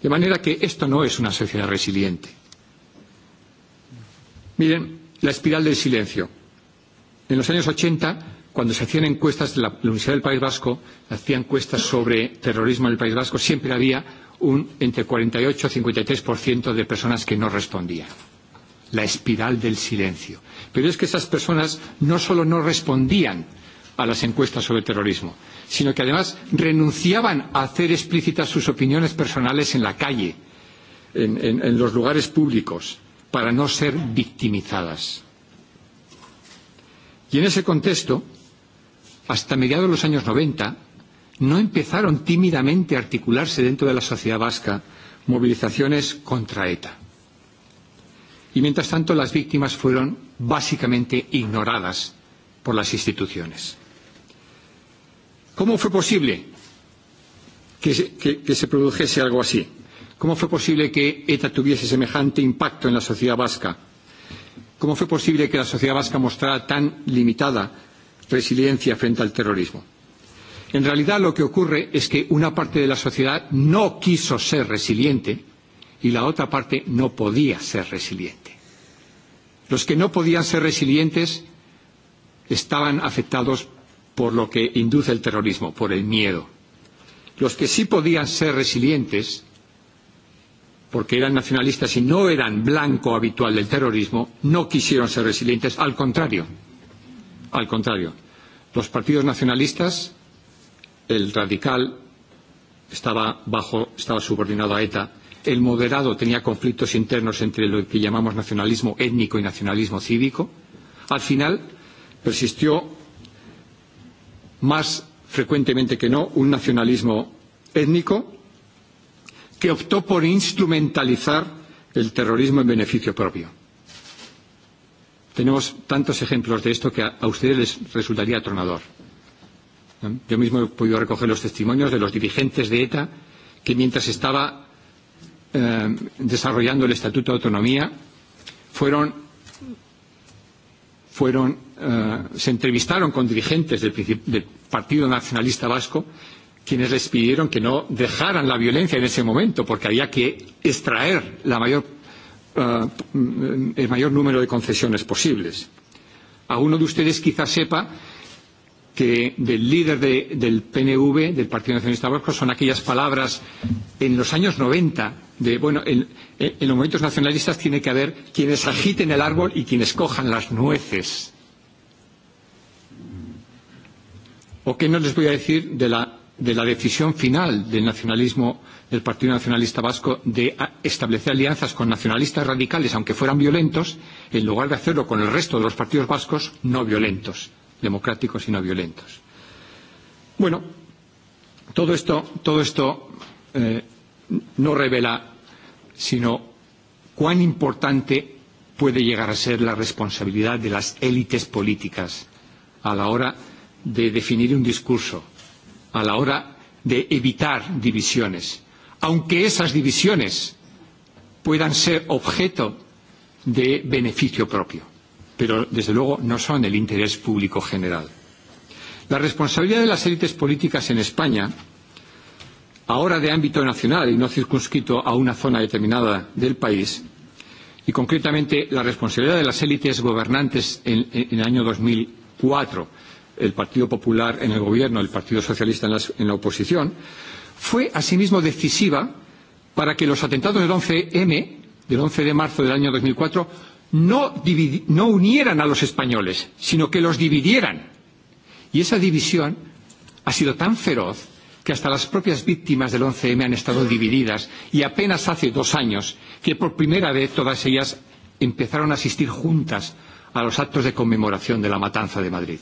De manera que esto no es una sociedad resiliente. Miren, la espiral del silencio. En los años 80, cuando se hacían encuestas, la, la Universidad del País Vasco hacía encuestas sobre terrorismo en el País Vasco, siempre había un entre 48 y 53% de personas que no respondían. La espiral del silencio. Pero es que esas personas no solo no respondían a las encuestas sobre terrorismo, sino que además renunciaban a hacer explícitas sus opiniones personales en la calle, en, en, en los lugares públicos para no ser victimizadas. Y en ese contexto, hasta mediados de los años 90, no empezaron tímidamente a articularse dentro de la sociedad vasca movilizaciones contra ETA. Y mientras tanto, las víctimas fueron básicamente ignoradas por las instituciones. ¿Cómo fue posible que se, que, que se produjese algo así? ¿Cómo fue posible que ETA tuviese semejante impacto en la sociedad vasca? ¿Cómo fue posible que la sociedad vasca mostrara tan limitada resiliencia frente al terrorismo? En realidad lo que ocurre es que una parte de la sociedad no quiso ser resiliente y la otra parte no podía ser resiliente. Los que no podían ser resilientes estaban afectados por lo que induce el terrorismo, por el miedo. Los que sí podían ser resilientes porque eran nacionalistas y no eran blanco habitual del terrorismo, no quisieron ser resilientes. Al contrario, al contrario, los partidos nacionalistas, el radical estaba, bajo, estaba subordinado a ETA, el moderado tenía conflictos internos entre lo que llamamos nacionalismo étnico y nacionalismo cívico, al final persistió más frecuentemente que no un nacionalismo étnico que optó por instrumentalizar el terrorismo en beneficio propio. Tenemos tantos ejemplos de esto que a, a ustedes les resultaría atronador. ¿No? Yo mismo he podido recoger los testimonios de los dirigentes de ETA que mientras estaba eh, desarrollando el Estatuto de Autonomía fueron, fueron, eh, se entrevistaron con dirigentes del, del Partido Nacionalista Vasco quienes les pidieron que no dejaran la violencia en ese momento, porque había que extraer la mayor, uh, el mayor número de concesiones posibles. A uno de ustedes quizás sepa que del líder de, del PNV, del Partido Nacionalista Vasco, son aquellas palabras en los años 90 de, bueno, en, en los momentos nacionalistas tiene que haber quienes agiten el árbol y quienes cojan las nueces. ¿O qué no les voy a decir de la de la decisión final del nacionalismo del Partido Nacionalista Vasco de establecer alianzas con nacionalistas radicales, aunque fueran violentos, en lugar de hacerlo con el resto de los partidos vascos no violentos, democráticos y no violentos. Bueno, todo esto, todo esto eh, no revela sino cuán importante puede llegar a ser la responsabilidad de las élites políticas a la hora de definir un discurso a la hora de evitar divisiones. Aunque esas divisiones puedan ser objeto de beneficio propio, pero desde luego no son el interés público general. La responsabilidad de las élites políticas en España, ahora de ámbito nacional y no circunscrito a una zona determinada del país, y concretamente la responsabilidad de las élites gobernantes en, en el año 2004 el Partido Popular en el gobierno, el Partido Socialista en la, en la oposición, fue asimismo decisiva para que los atentados del 11M, del 11 de marzo del año 2004, no, no unieran a los españoles, sino que los dividieran. Y esa división ha sido tan feroz que hasta las propias víctimas del 11M han estado divididas y apenas hace dos años que por primera vez todas ellas empezaron a asistir juntas a los actos de conmemoración de la matanza de Madrid.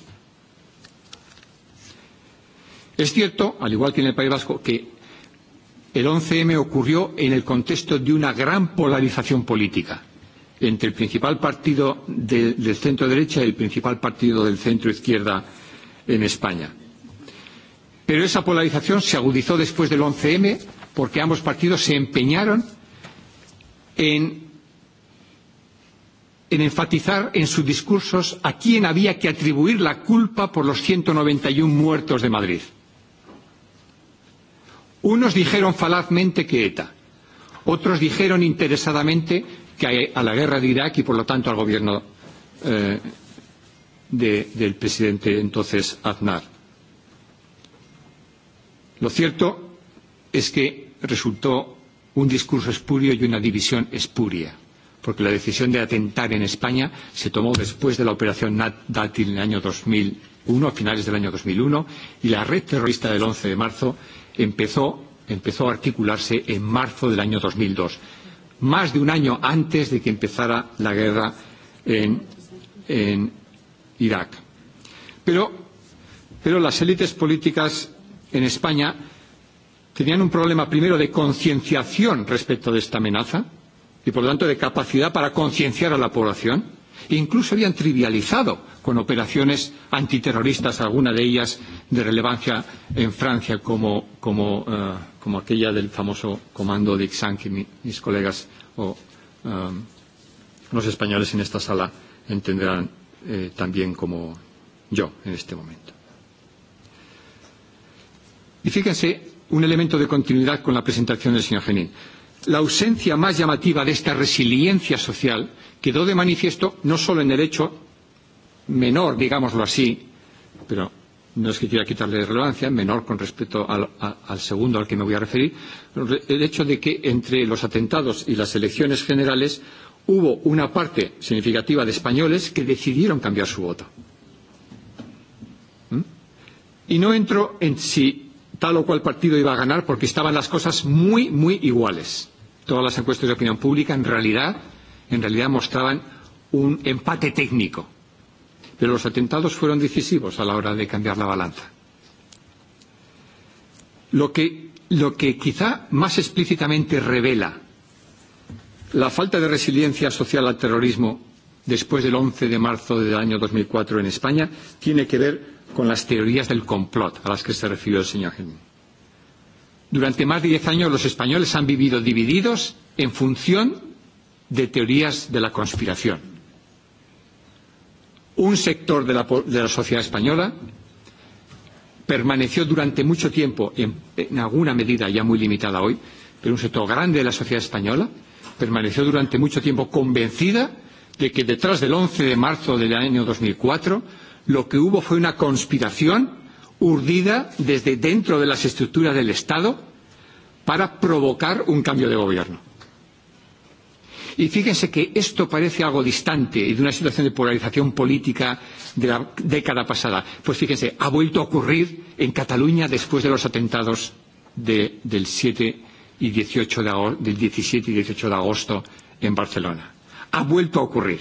Es cierto, al igual que en el País Vasco, que el 11M ocurrió en el contexto de una gran polarización política entre el principal partido de, del centro derecha y el principal partido del centro izquierda en España. Pero esa polarización se agudizó después del 11M porque ambos partidos se empeñaron en, en enfatizar en sus discursos a quién había que atribuir la culpa por los 191 muertos de Madrid. Unos dijeron falazmente que ETA, otros dijeron interesadamente que a la guerra de Irak y, por lo tanto, al gobierno eh, de, del presidente entonces Aznar. Lo cierto es que resultó un discurso espurio y una división espuria, porque la decisión de atentar en España se tomó después de la operación Dátil en el año 2001, a finales del año 2001, y la red terrorista del 11 de marzo empezó, empezó a articularse en marzo del año 2002, más de un año antes de que empezara la guerra en, en Irak. Pero, pero las élites políticas en España tenían un problema primero de concienciación respecto de esta amenaza y, por lo tanto, de capacidad para concienciar a la población. E incluso habían trivializado con operaciones antiterroristas, alguna de ellas de relevancia en Francia como, como, uh, como aquella del famoso comando de Ixán que mi, mis colegas o um, los españoles en esta sala entenderán eh, también como yo en este momento. Y fíjense un elemento de continuidad con la presentación del señor Genin. La ausencia más llamativa de esta resiliencia social quedó de manifiesto no solo en el hecho menor, digámoslo así, pero no es que quiera quitarle relevancia, menor con respecto al, a, al segundo al que me voy a referir, el hecho de que entre los atentados y las elecciones generales hubo una parte significativa de españoles que decidieron cambiar su voto. ¿Mm? Y no entro en si tal o cual partido iba a ganar porque estaban las cosas muy, muy iguales. Todas las encuestas de opinión pública en realidad, en realidad mostraban un empate técnico Pero los atentados fueron decisivos a la hora de cambiar la balanza. Lo que, lo que quizá más explícitamente revela la falta de resiliencia social al terrorismo después del 11 de marzo del año 2004 en España tiene que ver con las teorías del complot a las que se refirió el señor Helmut. Durante más de diez años los españoles han vivido divididos en función de teorías de la conspiración un sector de la, de la sociedad española permaneció durante mucho tiempo, en, en alguna medida ya muy limitada hoy, pero un sector grande de la sociedad española permaneció durante mucho tiempo convencida de que detrás del 11 de marzo del año 2004 lo que hubo fue una conspiración urdida desde dentro de las estructuras del Estado para provocar un cambio de gobierno. Y fíjense que esto parece algo distante y de una situación de polarización política de la década pasada. Pues fíjense, ha vuelto a ocurrir en Cataluña después de los atentados de, del 7 y 18 de agosto, del 17 y 18 de agosto en Barcelona. Ha vuelto a ocurrir.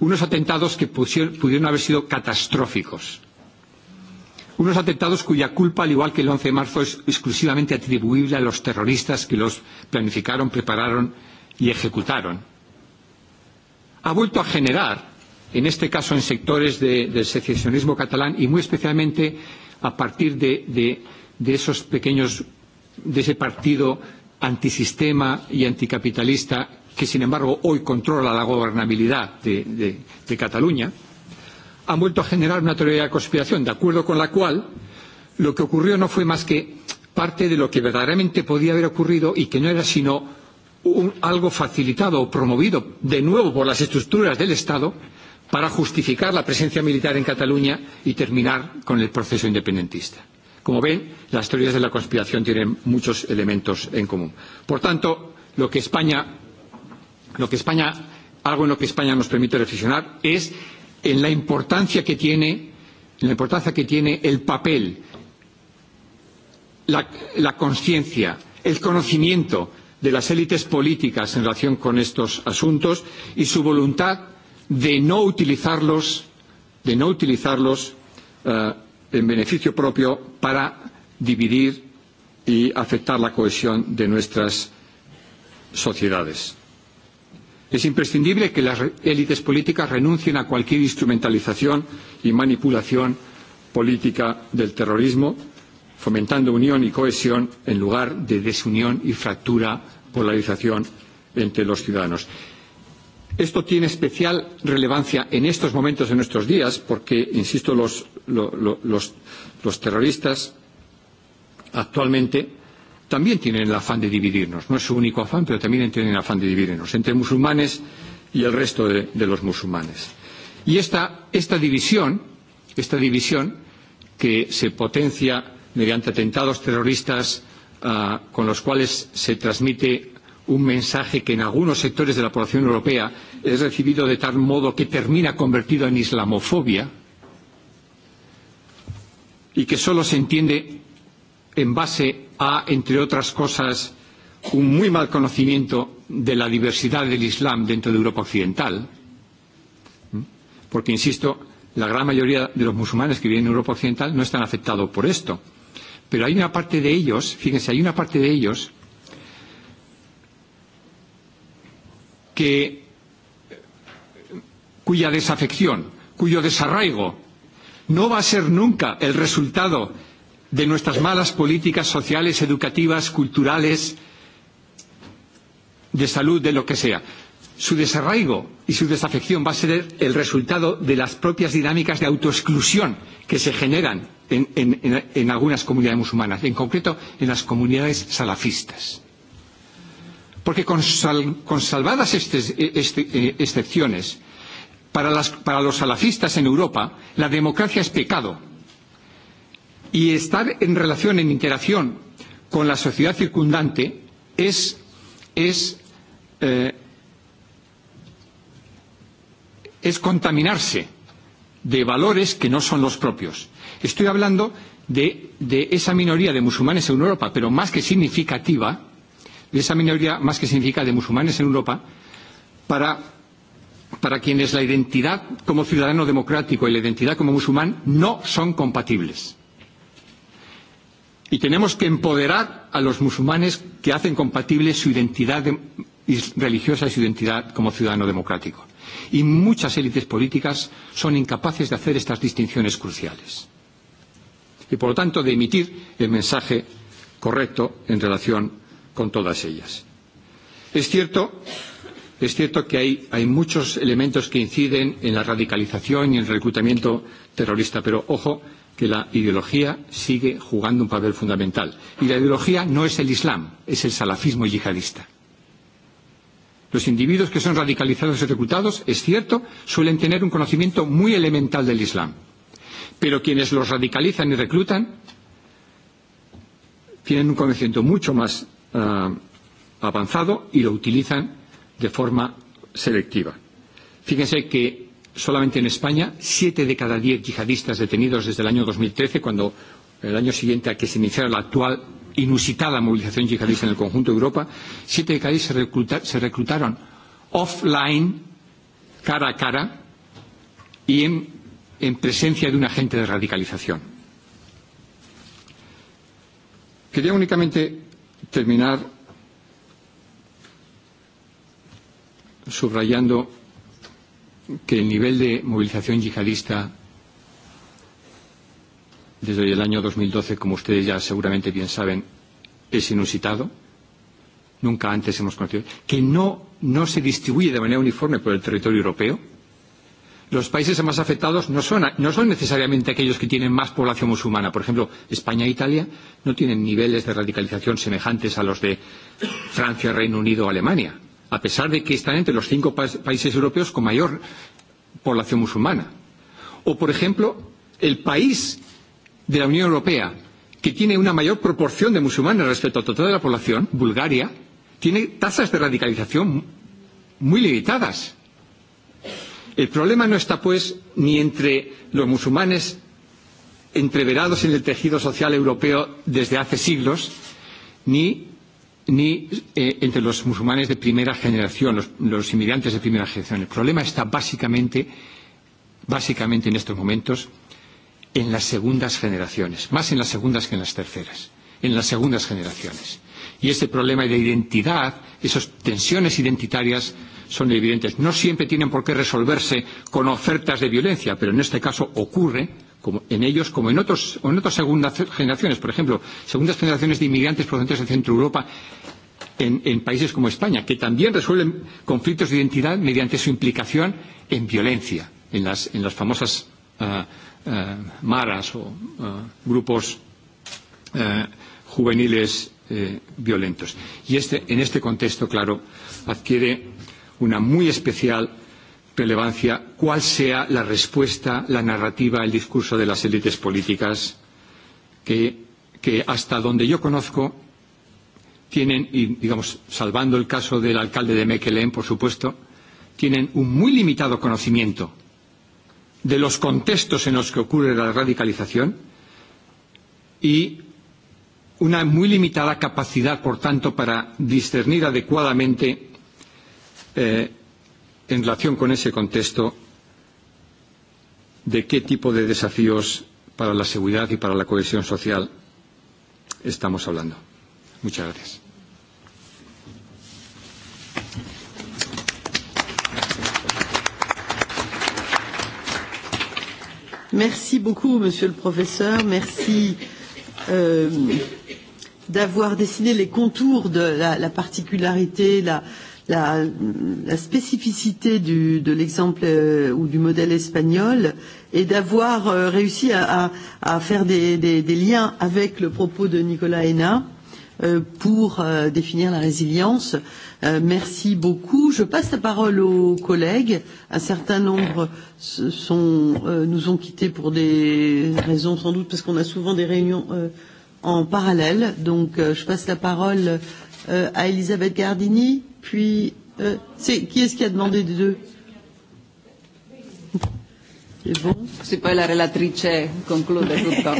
Unos atentados que pusieron, pudieron haber sido catastróficos. Unos atentados cuya culpa, al igual que el 11 de marzo, es exclusivamente atribuible a los terroristas que los planificaron, prepararon y ejecutaron, ha vuelto a generar, en este caso en sectores de, del secesionismo catalán y muy especialmente a partir de, de, de esos pequeños, de ese partido antisistema y anticapitalista que, sin embargo, hoy controla la gobernabilidad de, de, de Cataluña, han vuelto a generar una teoría de conspiración, de acuerdo con la cual lo que ocurrió no fue más que parte de lo que verdaderamente podía haber ocurrido y que no era sino un, algo facilitado o promovido de nuevo por las estructuras del Estado para justificar la presencia militar en Cataluña y terminar con el proceso independentista. Como ven, las teorías de la conspiración tienen muchos elementos en común. Por tanto, lo que España, lo que España algo en lo que España nos permite reflexionar es en la importancia que tiene, en la importancia que tiene el papel, la, la conciencia, el conocimiento de las élites políticas en relación con estos asuntos y su voluntad de no utilizarlos, de no utilizarlos eh, en beneficio propio para dividir y afectar la cohesión de nuestras sociedades. Es imprescindible que las élites políticas renuncien a cualquier instrumentalización y manipulación política del terrorismo fomentando unión y cohesión en lugar de desunión y fractura, polarización entre los ciudadanos. Esto tiene especial relevancia en estos momentos, en nuestros días, porque, insisto, los, lo, lo, los, los terroristas actualmente también tienen el afán de dividirnos. No es su único afán, pero también tienen el afán de dividirnos entre musulmanes y el resto de, de los musulmanes. Y esta, esta división, esta división que se potencia mediante atentados terroristas uh, con los cuales se transmite un mensaje que en algunos sectores de la población europea es recibido de tal modo que termina convertido en islamofobia y que solo se entiende en base a, entre otras cosas, un muy mal conocimiento de la diversidad del Islam dentro de Europa Occidental, porque, insisto, la gran mayoría de los musulmanes que viven en Europa Occidental no están afectados por esto. Pero hay una parte de ellos, fíjense, hay una parte de ellos que, cuya desafección, cuyo desarraigo no va a ser nunca el resultado de nuestras malas políticas sociales, educativas, culturales, de salud, de lo que sea su desarraigo y su desafección va a ser el resultado de las propias dinámicas de autoexclusión que se generan en, en, en, en algunas comunidades musulmanas, en concreto en las comunidades salafistas. Porque con, sal, con salvadas e, este, este, eh, excepciones, para, las, para los salafistas en Europa la democracia es pecado y estar en relación, en interacción con la sociedad circundante es, es eh, es contaminarse de valores que no son los propios. Estoy hablando de, de esa minoría de musulmanes en Europa, pero más que significativa, de esa minoría más que significativa de musulmanes en Europa, para, para quienes la identidad como ciudadano democrático y la identidad como musulmán no son compatibles. Y tenemos que empoderar a los musulmanes que hacen compatible su identidad de, religiosa y su identidad como ciudadano democrático y muchas élites políticas son incapaces de hacer estas distinciones cruciales y, por lo tanto, de emitir el mensaje correcto en relación con todas ellas. Es cierto, es cierto que hay, hay muchos elementos que inciden en la radicalización y en el reclutamiento terrorista, pero ojo que la ideología sigue jugando un papel fundamental. Y la ideología no es el Islam, es el salafismo yihadista Los individuos que son radicalizados y reclutados, es cierto, suelen tener un conocimiento muy elemental del Islam. Pero quienes los radicalizan y reclutan tienen un conocimiento mucho más uh, avanzado y lo utilizan de forma selectiva. Fíjense que solamente en España siete de cada diez yihadistas detenidos desde el año 2013, cuando el año siguiente a que se iniciara la actual inusitada movilización yihadista en el conjunto de Europa, siete de cada diez se, recluta, se reclutaron offline, cara a cara, y en, en presencia de un agente de radicalización. Quería únicamente terminar subrayando que el nivel de movilización yihadista desde el año 2012, como ustedes ya seguramente bien saben, es inusitado. Nunca antes hemos conocido. Que no, no se distribuye de manera uniforme por el territorio europeo. Los países más afectados no son, no son necesariamente aquellos que tienen más población musulmana. Por ejemplo, España e Italia no tienen niveles de radicalización semejantes a los de Francia, Reino Unido o Alemania, a pesar de que están entre los cinco pa países europeos con mayor población musulmana. O, por ejemplo, el país de la Unión Europea que tiene una mayor proporción de musulmanes respecto al total de la población, Bulgaria, tiene tasas de radicalización muy limitadas. El problema no está, pues, ni entre los musulmanes entreverados en el tejido social europeo desde hace siglos, ni, ni eh, entre los musulmanes de primera generación, los, los inmigrantes de primera generación. El problema está básicamente, básicamente en estos momentos en las segundas generaciones, más en las segundas que en las terceras, en las segundas generaciones. Y este problema de identidad, esas tensiones identitarias son evidentes. No siempre tienen por qué resolverse con ofertas de violencia, pero en este caso ocurre como en ellos como en, otros, en otras segundas generaciones. Por ejemplo, segundas generaciones de inmigrantes procedentes de Centro Europa en, en países como España, que también resuelven conflictos de identidad mediante su implicación en violencia, en las, en las famosas uh, eh, maras o eh, grupos eh, juveniles eh, violentos. Y este, en este contexto, claro, adquiere una muy especial relevancia cuál sea la respuesta, la narrativa, el discurso de las élites políticas que, que hasta donde yo conozco tienen, y digamos, salvando el caso del alcalde de Mechelen, por supuesto, tienen un muy limitado conocimiento de los contextos en los que ocurre la radicalización y una muy limitada capacidad, por tanto, para discernir adecuadamente eh, en relación con ese contexto de qué tipo de desafíos para la seguridad y para la cohesión social estamos hablando. Muchas gracias. Merci beaucoup, monsieur le professeur. Merci euh, d'avoir dessiné les contours de la, la particularité, la, la, la spécificité du, de l'exemple euh, ou du modèle espagnol et d'avoir euh, réussi à, à, à faire des, des, des liens avec le propos de Nicolas Hénin euh, pour euh, définir la résilience. Euh, Euh, merci beaucoup. Je passe la parole aux collègues. Un certain nombre sont, euh, nous ont quittés pour des raisons sans doute parce qu'on a souvent des réunions euh, en parallèle. Donc euh, je passe la parole euh, à Elisabeth Gardini. Puis, euh, c'est, qui est-ce qui a demandé des deux È buono? Sì, poi la relatrice conclude tutto.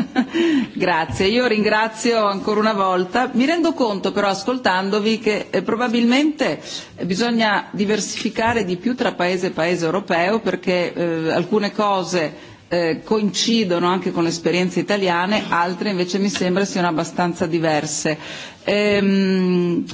<laughs> Grazie, io ringrazio ancora una volta. Mi rendo conto però ascoltandovi che eh, probabilmente eh, bisogna diversificare di più tra paese e paese europeo perché eh, alcune cose eh, coincidono anche con le esperienze italiane, altre invece mi sembra siano abbastanza diverse. Ehm,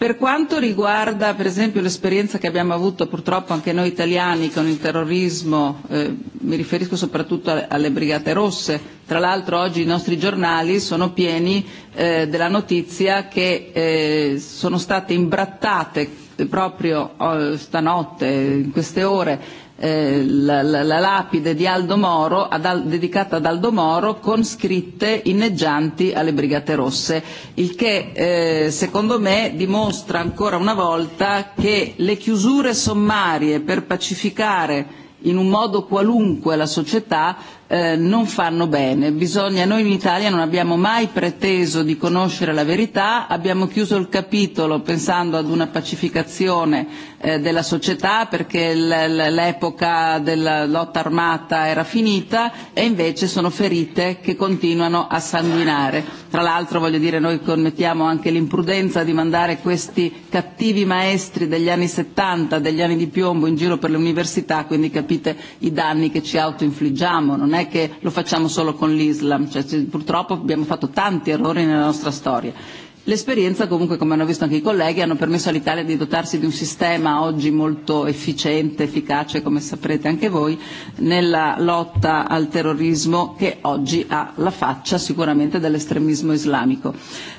Per quanto riguarda per esempio l'esperienza che abbiamo avuto purtroppo anche noi italiani con il terrorismo, eh, mi riferisco soprattutto alle, alle Brigate Rosse, tra l'altro oggi i nostri giornali sono pieni eh, della notizia che eh, sono state imbrattate proprio eh, stanotte, in queste ore, eh, la, la, la lapide di Aldo Moro, ad Al, dedicata ad Aldo Moro, con scritte inneggianti alle Brigate Rosse, il che eh, secondo me dimostra ancora una volta che le chiusure sommarie per pacificare in un modo qualunque la società eh, non fanno bene. Bisogna, noi in Italia non abbiamo mai preteso di conoscere la verità, abbiamo chiuso il capitolo pensando ad una pacificazione eh, della società perché l'epoca della lotta armata era finita e invece sono ferite che continuano a sanguinare. Tra l'altro voglio dire noi commettiamo anche l'imprudenza di mandare questi cattivi maestri degli anni 70, degli anni di piombo in giro per le università, quindi capite i danni che ci autoinfliggiamo, non è è che lo facciamo solo con l'Islam, cioè, purtroppo abbiamo fatto tanti errori nella nostra storia. L'esperienza comunque, come hanno visto anche i colleghi, hanno permesso all'Italia di dotarsi di un sistema oggi molto efficiente, efficace, come saprete anche voi, nella lotta al terrorismo che oggi ha la faccia sicuramente dell'estremismo islamico.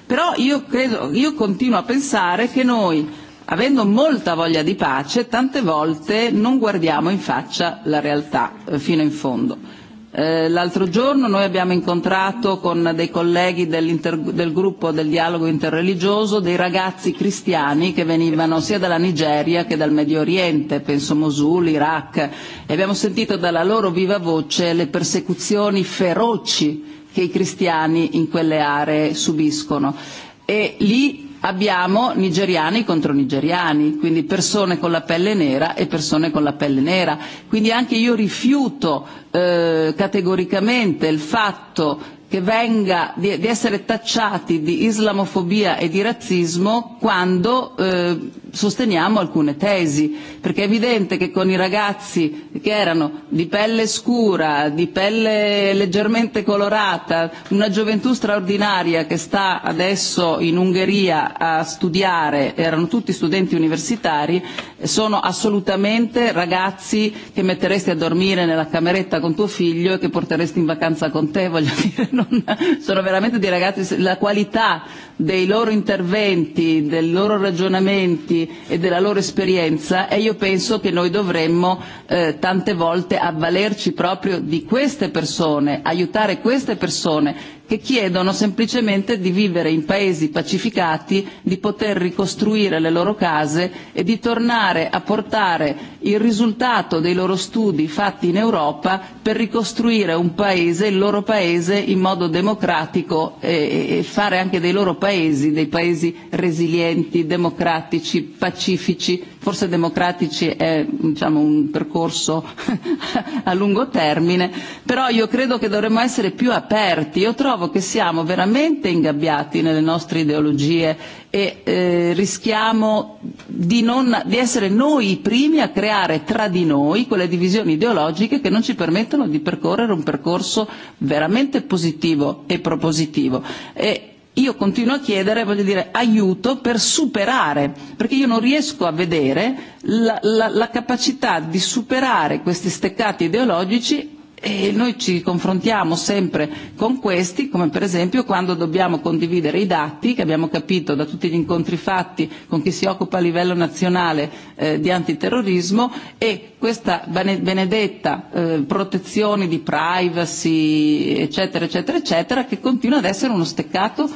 Però io, credo, io continuo a pensare che noi, avendo molta voglia di pace, tante volte non guardiamo in faccia la realtà eh, fino in fondo Eh, l'altro giorno noi abbiamo incontrato con dei colleghi del gruppo del dialogo interreligioso dei ragazzi cristiani che venivano sia dalla Nigeria che dal Medio Oriente, penso Mosul, Iraq, e abbiamo sentito dalla loro viva voce le persecuzioni feroci che i cristiani in quelle aree subiscono. E lì abbiamo nigeriani contro nigeriani, quindi persone con la pelle nera e persone con la pelle nera. Quindi anche io rifiuto eh, categoricamente il fatto che venga, di, di essere tacciati di islamofobia e di razzismo quando eh, sosteniamo alcune tesi, perché è evidente che con i ragazzi che erano di pelle scura, di pelle leggermente colorata, una gioventù straordinaria che sta adesso in Ungheria a studiare, erano tutti studenti universitari, sono assolutamente ragazzi che metteresti a dormire nella cameretta con tuo figlio e che porteresti in vacanza con te, voglio dire, non, <laughs> sono veramente dei ragazzi, la qualità dei loro interventi, dei loro ragionamenti e della loro esperienza e io penso che noi dovremmo eh, tante volte avvalerci proprio di queste persone, aiutare queste persone che chiedono semplicemente di vivere in paesi pacificati, di poter ricostruire le loro case e di tornare a portare il risultato dei loro studi fatti in Europa per ricostruire un paese, il loro paese, in modo democratico e, e fare anche dei loro paesi dei paesi resilienti, democratici, pacifici, forse democratici è diciamo, un percorso <laughs> a lungo termine, però io credo che dovremmo essere più aperti. Io trovo che siamo veramente ingabbiati nelle nostre ideologie e eh, rischiamo di, non, di essere noi i primi a creare tra di noi quelle divisioni ideologiche che non ci permettono di percorrere un percorso veramente positivo e propositivo. E io continuo a chiedere, voglio dire, aiuto per superare, perché io non riesco a vedere la, la, la capacità di superare questi steccati ideologici e noi ci confrontiamo sempre con questi, come per esempio quando dobbiamo condividere i dati, che abbiamo capito da tutti gli incontri fatti con chi si occupa a livello nazionale eh, di antiterrorismo, e questa benedetta eh, protezione di privacy, eccetera, eccetera, eccetera, che continua ad essere uno steccato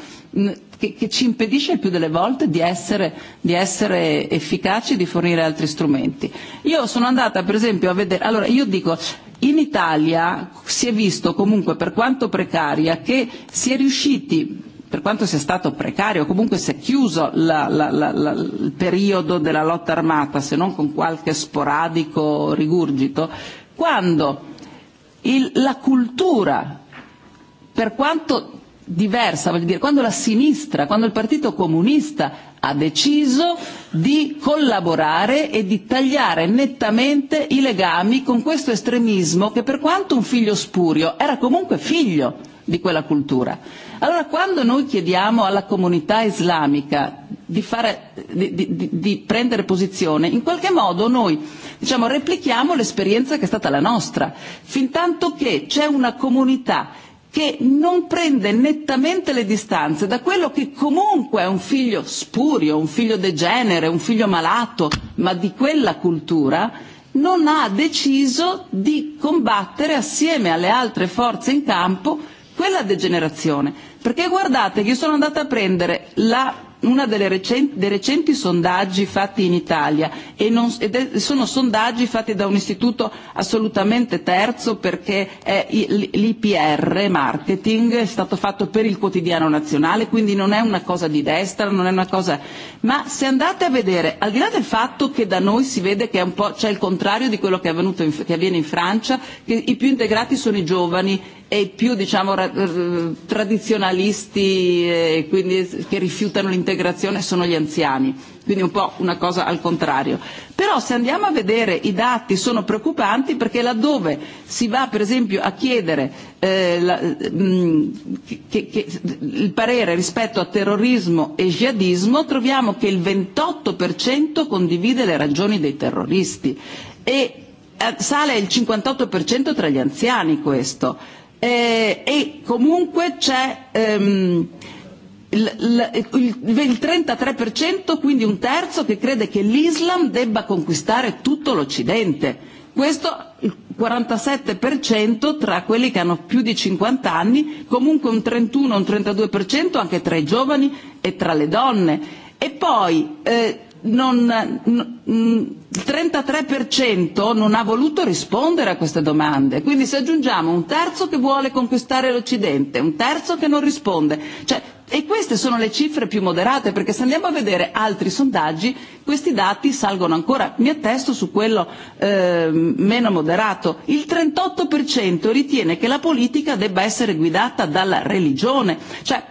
che, che ci impedisce il più delle volte di essere, di essere efficaci e di fornire altri strumenti. Io sono andata per esempio a vedere, allora io dico, in Italia si è visto comunque per quanto precaria che si è riusciti per quanto sia stato precario, comunque si è chiuso la, la, la, la, il periodo della lotta armata, se non con qualche sporadico rigurgito, quando il, la cultura, per quanto diversa, voglio dire, quando la sinistra, quando il Partito Comunista ha deciso di collaborare e di tagliare nettamente i legami con questo estremismo che per quanto un figlio spurio era comunque figlio di quella cultura. Allora quando noi chiediamo alla comunità islamica di, fare, di, di, di prendere posizione, in qualche modo noi diciamo, replichiamo l'esperienza che è stata la nostra, fin tanto che c'è una comunità che non prende nettamente le distanze da quello che comunque è un figlio spurio, un figlio degenere, un figlio malato, ma di quella cultura, non ha deciso di combattere assieme alle altre forze in campo quella degenerazione. Perché guardate che io sono andata a prendere la uno dei recenti, recenti sondaggi fatti in Italia e non, ed è, sono sondaggi fatti da un istituto assolutamente terzo perché è l'IPR marketing, è stato fatto per il quotidiano nazionale, quindi non è una cosa di destra, non è una cosa. Ma se andate a vedere, al di là del fatto che da noi si vede che è un po', c'è il contrario di quello che, è avvenuto in, che avviene in Francia, che i più integrati sono i giovani e più diciamo, ra- tradizionalisti e quindi che rifiutano l'integrazione sono gli anziani, quindi un po' una cosa al contrario. Però se andiamo a vedere i dati sono preoccupanti perché laddove si va per esempio a chiedere eh, la, mh, mm, che, che, il parere rispetto a terrorismo e jihadismo troviamo che il 28% condivide le ragioni dei terroristi e eh, sale il 58% tra gli anziani questo eh, e comunque c'è ehm, il, il, il 33%, quindi un terzo, che crede che l'Islam debba conquistare tutto l'Occidente. Questo il 47% tra quelli che hanno più di 50 anni, comunque un 31, un 32% anche tra i giovani e tra le donne. E poi eh, non, il 33% non ha voluto rispondere a queste domande, quindi se aggiungiamo un terzo che vuole conquistare l'Occidente, un terzo che non risponde, cioè, e queste sono le cifre più moderate, perché se andiamo a vedere altri sondaggi questi dati salgono ancora. Mi attesto su quello eh, meno moderato. Il 38% ritiene che la politica debba essere guidata dalla religione. Cioè,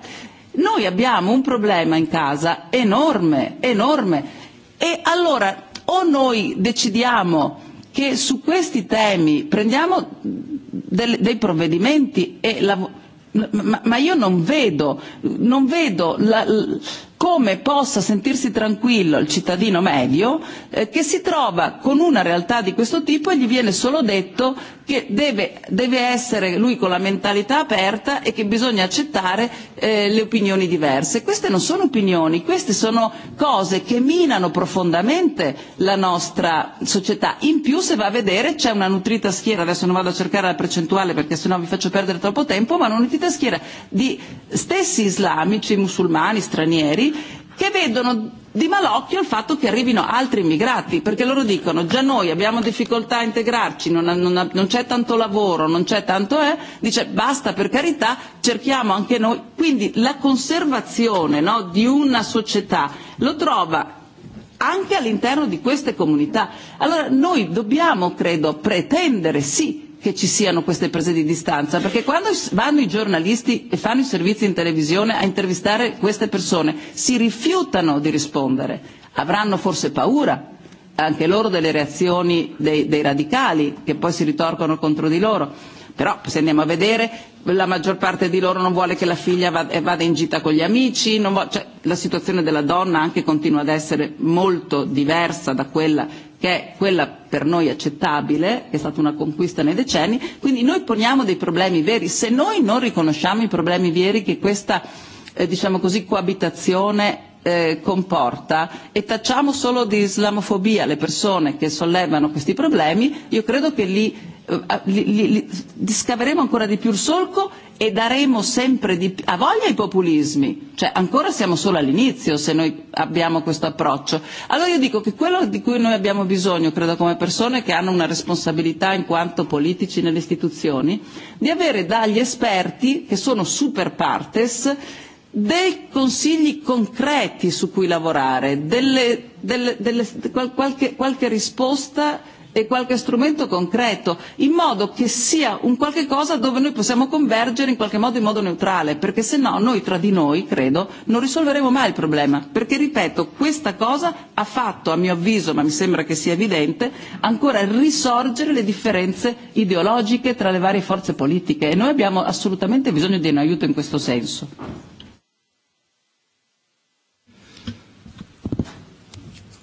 noi abbiamo un problema in casa enorme, enorme E allora o noi decidiamo che su questi temi prendiamo del, dei provvedimenti e la, ma, ma io non vedo, non vedo la, la come possa sentirsi tranquillo il cittadino medio eh, che si trova con una realtà di questo tipo e gli viene solo detto che deve, deve essere lui con la mentalità aperta e che bisogna accettare eh, le opinioni diverse. Queste non sono opinioni, queste sono cose che minano profondamente la nostra società. In più, se va a vedere, c'è una nutrita schiera, adesso non vado a cercare la percentuale perché sennò vi faccio perdere troppo tempo, ma una nutrita schiera di stessi islamici, musulmani, stranieri, che vedono di malocchio il fatto che arrivino altri immigrati, perché loro dicono già noi abbiamo difficoltà a integrarci, non, non, non c'è tanto lavoro, non c'è tanto eh, dice basta per carità, cerchiamo anche noi. Quindi la conservazione no, di una società lo trova anche all'interno di queste comunità. Allora noi dobbiamo, credo, pretendere sì che ci siano queste prese di distanza, perché quando vanno i giornalisti e fanno i servizi in televisione a intervistare queste persone si rifiutano di rispondere, avranno forse paura anche loro delle reazioni dei, dei radicali che poi si ritorcono contro di loro. Però se andiamo a vedere la maggior parte di loro non vuole che la figlia eh, vada in gita con gli amici, non vuole, cioè, la situazione della donna anche continua ad essere molto diversa da quella che è quella per noi accettabile, che è stata una conquista nei decenni, quindi noi poniamo dei problemi veri. Se noi non riconosciamo i problemi veri che questa eh, diciamo così, coabitazione eh, comporta e tacciamo solo di islamofobia le persone che sollevano questi problemi, io credo che lì eh, li, li, li, discaveremo ancora di più il solco e daremo sempre di più a voglia ai populismi, cioè ancora siamo solo all'inizio se noi abbiamo questo approccio. Allora io dico che quello di cui noi abbiamo bisogno, credo come persone che hanno una responsabilità in quanto politici nelle istituzioni, di avere dagli esperti che sono super partes dei consigli concreti su cui lavorare, delle, delle, delle, qual, qualche, qualche risposta e qualche strumento concreto, in modo che sia un qualche cosa dove noi possiamo convergere in qualche modo in modo neutrale, perché se no noi tra di noi, credo, non risolveremo mai il problema, perché ripeto, questa cosa ha fatto, a mio avviso, ma mi sembra che sia evidente, ancora risorgere le differenze ideologiche tra le varie forze politiche e noi abbiamo assolutamente bisogno di un aiuto in questo senso.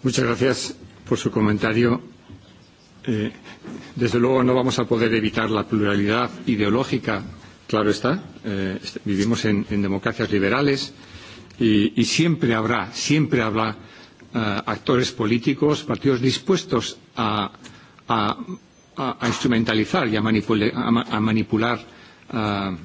Muchas gracias por su comentario. Eh, desde luego no vamos a poder evitar la pluralidad ideológica, claro está. Eh, vivimos en, en democracias liberales y, y siempre habrá, siempre habrá eh, actores políticos, partidos dispuestos a, a, a, a instrumentalizar y a, manipule, a, a manipular uh,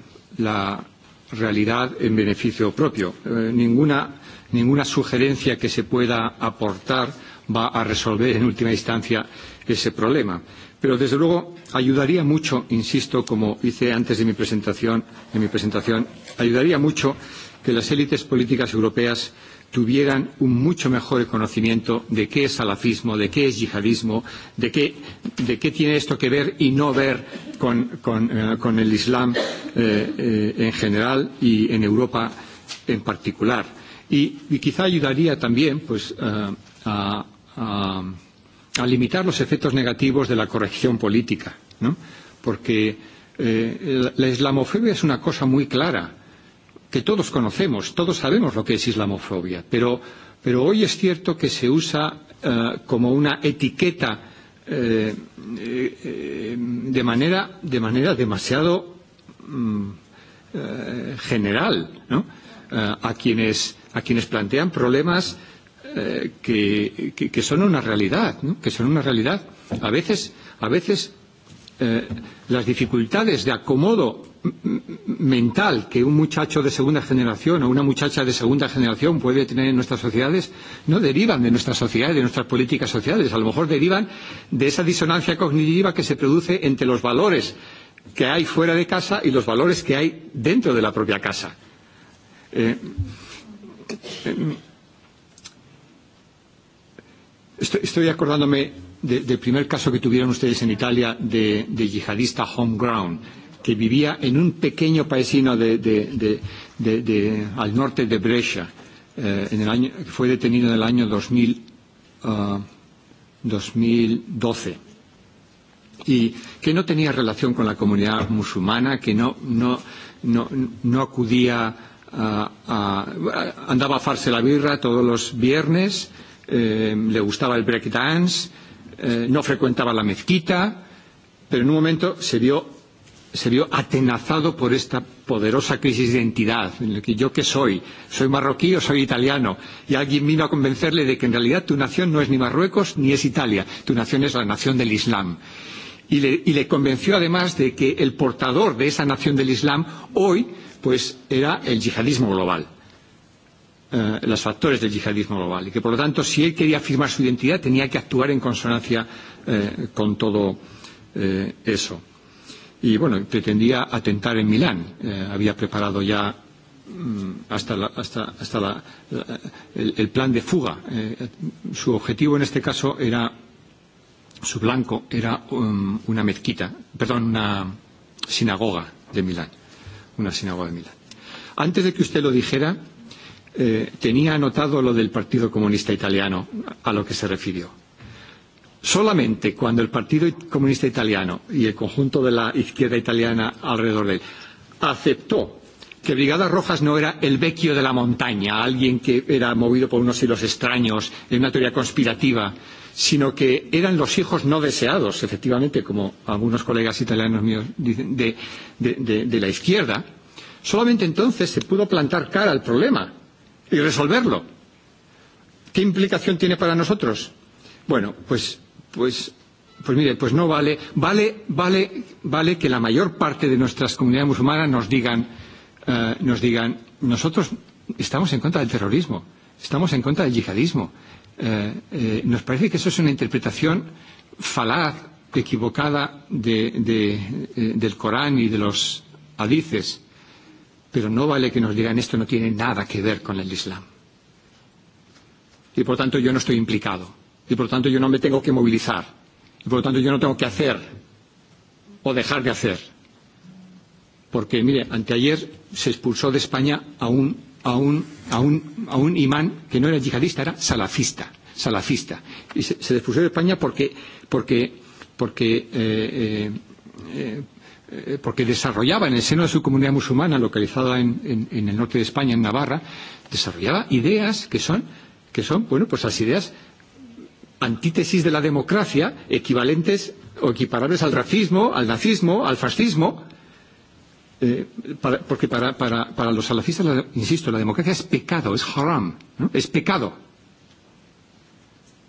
la realidad en beneficio propio. Eh, ninguna ninguna sugerencia que se pueda aportar va a resolver en última instancia ese problema. Pero, desde luego, ayudaría mucho, insisto, como hice antes de mi presentación, de mi presentación ayudaría mucho que las élites políticas europeas tuvieran un mucho mejor conocimiento de qué es salafismo, de qué es yihadismo, de qué, de qué tiene esto que ver y no ver con, con, eh, con el Islam eh, eh, en general y en Europa en particular. Y, y quizá ayudaría también pues, uh, a, a, a limitar los efectos negativos de la corrección política, ¿no? porque eh, la islamofobia es una cosa muy clara, que todos conocemos, todos sabemos lo que es islamofobia, pero, pero hoy es cierto que se usa eh, como una etiqueta eh, eh, de, manera, de manera demasiado mm, eh, general ¿no? eh, a quienes a quienes plantean problemas eh, que, que, que son una realidad, ¿no? que son una realidad. A veces, a veces eh, las dificultades de acomodo mental que un muchacho de segunda generación o una muchacha de segunda generación puede tener en nuestras sociedades no derivan de nuestra sociedad, de nuestras políticas sociales, a lo mejor derivan de esa disonancia cognitiva que se produce entre los valores que hay fuera de casa y los valores que hay dentro de la propia casa. Eh, Eh, estoy, estoy acordándome de, del primer caso que tuvieron ustedes en Italia de, de yihadista home ground, que vivía en un pequeño paesino de, de, de, de, de, al norte de Brescia, eh, en el año, que fue detenido en el año 2000, uh, 2012 y que no tenía relación con la comunidad musulmana, que no, no, no, no acudía a, a, andaba a farse la birra todos los viernes, eh, le gustaba el breakdance, eh, no frecuentaba la mezquita, pero en un momento se vio, se vio atenazado por esta poderosa crisis de identidad, en la que yo qué soy, soy marroquí o soy italiano, y alguien vino a convencerle de que en realidad tu nación no es ni Marruecos ni es Italia, tu nación es la nación del Islam. Eh, y le, y le convenció además de que el portador de esa nación del Islam hoy pues era el yihadismo global, eh, los factores del yihadismo global, y que por lo tanto si él quería afirmar su identidad tenía que actuar en consonancia eh, con todo eh, eso. Y bueno, pretendía atentar en Milán, eh, había preparado ya mm, hasta, la, hasta, hasta la, la, el, el plan de fuga. Eh, su objetivo en este caso era su blanco era um, una mezquita, perdón, una sinagoga de Milán, una sinagoga de Milán. Antes de que usted lo dijera, eh, tenía anotado lo del Partido Comunista Italiano a lo que se refirió. Solamente cuando el Partido Comunista Italiano y el conjunto de la izquierda italiana alrededor de él aceptó que Brigadas Rojas no era el vecchio de la montaña, alguien que era movido por unos hilos extraños en una teoría conspirativa sino que eran los hijos no deseados, efectivamente, como algunos colegas italianos míos dicen, de, de, de, de la izquierda, solamente entonces se pudo plantar cara al problema y resolverlo. ¿Qué implicación tiene para nosotros? Bueno, pues, pues Pues mire, pues no vale, vale, vale, vale que la mayor parte de nuestras comunidades musulmanas nos digan, eh, nos digan, nosotros estamos en contra del terrorismo, estamos en contra del yihadismo, eh, eh, nos parece que eso es una interpretación falaz, equivocada de, de, eh, del Corán y de los hadices. Pero no vale que nos digan esto no tiene nada que ver con el Islam. Y por tanto yo no estoy implicado. Y por tanto yo no me tengo que movilizar. Y por tanto yo no tengo que hacer o dejar de hacer. Porque, mire, anteayer se expulsó de España a un a un, a un, a un imán que no era yihadista, era salafista. salafista. Y se, se despusió de España porque, porque, porque, eh, eh, eh, eh, porque desarrollaba en el seno de su comunidad musulmana, localizada en, en, en el norte de España, en Navarra, desarrollaba ideas que son, que son bueno, pues las ideas antítesis de la democracia, equivalentes o equiparables al racismo, al nazismo, al fascismo, Eh, para, porque para, para, para los salafistas, la, insisto, la democracia es pecado, es haram, ¿no? es pecado.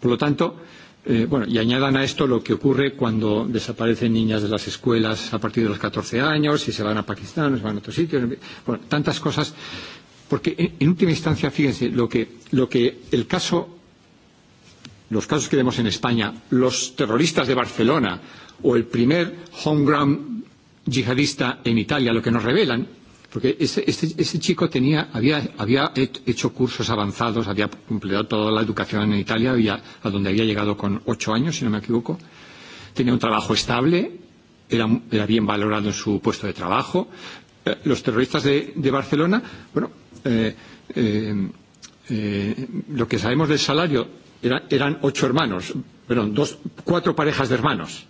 Por lo tanto, eh, bueno, y añadan a esto lo que ocurre cuando desaparecen niñas de las escuelas a partir de los 14 años y se van a Pakistán, o se van a otros sitios, bueno, tantas cosas. Porque en, en última instancia, fíjense, lo que, lo que el caso, los casos que vemos en España, los terroristas de Barcelona o el primer homegrown yihadista en Italia, lo que nos revelan, porque ese, ese, ese chico tenía, había, había hecho cursos avanzados, había cumplido toda la educación en Italia, había, a donde había llegado con ocho años, si no me equivoco, tenía un trabajo estable, era, era bien valorado en su puesto de trabajo. Eh, los terroristas de, de Barcelona, bueno, eh, eh, eh, lo que sabemos del salario era, eran ocho hermanos, perdón, dos, cuatro parejas de hermanos.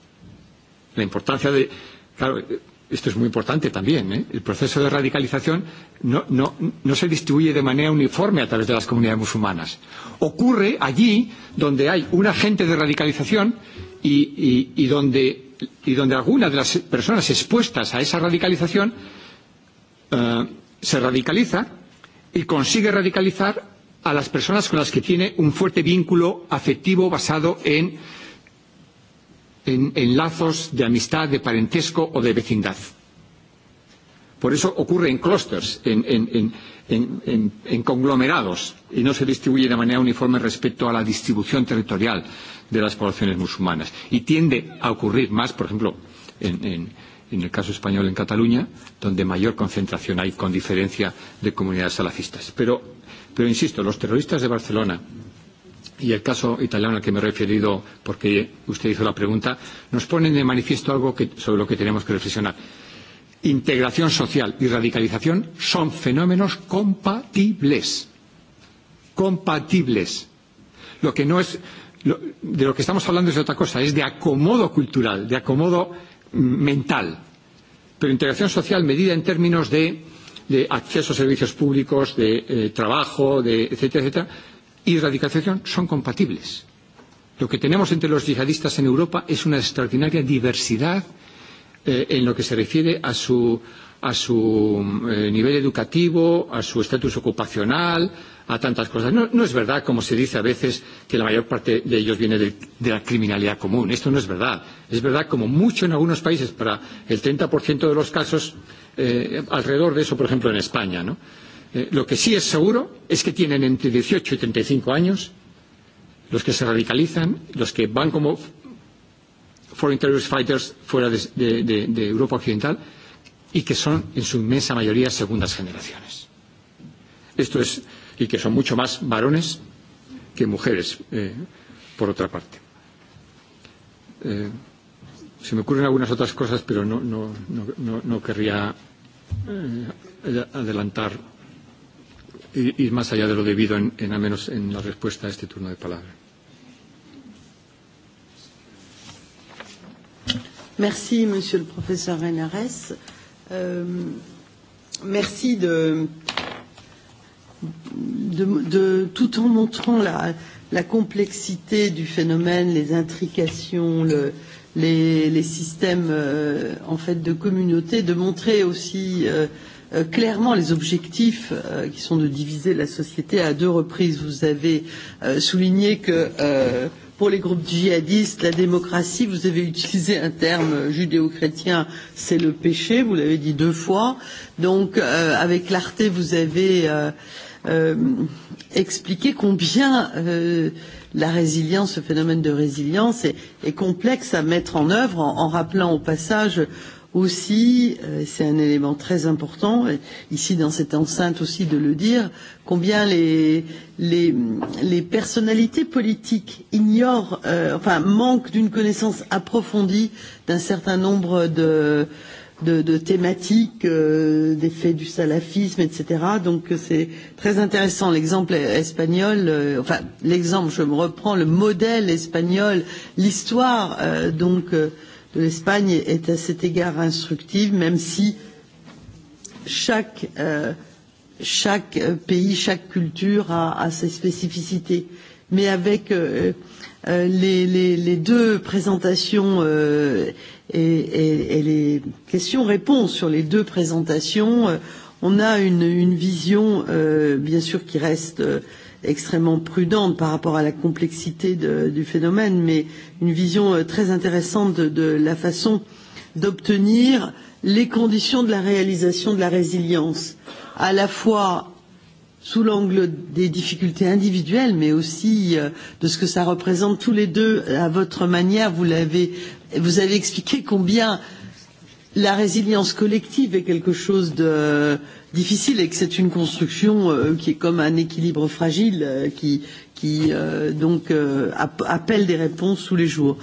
La importancia de, Claro, esto es muy importante también. ¿eh? El proceso de radicalización no, no, no se distribuye de manera uniforme a través de las comunidades musulmanas. Ocurre allí donde hay un agente de radicalización y, y, y, donde, y donde algunas de las personas expuestas a esa radicalización eh, se radicaliza y consigue radicalizar a las personas con las que tiene un fuerte vínculo afectivo basado en en, en lazos de amistad, de parentesco o de vecindad. Por eso ocurre en clústeres, en, en, en, en, en, en conglomerados, y no se distribuye de manera uniforme respecto a la distribución territorial de las poblaciones musulmanas. Y tiende a ocurrir más, por ejemplo, en, en, en el caso español en Cataluña, donde mayor concentración hay con diferencia de comunidades salafistas. Pero, pero insisto, los terroristas de Barcelona, y el caso italiano al que me he referido, porque usted hizo la pregunta, nos ponen de manifiesto algo que, sobre lo que tenemos que reflexionar. Integración social y radicalización son fenómenos compatibles. Compatibles. Lo que no es, lo, de lo que estamos hablando es de otra cosa, es de acomodo cultural, de acomodo mm, mental. Pero integración social medida en términos de, de acceso a servicios públicos, de eh, trabajo, de etcétera, etcétera, y radicalización son compatibles. Lo que tenemos entre los yihadistas en Europa es una extraordinaria diversidad eh, en lo que se refiere a su, a su eh, nivel educativo, a su estatus ocupacional, a tantas cosas. No, no es verdad, como se dice a veces, que la mayor parte de ellos viene de, de la criminalidad común. Esto no es verdad. Es verdad, como mucho en algunos países, para el 30% de los casos, eh, alrededor de eso, por ejemplo, en España. ¿no? Eh, Eh, lo que sí es seguro es que tienen entre 18 y 35 años los que se radicalizan, los que van como foreign terrorist fighters fuera de, de, de, de Europa Occidental y que son en su inmensa mayoría segundas generaciones. Esto es, y que son mucho más varones que mujeres, eh, por otra parte. Eh, se me ocurren algunas otras cosas, pero no, no, no, no, no querría eh, adelantar ir más allá de lo debido, en, en, al menos en la respuesta a este turno de palabra. Merci, Monsieur le Professeur Hénares. Euh, merci de, de, de tout en montrant la, la complexité du phénomène, les intrications, le, les, les systèmes euh, en fait de communauté, de montrer aussi euh, euh, clairement les objectifs euh, qui sont de diviser la société à deux reprises. Vous avez euh, souligné que euh, pour les groupes djihadistes, la démocratie, vous avez utilisé un terme judéo-chrétien, c'est le péché, vous l'avez dit deux fois. Donc, euh, avec l'Arte, vous avez euh, euh, expliqué combien euh, la résilience, ce phénomène de résilience est, est complexe à mettre en œuvre en, en rappelant au passage aussi, euh, c'est un élément très important, et ici dans cette enceinte aussi de le dire, combien les, les, les personnalités politiques ignorent, euh, enfin manquent d'une connaissance approfondie d'un certain nombre de, de, de thématiques, euh, des faits du salafisme, etc. Donc c'est très intéressant. L'exemple espagnol, euh, enfin l'exemple, je me reprends, le modèle espagnol, l'histoire, euh, donc. Euh, de l'Espagne est à cet égard instructive, même si chaque, euh, chaque pays, chaque culture a, a ses spécificités. Mais avec euh, euh, les, les, les deux présentations euh, et, et, et les questions-réponses sur les deux présentations, euh, on a une, une vision, euh, bien sûr, qui reste euh, extrêmement prudente par rapport à la complexité de, du phénomène, mais une vision euh, très intéressante de, de la façon d'obtenir les conditions de la réalisation de la résilience, à la fois sous l'angle des difficultés individuelles, mais aussi euh, de ce que ça représente tous les deux à votre manière. Vous, l'avez, vous avez expliqué combien la résilience collective est quelque chose de, difficile et que c'est une construction euh, qui est comme un équilibre fragile euh, qui, qui euh, donc euh, appelle des réponses tous les jours.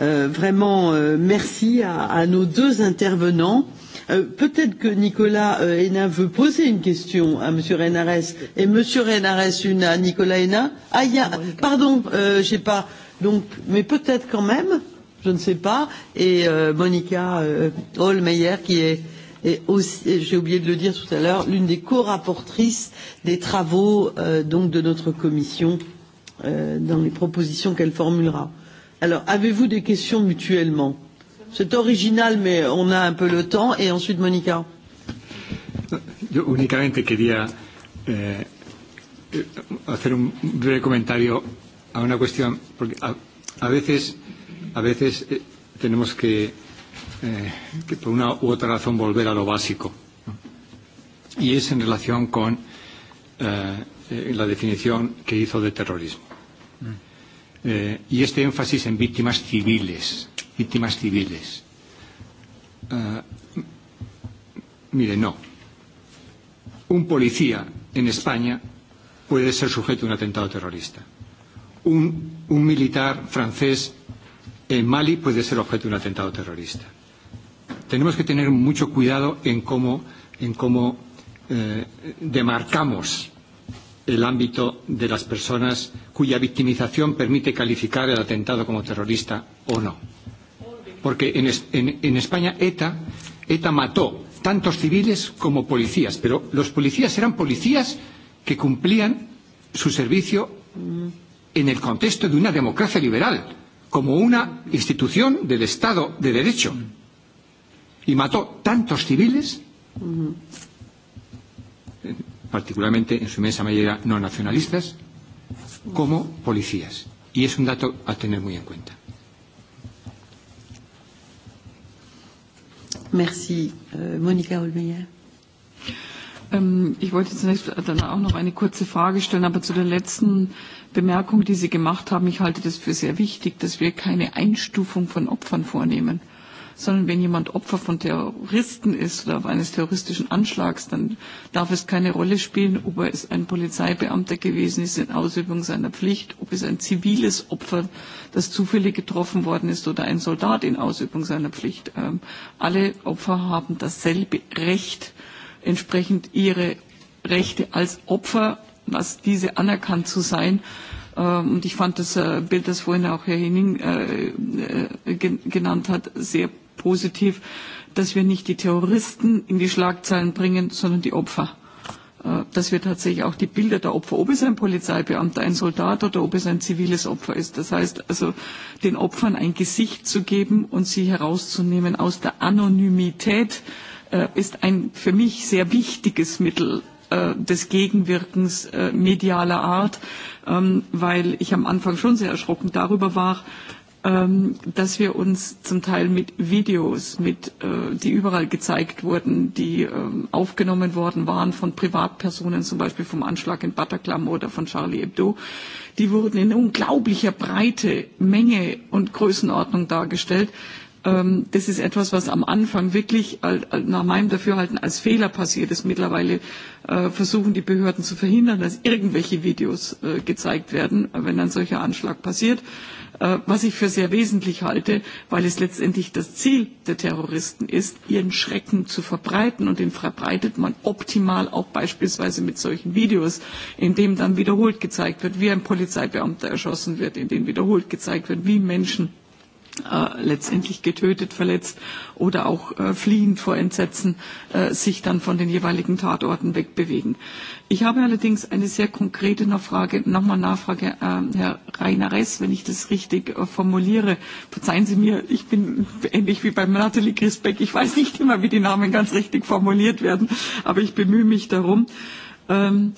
Euh, vraiment, euh, merci à, à nos deux intervenants. Euh, Peut-être que Nicolas euh, Hénin veut poser une question à M. Renares et M. Renares une à Nicolas Hénin. Ah, y a, pardon, euh, je ne sais pas. Donc, mais peut-être quand même, je ne sais pas. Et euh, Monica euh, Holmeyer qui est et aussi, j'ai oublié de le dire tout à l'heure, l'une des co-rapportrices des travaux euh, donc de notre commission euh, dans les propositions qu'elle formulera. Alors, avez-vous des questions mutuellement C'est original, mais on a un peu le temps. Et ensuite, Monica. Yo únicamente quería eh, eh, hacer un breve comentario a una cuestión, porque a, a veces, a veces eh, tenemos que eh, que por una u otra razón volver a lo básico. ¿no? Y es en relación con eh, eh, la definición que hizo de terrorismo. Mm. Eh, y este énfasis en víctimas civiles. Víctimas civiles. Eh, mire, no. Un policía en España puede ser sujeto a un atentado terrorista. Un, un militar francés en Mali puede ser objeto de un atentado terrorista tenemos que tener mucho cuidado en cómo, en cómo eh, demarcamos el ámbito de las personas cuya victimización permite calificar el atentado como terrorista o no. Porque en, es, en, en España ETA, ETA mató tantos civiles como policías, pero los policías eran policías que cumplían su servicio en el contexto de una democracia liberal, como una institución del Estado de Derecho. Mm y mató tantos civiles, uh -huh. particularmente en su inmensa mayoría no nacionalistas, como policías. Y es un dato a tener muy en cuenta. Merci. Äh, euh, Monika Olmeyer. Ähm, ich wollte zunächst äh, dann auch noch eine kurze Frage stellen, aber zu der letzten Bemerkung, die Sie gemacht haben. Ich halte das für sehr wichtig, dass wir keine Einstufung von Opfern vornehmen. Äh, sondern wenn jemand Opfer von Terroristen ist oder eines terroristischen Anschlags, dann darf es keine Rolle spielen, ob er es ein Polizeibeamter gewesen ist in Ausübung seiner Pflicht, ob es ein ziviles Opfer, das zufällig getroffen worden ist, oder ein Soldat in Ausübung seiner Pflicht. Ähm, alle Opfer haben dasselbe Recht, entsprechend ihre Rechte als Opfer, was diese anerkannt zu sein. Ähm, und ich fand das äh, Bild, das vorhin auch Herr Henning äh, äh, genannt hat, sehr positiv, dass wir nicht die Terroristen in die Schlagzeilen bringen, sondern die Opfer. Äh, dass wir tatsächlich auch die Bilder der Opfer, ob es ein Polizeibeamter, ein Soldat oder ob es ein ziviles Opfer ist. Das heißt also, den Opfern ein Gesicht zu geben und sie herauszunehmen aus der Anonymität, äh, ist ein für mich sehr wichtiges Mittel äh, des Gegenwirkens medialer Art, ähm, weil ich am Anfang schon sehr erschrocken darüber war, ähm, dass wir uns zum Teil mit Videos, mit, äh, die überall gezeigt wurden, die ähm, aufgenommen worden waren von Privatpersonen, zum Beispiel vom Anschlag in Bataclan oder von Charlie Hebdo, die wurden in unglaublicher Breite, Menge und Größenordnung dargestellt. Ähm, das ist etwas, was am Anfang wirklich all, all, nach meinem Dafürhalten als Fehler passiert ist. Mittlerweile äh, versuchen die Behörden zu verhindern, dass irgendwelche Videos äh, gezeigt werden, wenn ein solcher Anschlag passiert. Äh, Äh, was ich für sehr wesentlich halte, weil es letztendlich das Ziel der Terroristen ist, ihren Schrecken zu verbreiten. Und den verbreitet man optimal auch beispielsweise mit solchen Videos, in dem dann wiederholt gezeigt wird, wie ein Polizeibeamter erschossen wird, in dem wiederholt gezeigt wird, wie Menschen äh, letztendlich getötet, verletzt oder auch äh, fliehend vor Entsetzen äh, sich dann von den jeweiligen Tatorten wegbewegen. Ich habe allerdings eine sehr konkrete Nachfrage, nochmal Nachfrage, äh, Herr Reinares, wenn ich das richtig äh, formuliere. Verzeihen Sie mir, ich bin ähnlich wie bei Nathalie Grisbeck, ich weiß nicht immer, wie die Namen ganz richtig formuliert werden, aber ich bemühe mich darum. Ähm,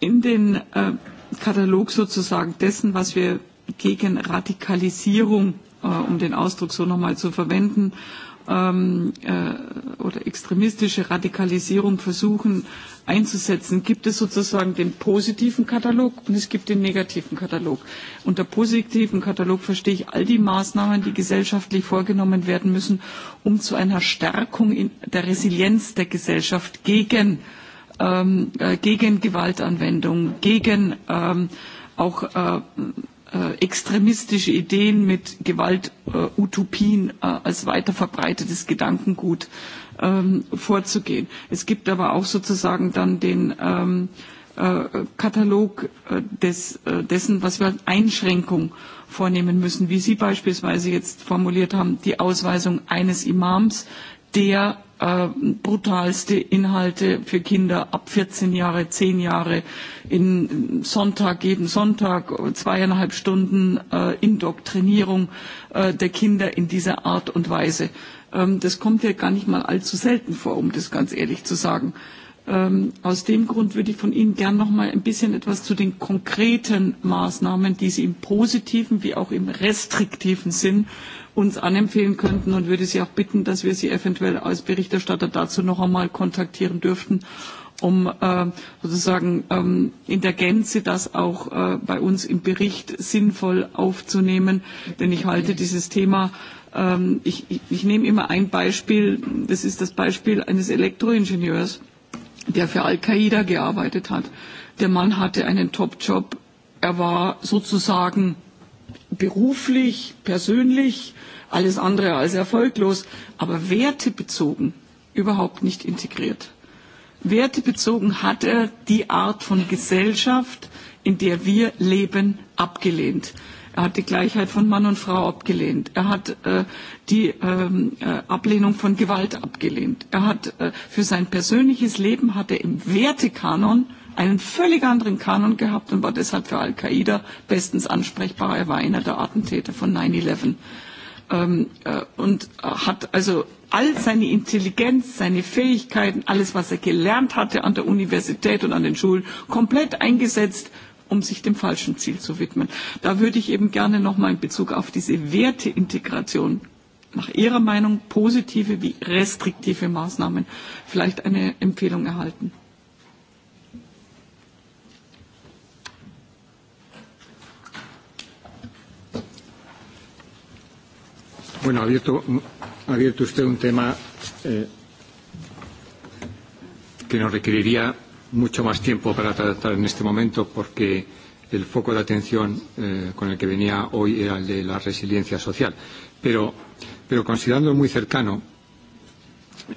in den äh, Katalog sozusagen dessen, was wir gegen Radikalisierung äh, um den Ausdruck so nochmal zu verwenden, ähm, äh, oder extremistische Radikalisierung versuchen einzusetzen, gibt es sozusagen den positiven Katalog und es gibt den negativen Katalog. Unter positiven Katalog verstehe ich all die Maßnahmen, die gesellschaftlich vorgenommen werden müssen, um zu einer Stärkung in der Resilienz der Gesellschaft gegen, ähm, äh, gegen Gewaltanwendung, gegen ähm, auch äh, äh, extremistische Ideen mit Gewalt-Utopien äh, äh, als weiter verbreitetes Gedankengut ähm, vorzugehen. Es gibt aber auch sozusagen dann den ähm, äh, Katalog äh, des, äh, dessen, was wir als Einschränkung vornehmen müssen, wie Sie beispielsweise jetzt formuliert haben, die Ausweisung eines Imams, der äh, brutalste Inhalte für Kinder ab 14 Jahre, 10 Jahre, in Sonntag, jeden Sonntag, zweieinhalb Stunden äh, Indoktrinierung äh, der Kinder in dieser Art und Weise. Ähm, das kommt ja gar nicht mal allzu selten vor, um das ganz ehrlich zu sagen. Ähm, aus dem Grund würde ich von Ihnen gern noch mal ein bisschen etwas zu den konkreten Maßnahmen, die Sie im positiven wie auch im restriktiven Sinn äh, uns anempfehlen könnten und würde Sie auch bitten, dass wir Sie eventuell als Berichterstatter dazu noch einmal kontaktieren dürften, um äh, sozusagen ähm, in der Gänze das auch äh, bei uns im Bericht sinnvoll aufzunehmen. Denn ich halte dieses Thema ähm, ich, ich, ich nehme immer ein Beispiel, das ist das Beispiel eines Elektroingenieurs, der für Al-Qaida gearbeitet hat. Der Mann hatte einen Top-Job, er war sozusagen beruflich, persönlich, alles andere als erfolglos, aber wertebezogen überhaupt nicht integriert. Wertebezogen hat er die Art von Gesellschaft, in der wir leben, abgelehnt. Er hat die Gleichheit von Mann und Frau abgelehnt. Er hat äh, die ähm, äh, Ablehnung von Gewalt abgelehnt. Er hat äh, für sein persönliches Leben hat er im Wertekanon einen völlig anderen Kanon gehabt und war deshalb für Al-Qaida bestens ansprechbar. Er war einer der Attentäter von 9-11 ähm, äh, und äh, hat also all seine Intelligenz, seine Fähigkeiten, alles, was er gelernt hatte an der Universität und an den Schulen, komplett eingesetzt, um sich dem falschen Ziel zu widmen. Da würde ich eben gerne nochmal in Bezug auf diese Werteintegration nach Ihrer Meinung positive wie restriktive Maßnahmen vielleicht eine Empfehlung erhalten. Bueno, ha abierto, ha abierto usted un tema eh, que nos requeriría mucho más tiempo para tratar en este momento porque el foco de atención eh, con el que venía hoy era el de la resiliencia social. Pero, pero considerando muy cercano,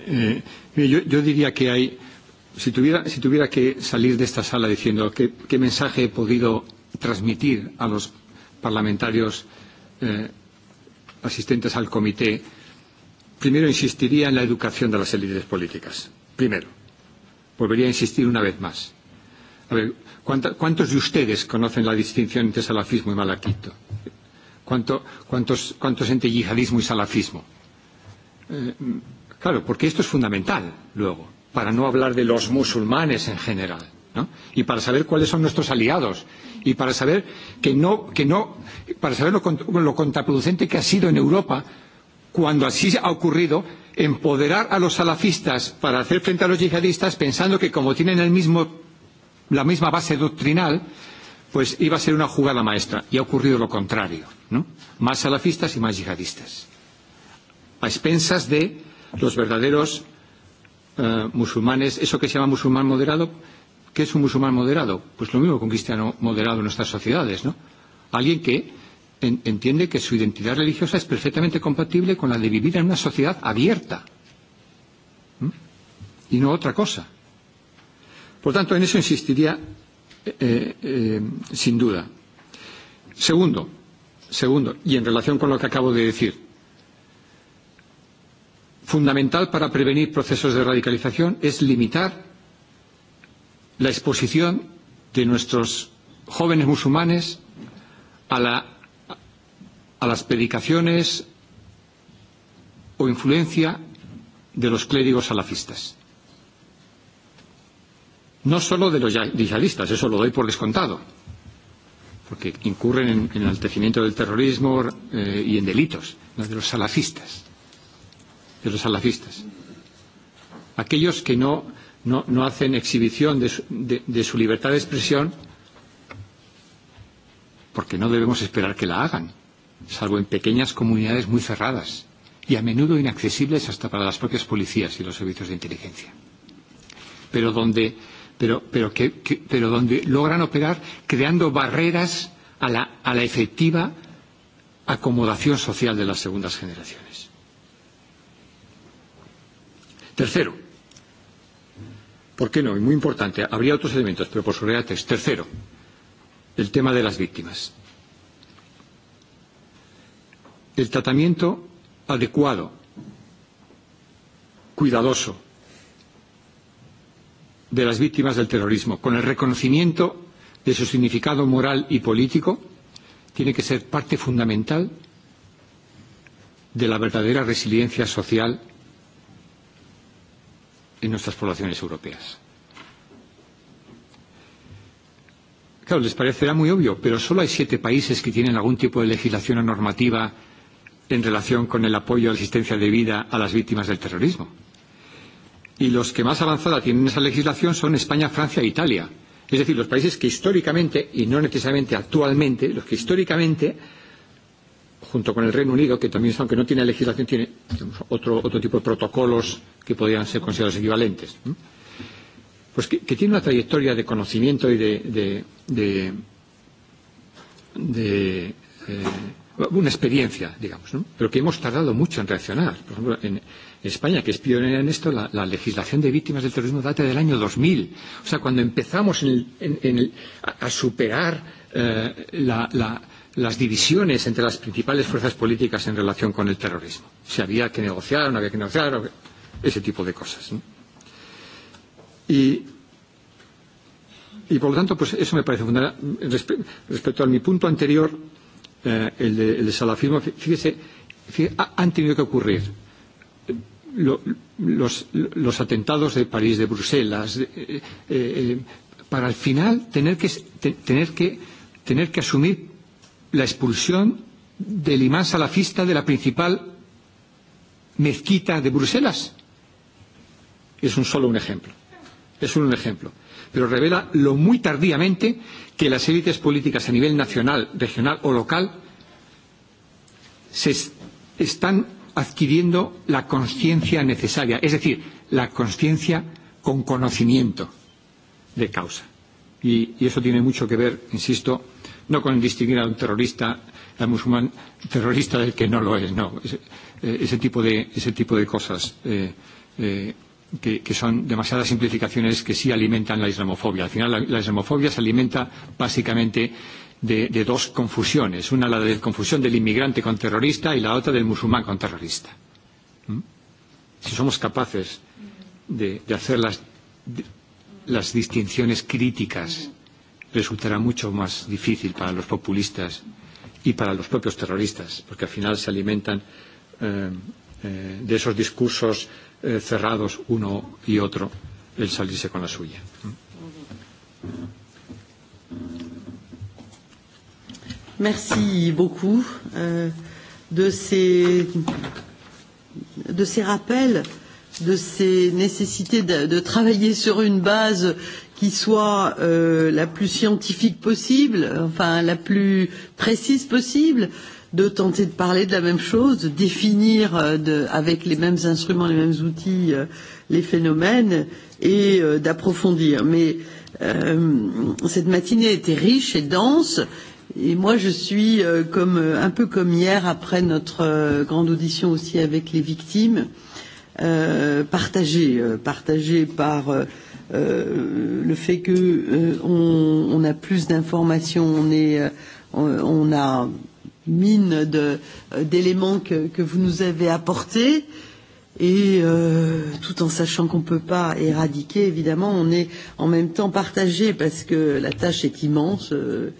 eh, yo, yo diría que hay, si tuviera, si tuviera que salir de esta sala diciendo qué, qué mensaje he podido transmitir a los parlamentarios eh, asistentes al comité, primero insistiría en la educación de las élites políticas. Primero. Volvería a insistir una vez más. A ver, ¿cuántos de ustedes conocen la distinción entre salafismo y malaquito? ¿Cuánto, cuántos, ¿Cuántos entre yihadismo y salafismo? Eh, claro, porque esto es fundamental luego, para no hablar de los musulmanes en general, ¿no? Y para saber cuáles son nuestros aliados y para saber que no, que no, para saber lo, lo contraproducente que ha sido en Europa cuando así ha ocurrido empoderar a los salafistas para hacer frente a los yihadistas pensando que como tienen el mismo, la misma base doctrinal, pues iba a ser una jugada maestra. Y ha ocurrido lo contrario. ¿no? Más salafistas y más yihadistas. A expensas de los verdaderos eh, musulmanes, eso que se llama musulmán moderado, ¿Qué es un musulmán moderado? Pues lo mismo que un cristiano moderado en nuestras sociedades, ¿no? Alguien que en, entiende que su identidad religiosa es perfectamente compatible con la de vivir en una sociedad abierta ¿m? y no otra cosa. Por tanto, en eso insistiría eh, eh, sin duda. Segundo, segundo, y en relación con lo que acabo de decir, fundamental para prevenir procesos de radicalización es limitar la exposición de nuestros jóvenes musulmanes a, la, a las predicaciones o influencia de los clérigos salafistas. No solo de los yihadistas, eso lo doy por descontado, porque incurren en, en enaltecimiento del terrorismo eh, y en delitos, no de los salafistas, de los salafistas. Aquellos que no no, no hacen exhibición de su, de, de su libertad de expresión porque no debemos esperar que la hagan, salvo en pequeñas comunidades muy cerradas y a menudo inaccesibles hasta para las propias policías y los servicios de inteligencia. Pero donde, pero, pero que, que, pero donde logran operar creando barreras a la, a la efectiva acomodación social de las segundas generaciones. Tercero, ¿Por qué no? Y muy importante, habría otros elementos, pero por sobre tres. Tercero, el tema de las víctimas. El tratamiento adecuado, cuidadoso, de las víctimas del terrorismo, con el reconocimiento de su significado moral y político, tiene que ser parte fundamental de la verdadera resiliencia social en nuestras poblaciones europeas. Claro, les parecerá muy obvio, pero solo hay siete países que tienen algún tipo de legislación o normativa en relación con el apoyo a la asistencia debida a las víctimas del terrorismo. Y los que más avanzada tienen esa legislación son España, Francia e Italia. Es decir, los países que históricamente, y no necesariamente actualmente, los que históricamente junto con el Reino Unido, que también, aunque no tiene legislación, tiene digamos, otro, otro tipo de protocolos que podrían ser considerados equivalentes. ¿eh? Pues que, que tiene una trayectoria de conocimiento y de, de, de, de eh, una experiencia, digamos, ¿no? pero que hemos tardado mucho en reaccionar. Por ejemplo, en España, que es pionera en esto, la, la legislación de víctimas del terrorismo data del año 2000. O sea, cuando empezamos en el, en, en el, a, a superar eh, la, la, las divisiones entre las principales fuerzas políticas en relación con el terrorismo. Si había que negociar, no había que negociar, ese tipo de cosas. ¿no? Y, y por lo tanto, pues eso me parece fundamental. Respe respecto a mi punto anterior, eh, el, de, el de salafismo, fíjese, fíjese ha, han tenido que ocurrir eh, lo, los, los atentados de París, de Bruselas, de, eh, eh, para al final tener que, te, tener que, tener que asumir la expulsión del imán salafista de la principal mezquita de Bruselas. Es un solo un ejemplo. Es un ejemplo. Pero revela lo muy tardíamente que las élites políticas a nivel nacional, regional o local se est están adquiriendo la conciencia necesaria, es decir, la conciencia con conocimiento de causa. Y, y eso tiene mucho que ver, insisto, no con distinguir a un terrorista a musulmán terrorista del que no lo es, no. Ese, eh, ese, tipo, de, ese tipo de cosas eh, eh, que, que son demasiadas simplificaciones que sí alimentan la islamofobia. Al final la, la islamofobia se alimenta básicamente de, de dos confusiones. Una la de confusión del inmigrante con terrorista y la otra del musulmán con terrorista. ¿Mm? Si somos capaces de, de hacer las, de, las distinciones críticas resultará mucho más difícil para los populistas y para los propios terroristas, porque al final se alimentan eh, eh, de esos discursos eh, cerrados uno y otro el salirse con la suya. Merci beaucoup euh, de, ces, de ces rappels, de ces nécessités de, de travailler sur une base qui soit euh, la plus scientifique possible, enfin la plus précise possible, de tenter de parler de la même chose, de définir euh, de, avec les mêmes instruments, les mêmes outils, euh, les phénomènes et euh, d'approfondir. Mais euh, cette matinée était riche et dense. Et moi, je suis euh, comme, euh, un peu comme hier, après notre euh, grande audition aussi avec les victimes, euh, partagée, euh, partagée par euh, euh, le fait que euh, on, on a plus d'informations, on est, euh, on, on a mine euh, d'éléments que, que vous nous avez apportés. Et euh, tout en sachant qu'on ne peut pas éradiquer, évidemment, on est en même temps partagé parce que la tâche est immense. Euh,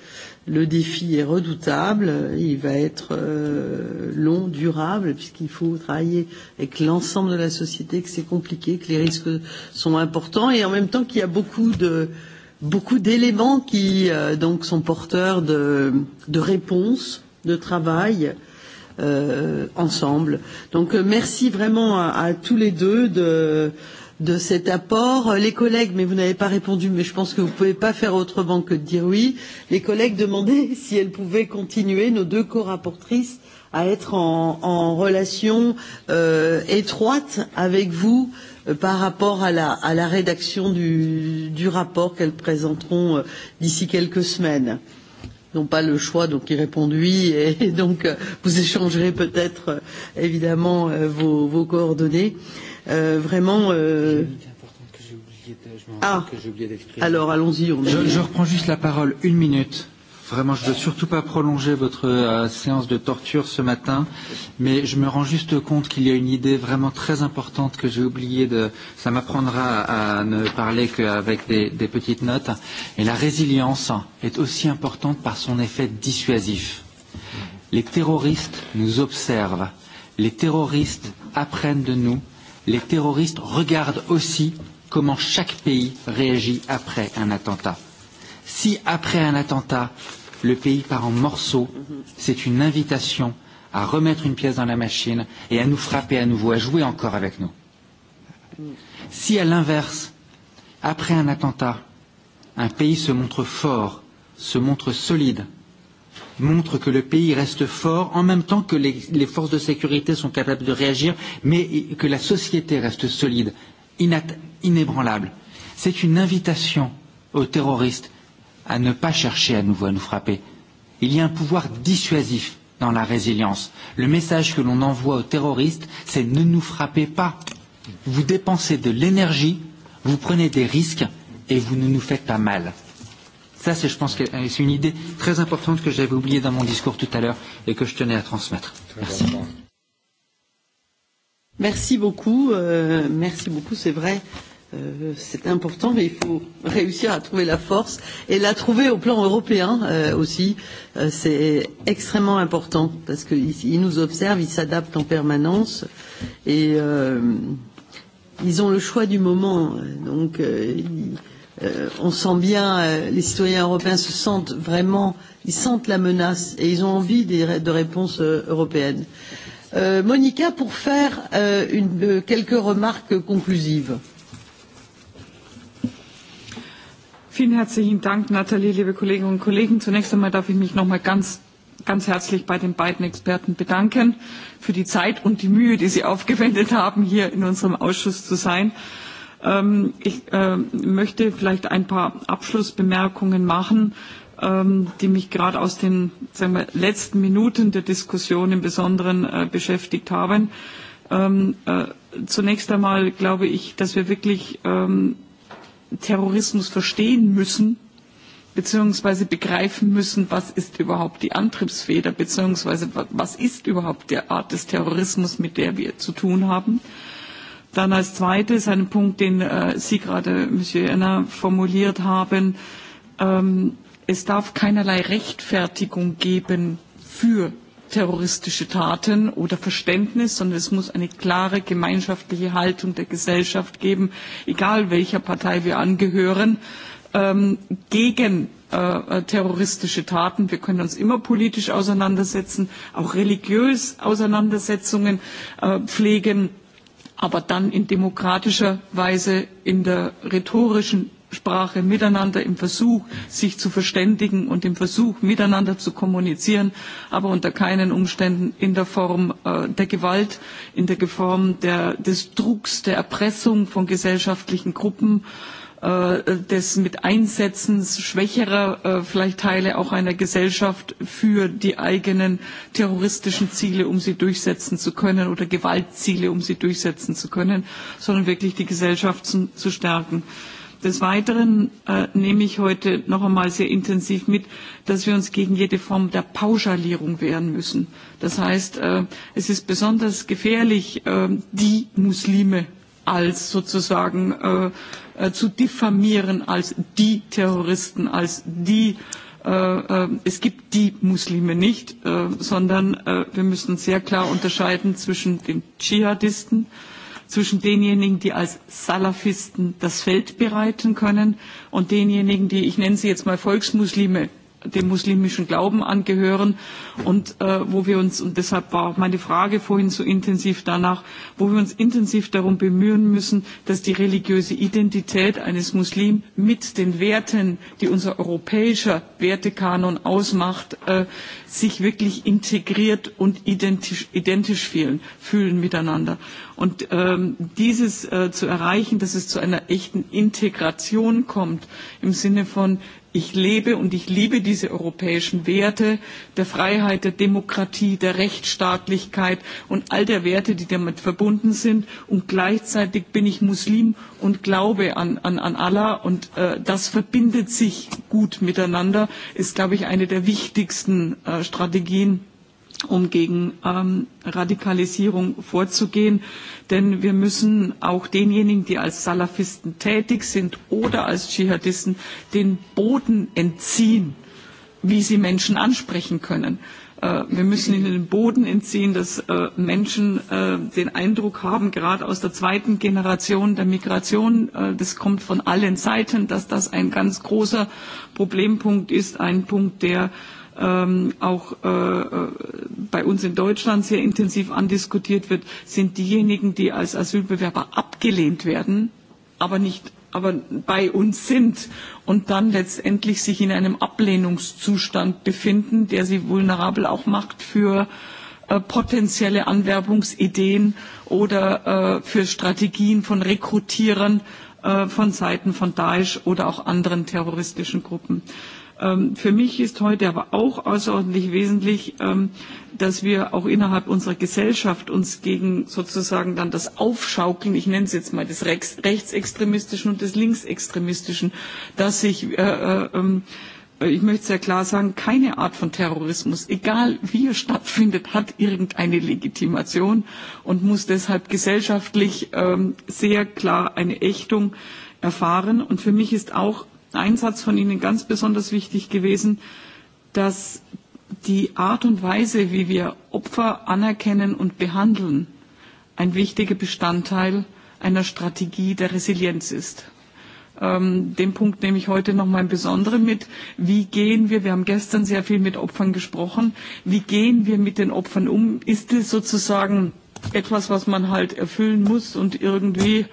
le défi est redoutable, il va être euh, long, durable, puisqu'il faut travailler avec l'ensemble de la société, que c'est compliqué, que les risques sont importants, et en même temps qu'il y a beaucoup de beaucoup d'éléments qui euh, donc sont porteurs de, de réponses, de travail euh, ensemble. Donc euh, merci vraiment à, à tous les deux de euh, de cet apport. Euh, les collègues, mais vous n'avez pas répondu, mais je pense que vous ne pouvez pas faire autrement que de dire oui. Les collègues demandaient <laughs> si elles pouvaient continuer, nos deux co-rapportrices, à être en, en relation euh, étroite avec vous euh, par rapport à la, à la rédaction du, du rapport qu'elles présenteront euh, d'ici quelques semaines n'ont pas le choix, donc ils répondent oui, et, et donc euh, vous échangerez peut-être euh, évidemment euh, vos, vos coordonnées. Euh, euh, vraiment. Euh... Ah, ah, alors allons-y. On... Je, je reprends juste la parole une minute. Vraiment, je ne veux surtout pas prolonger votre euh, séance de torture ce matin, mais je me rends juste compte qu'il y a une idée vraiment très importante que j'ai oublié de... Ça m'apprendra à, à ne parler qu'avec des, des petites notes. Et la résilience est aussi importante par son effet dissuasif. Les terroristes nous observent. Les terroristes apprennent de nous les terroristes regardent aussi comment chaque pays réagit après un attentat. Si après un attentat, le pays part en morceaux, c'est une invitation à remettre une pièce dans la machine et à nous frapper à nouveau, à jouer encore avec nous. Si à l'inverse, après un attentat, un pays se montre fort, se montre solide, montre que le pays reste fort, en même temps que les, les forces de sécurité sont capables de réagir, mais que la société reste solide, inébranlable. C'est une invitation aux terroristes à ne pas chercher à nouveau à nous frapper. Il y a un pouvoir dissuasif dans la résilience. Le message que l'on envoie aux terroristes, c'est ne nous frappez pas. Vous dépensez de l'énergie, vous prenez des risques et vous ne nous faites pas mal. Ça, c'est, je pense, que euh, c'est une idée très importante que j'avais oubliée dans mon discours tout à l'heure et que je tenais à transmettre. Merci. Merci beaucoup. Euh, merci beaucoup. C'est vrai, euh, c'est important, mais il faut réussir à trouver la force et la trouver au plan européen euh, aussi. Euh, c'est extrêmement important parce qu'ils nous observent, ils s'adaptent en permanence et euh, ils ont le choix du moment. Euh, donc, euh, ils, euh, on sent bien, euh, les citoyens européens se sentent vraiment, ils sentent la menace et ils ont envie des, de réponses euh, européennes. Euh, Monica, pour faire euh, une, euh, quelques remarques conclusives. Vielen herzlichen Dank, Nathalie, liebe Kolleginnen und Kollegen. Zunächst einmal darf ich mich noch mal ganz ganz herzlich bei den beiden Experten bedanken für die Zeit und die Mühe, die sie aufgewendet haben, hier in unserem Ausschuss zu sein. Äh, Ähm, ich äh, möchte vielleicht ein paar Abschlussbemerkungen machen, ähm, die mich gerade aus den sagen wir, letzten Minuten der Diskussion im Besonderen äh, beschäftigt haben. Ähm, äh, zunächst einmal glaube ich, dass wir wirklich ähm, Terrorismus verstehen müssen beziehungsweise begreifen müssen, was ist überhaupt die Antriebsfeder, beziehungsweise was ist überhaupt der Art des Terrorismus, mit der wir zu tun haben. Äh, Dann als zweites ein Punkt, den äh, Sie gerade, Monsieur Enner, formuliert haben. Ähm, es darf keinerlei Rechtfertigung geben für terroristische Taten oder Verständnis, sondern es muss eine klare gemeinschaftliche Haltung der Gesellschaft geben, egal welcher Partei wir angehören, ähm, gegen äh, äh terroristische Taten. Wir können uns immer politisch auseinandersetzen, auch religiös Auseinandersetzungen äh, pflegen aber dann in demokratischer Weise in der rhetorischen Sprache miteinander im Versuch, sich zu verständigen und im Versuch, miteinander zu kommunizieren, aber unter keinen Umständen in der Form äh, der Gewalt, in der Form der, des Drucks, der Erpressung von gesellschaftlichen Gruppen, äh, des mit Einsetzens schwächerer äh, vielleicht Teile auch einer Gesellschaft für die eigenen terroristischen Ziele, um sie durchsetzen zu können oder Gewaltziele, um sie durchsetzen zu können, sondern wirklich die Gesellschaft zu, zu stärken. Äh, Des Weiteren äh, nehme ich heute noch einmal sehr intensiv mit, dass wir uns gegen jede Form der Pauschalierung wehren müssen. Das heißt, äh, es ist besonders gefährlich, äh, die Muslime als sozusagen äh, äh, zu diffamieren, als die Terroristen, als die äh, äh es gibt die Muslime nicht, äh, sondern äh, wir müssen sehr klar unterscheiden zwischen den Dschihadisten, äh, zwischen denjenigen, die als Salafisten das Feld bereiten können und denjenigen, die, ich nenne sie jetzt mal Volksmuslime, dem muslimischen Glauben angehören und äh, wo wir uns, und deshalb war auch meine Frage vorhin so intensiv danach, wo wir uns intensiv darum bemühen müssen, dass die religiöse Identität eines Muslim mit den Werten, die unser europäischer Wertekanon ausmacht, äh, sich wirklich integriert und identisch, identisch fühlen, fühlen miteinander. Und ähm, dieses äh, zu erreichen, dass es zu einer echten Integration kommt, im Sinne von, Ich lebe und ich liebe diese europäischen Werte der Freiheit, der Demokratie, der Rechtsstaatlichkeit und all der Werte, die damit verbunden sind. Und gleichzeitig bin ich Muslim und glaube an, an, an Allah. Und äh, das verbindet sich gut miteinander, ist, glaube ich, eine der wichtigsten äh, Strategien, um gegen ähm, Radikalisierung vorzugehen. Denn wir müssen auch denjenigen, die als Salafisten tätig sind oder als Dschihadisten, den Boden entziehen, wie sie Menschen ansprechen können. Äh, wir müssen ihnen den Boden entziehen, dass äh, Menschen äh, den Eindruck haben, gerade aus der zweiten Generation der Migration, äh, das kommt von allen Seiten, dass das ein ganz großer Problempunkt ist, ein Punkt, der äh, ähm, auch äh, äh, bei uns in Deutschland sehr intensiv andiskutiert wird, sind diejenigen, die als Asylbewerber abgelehnt werden, aber nicht aber bei uns sind und dann letztendlich sich in einem Ablehnungszustand befinden, der sie vulnerabel auch macht für äh, potenzielle Anwerbungsideen oder äh, für Strategien von Rekrutierern äh, von Seiten von Daesh oder auch anderen terroristischen Gruppen. Äh, Ähm, für mich ist heute aber auch außerordentlich wesentlich, ähm, dass wir auch innerhalb unserer Gesellschaft uns gegen sozusagen dann das Aufschaukeln, ich nenne es jetzt mal des Rex, rechtsextremistischen und des linksextremistischen, dass sich äh, äh, ähm, ich möchte sehr klar sagen, keine Art von Terrorismus, egal wie er stattfindet, hat irgendeine Legitimation und muss deshalb gesellschaftlich ähm, sehr klar eine Ächtung erfahren. Und für mich ist auch ein Satz von Ihnen ganz besonders wichtig gewesen, dass die Art und Weise, wie wir Opfer anerkennen und behandeln, ein wichtiger Bestandteil einer Strategie der Resilienz ist. Ähm, den Punkt nehme ich heute noch mal im Besonderen mit. Wie gehen wir, wir haben gestern sehr viel mit Opfern gesprochen, wie gehen wir mit den Opfern um? Ist es sozusagen etwas, was man halt erfüllen muss und irgendwie äh,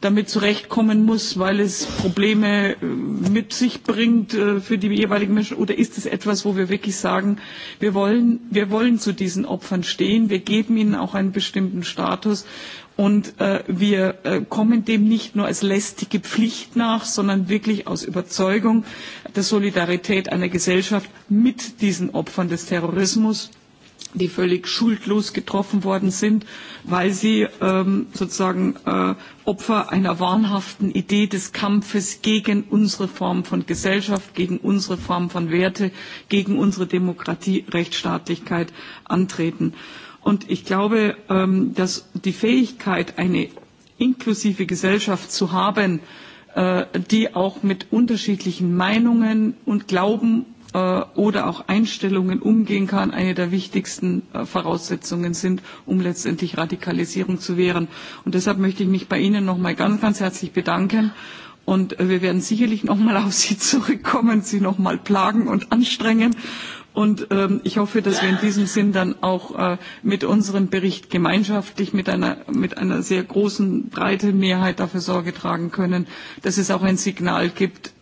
damit zurechtkommen muss, weil es Probleme äh, mit sich bringt äh, für die jeweiligen Menschen? Oder ist es etwas, wo wir wirklich sagen, wir wollen, wir wollen zu diesen Opfern stehen, wir geben ihnen auch einen bestimmten Status und äh, wir äh, kommen dem nicht nur als lästige Pflicht nach, sondern wirklich aus Überzeugung der Solidarität einer Gesellschaft mit diesen Opfern des Terrorismus die völlig schuldlos getroffen worden sind, weil sie ähm, sozusagen äh, Opfer einer wahnhaften Idee des Kampfes gegen unsere Form von Gesellschaft, gegen unsere Form von Werte, gegen unsere Demokratie, Rechtsstaatlichkeit antreten. Und ich glaube, ähm, dass die Fähigkeit, eine inklusive Gesellschaft zu haben, äh, die auch mit unterschiedlichen Meinungen und Glauben äh, oder auch Einstellungen umgehen kann, eine der wichtigsten äh, Voraussetzungen sind, um letztendlich Radikalisierung zu wehren. Und deshalb möchte ich mich bei Ihnen nochmal ganz, ganz herzlich bedanken. Und äh, wir werden sicherlich nochmal auf Sie <laughs> zurückkommen, Sie nochmal plagen und anstrengen. Und ähm, ich hoffe, dass wir in diesem Sinn dann auch äh, mit unserem Bericht gemeinschaftlich mit einer, mit einer sehr großen, breiten Mehrheit dafür Sorge tragen können, dass es auch ein Signal gibt,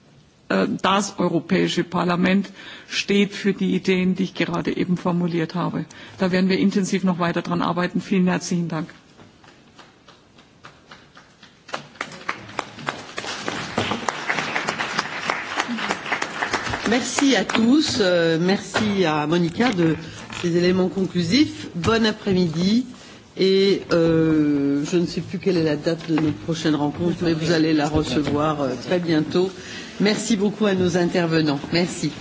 Äh, das Europäische Parlament steht für die Ideen, die ich gerade eben formuliert habe. Da werden wir intensiv noch weiter dran arbeiten. Vielen herzlichen Dank. Merci à tous. Euh, merci à Monica de ces éléments conclusifs. Bon après-midi. Et euh, je ne sais plus quelle est la date de notre prochaine rencontre, mais vous allez la recevoir euh, très bientôt. Euh, Merci beaucoup à nos intervenants. Merci.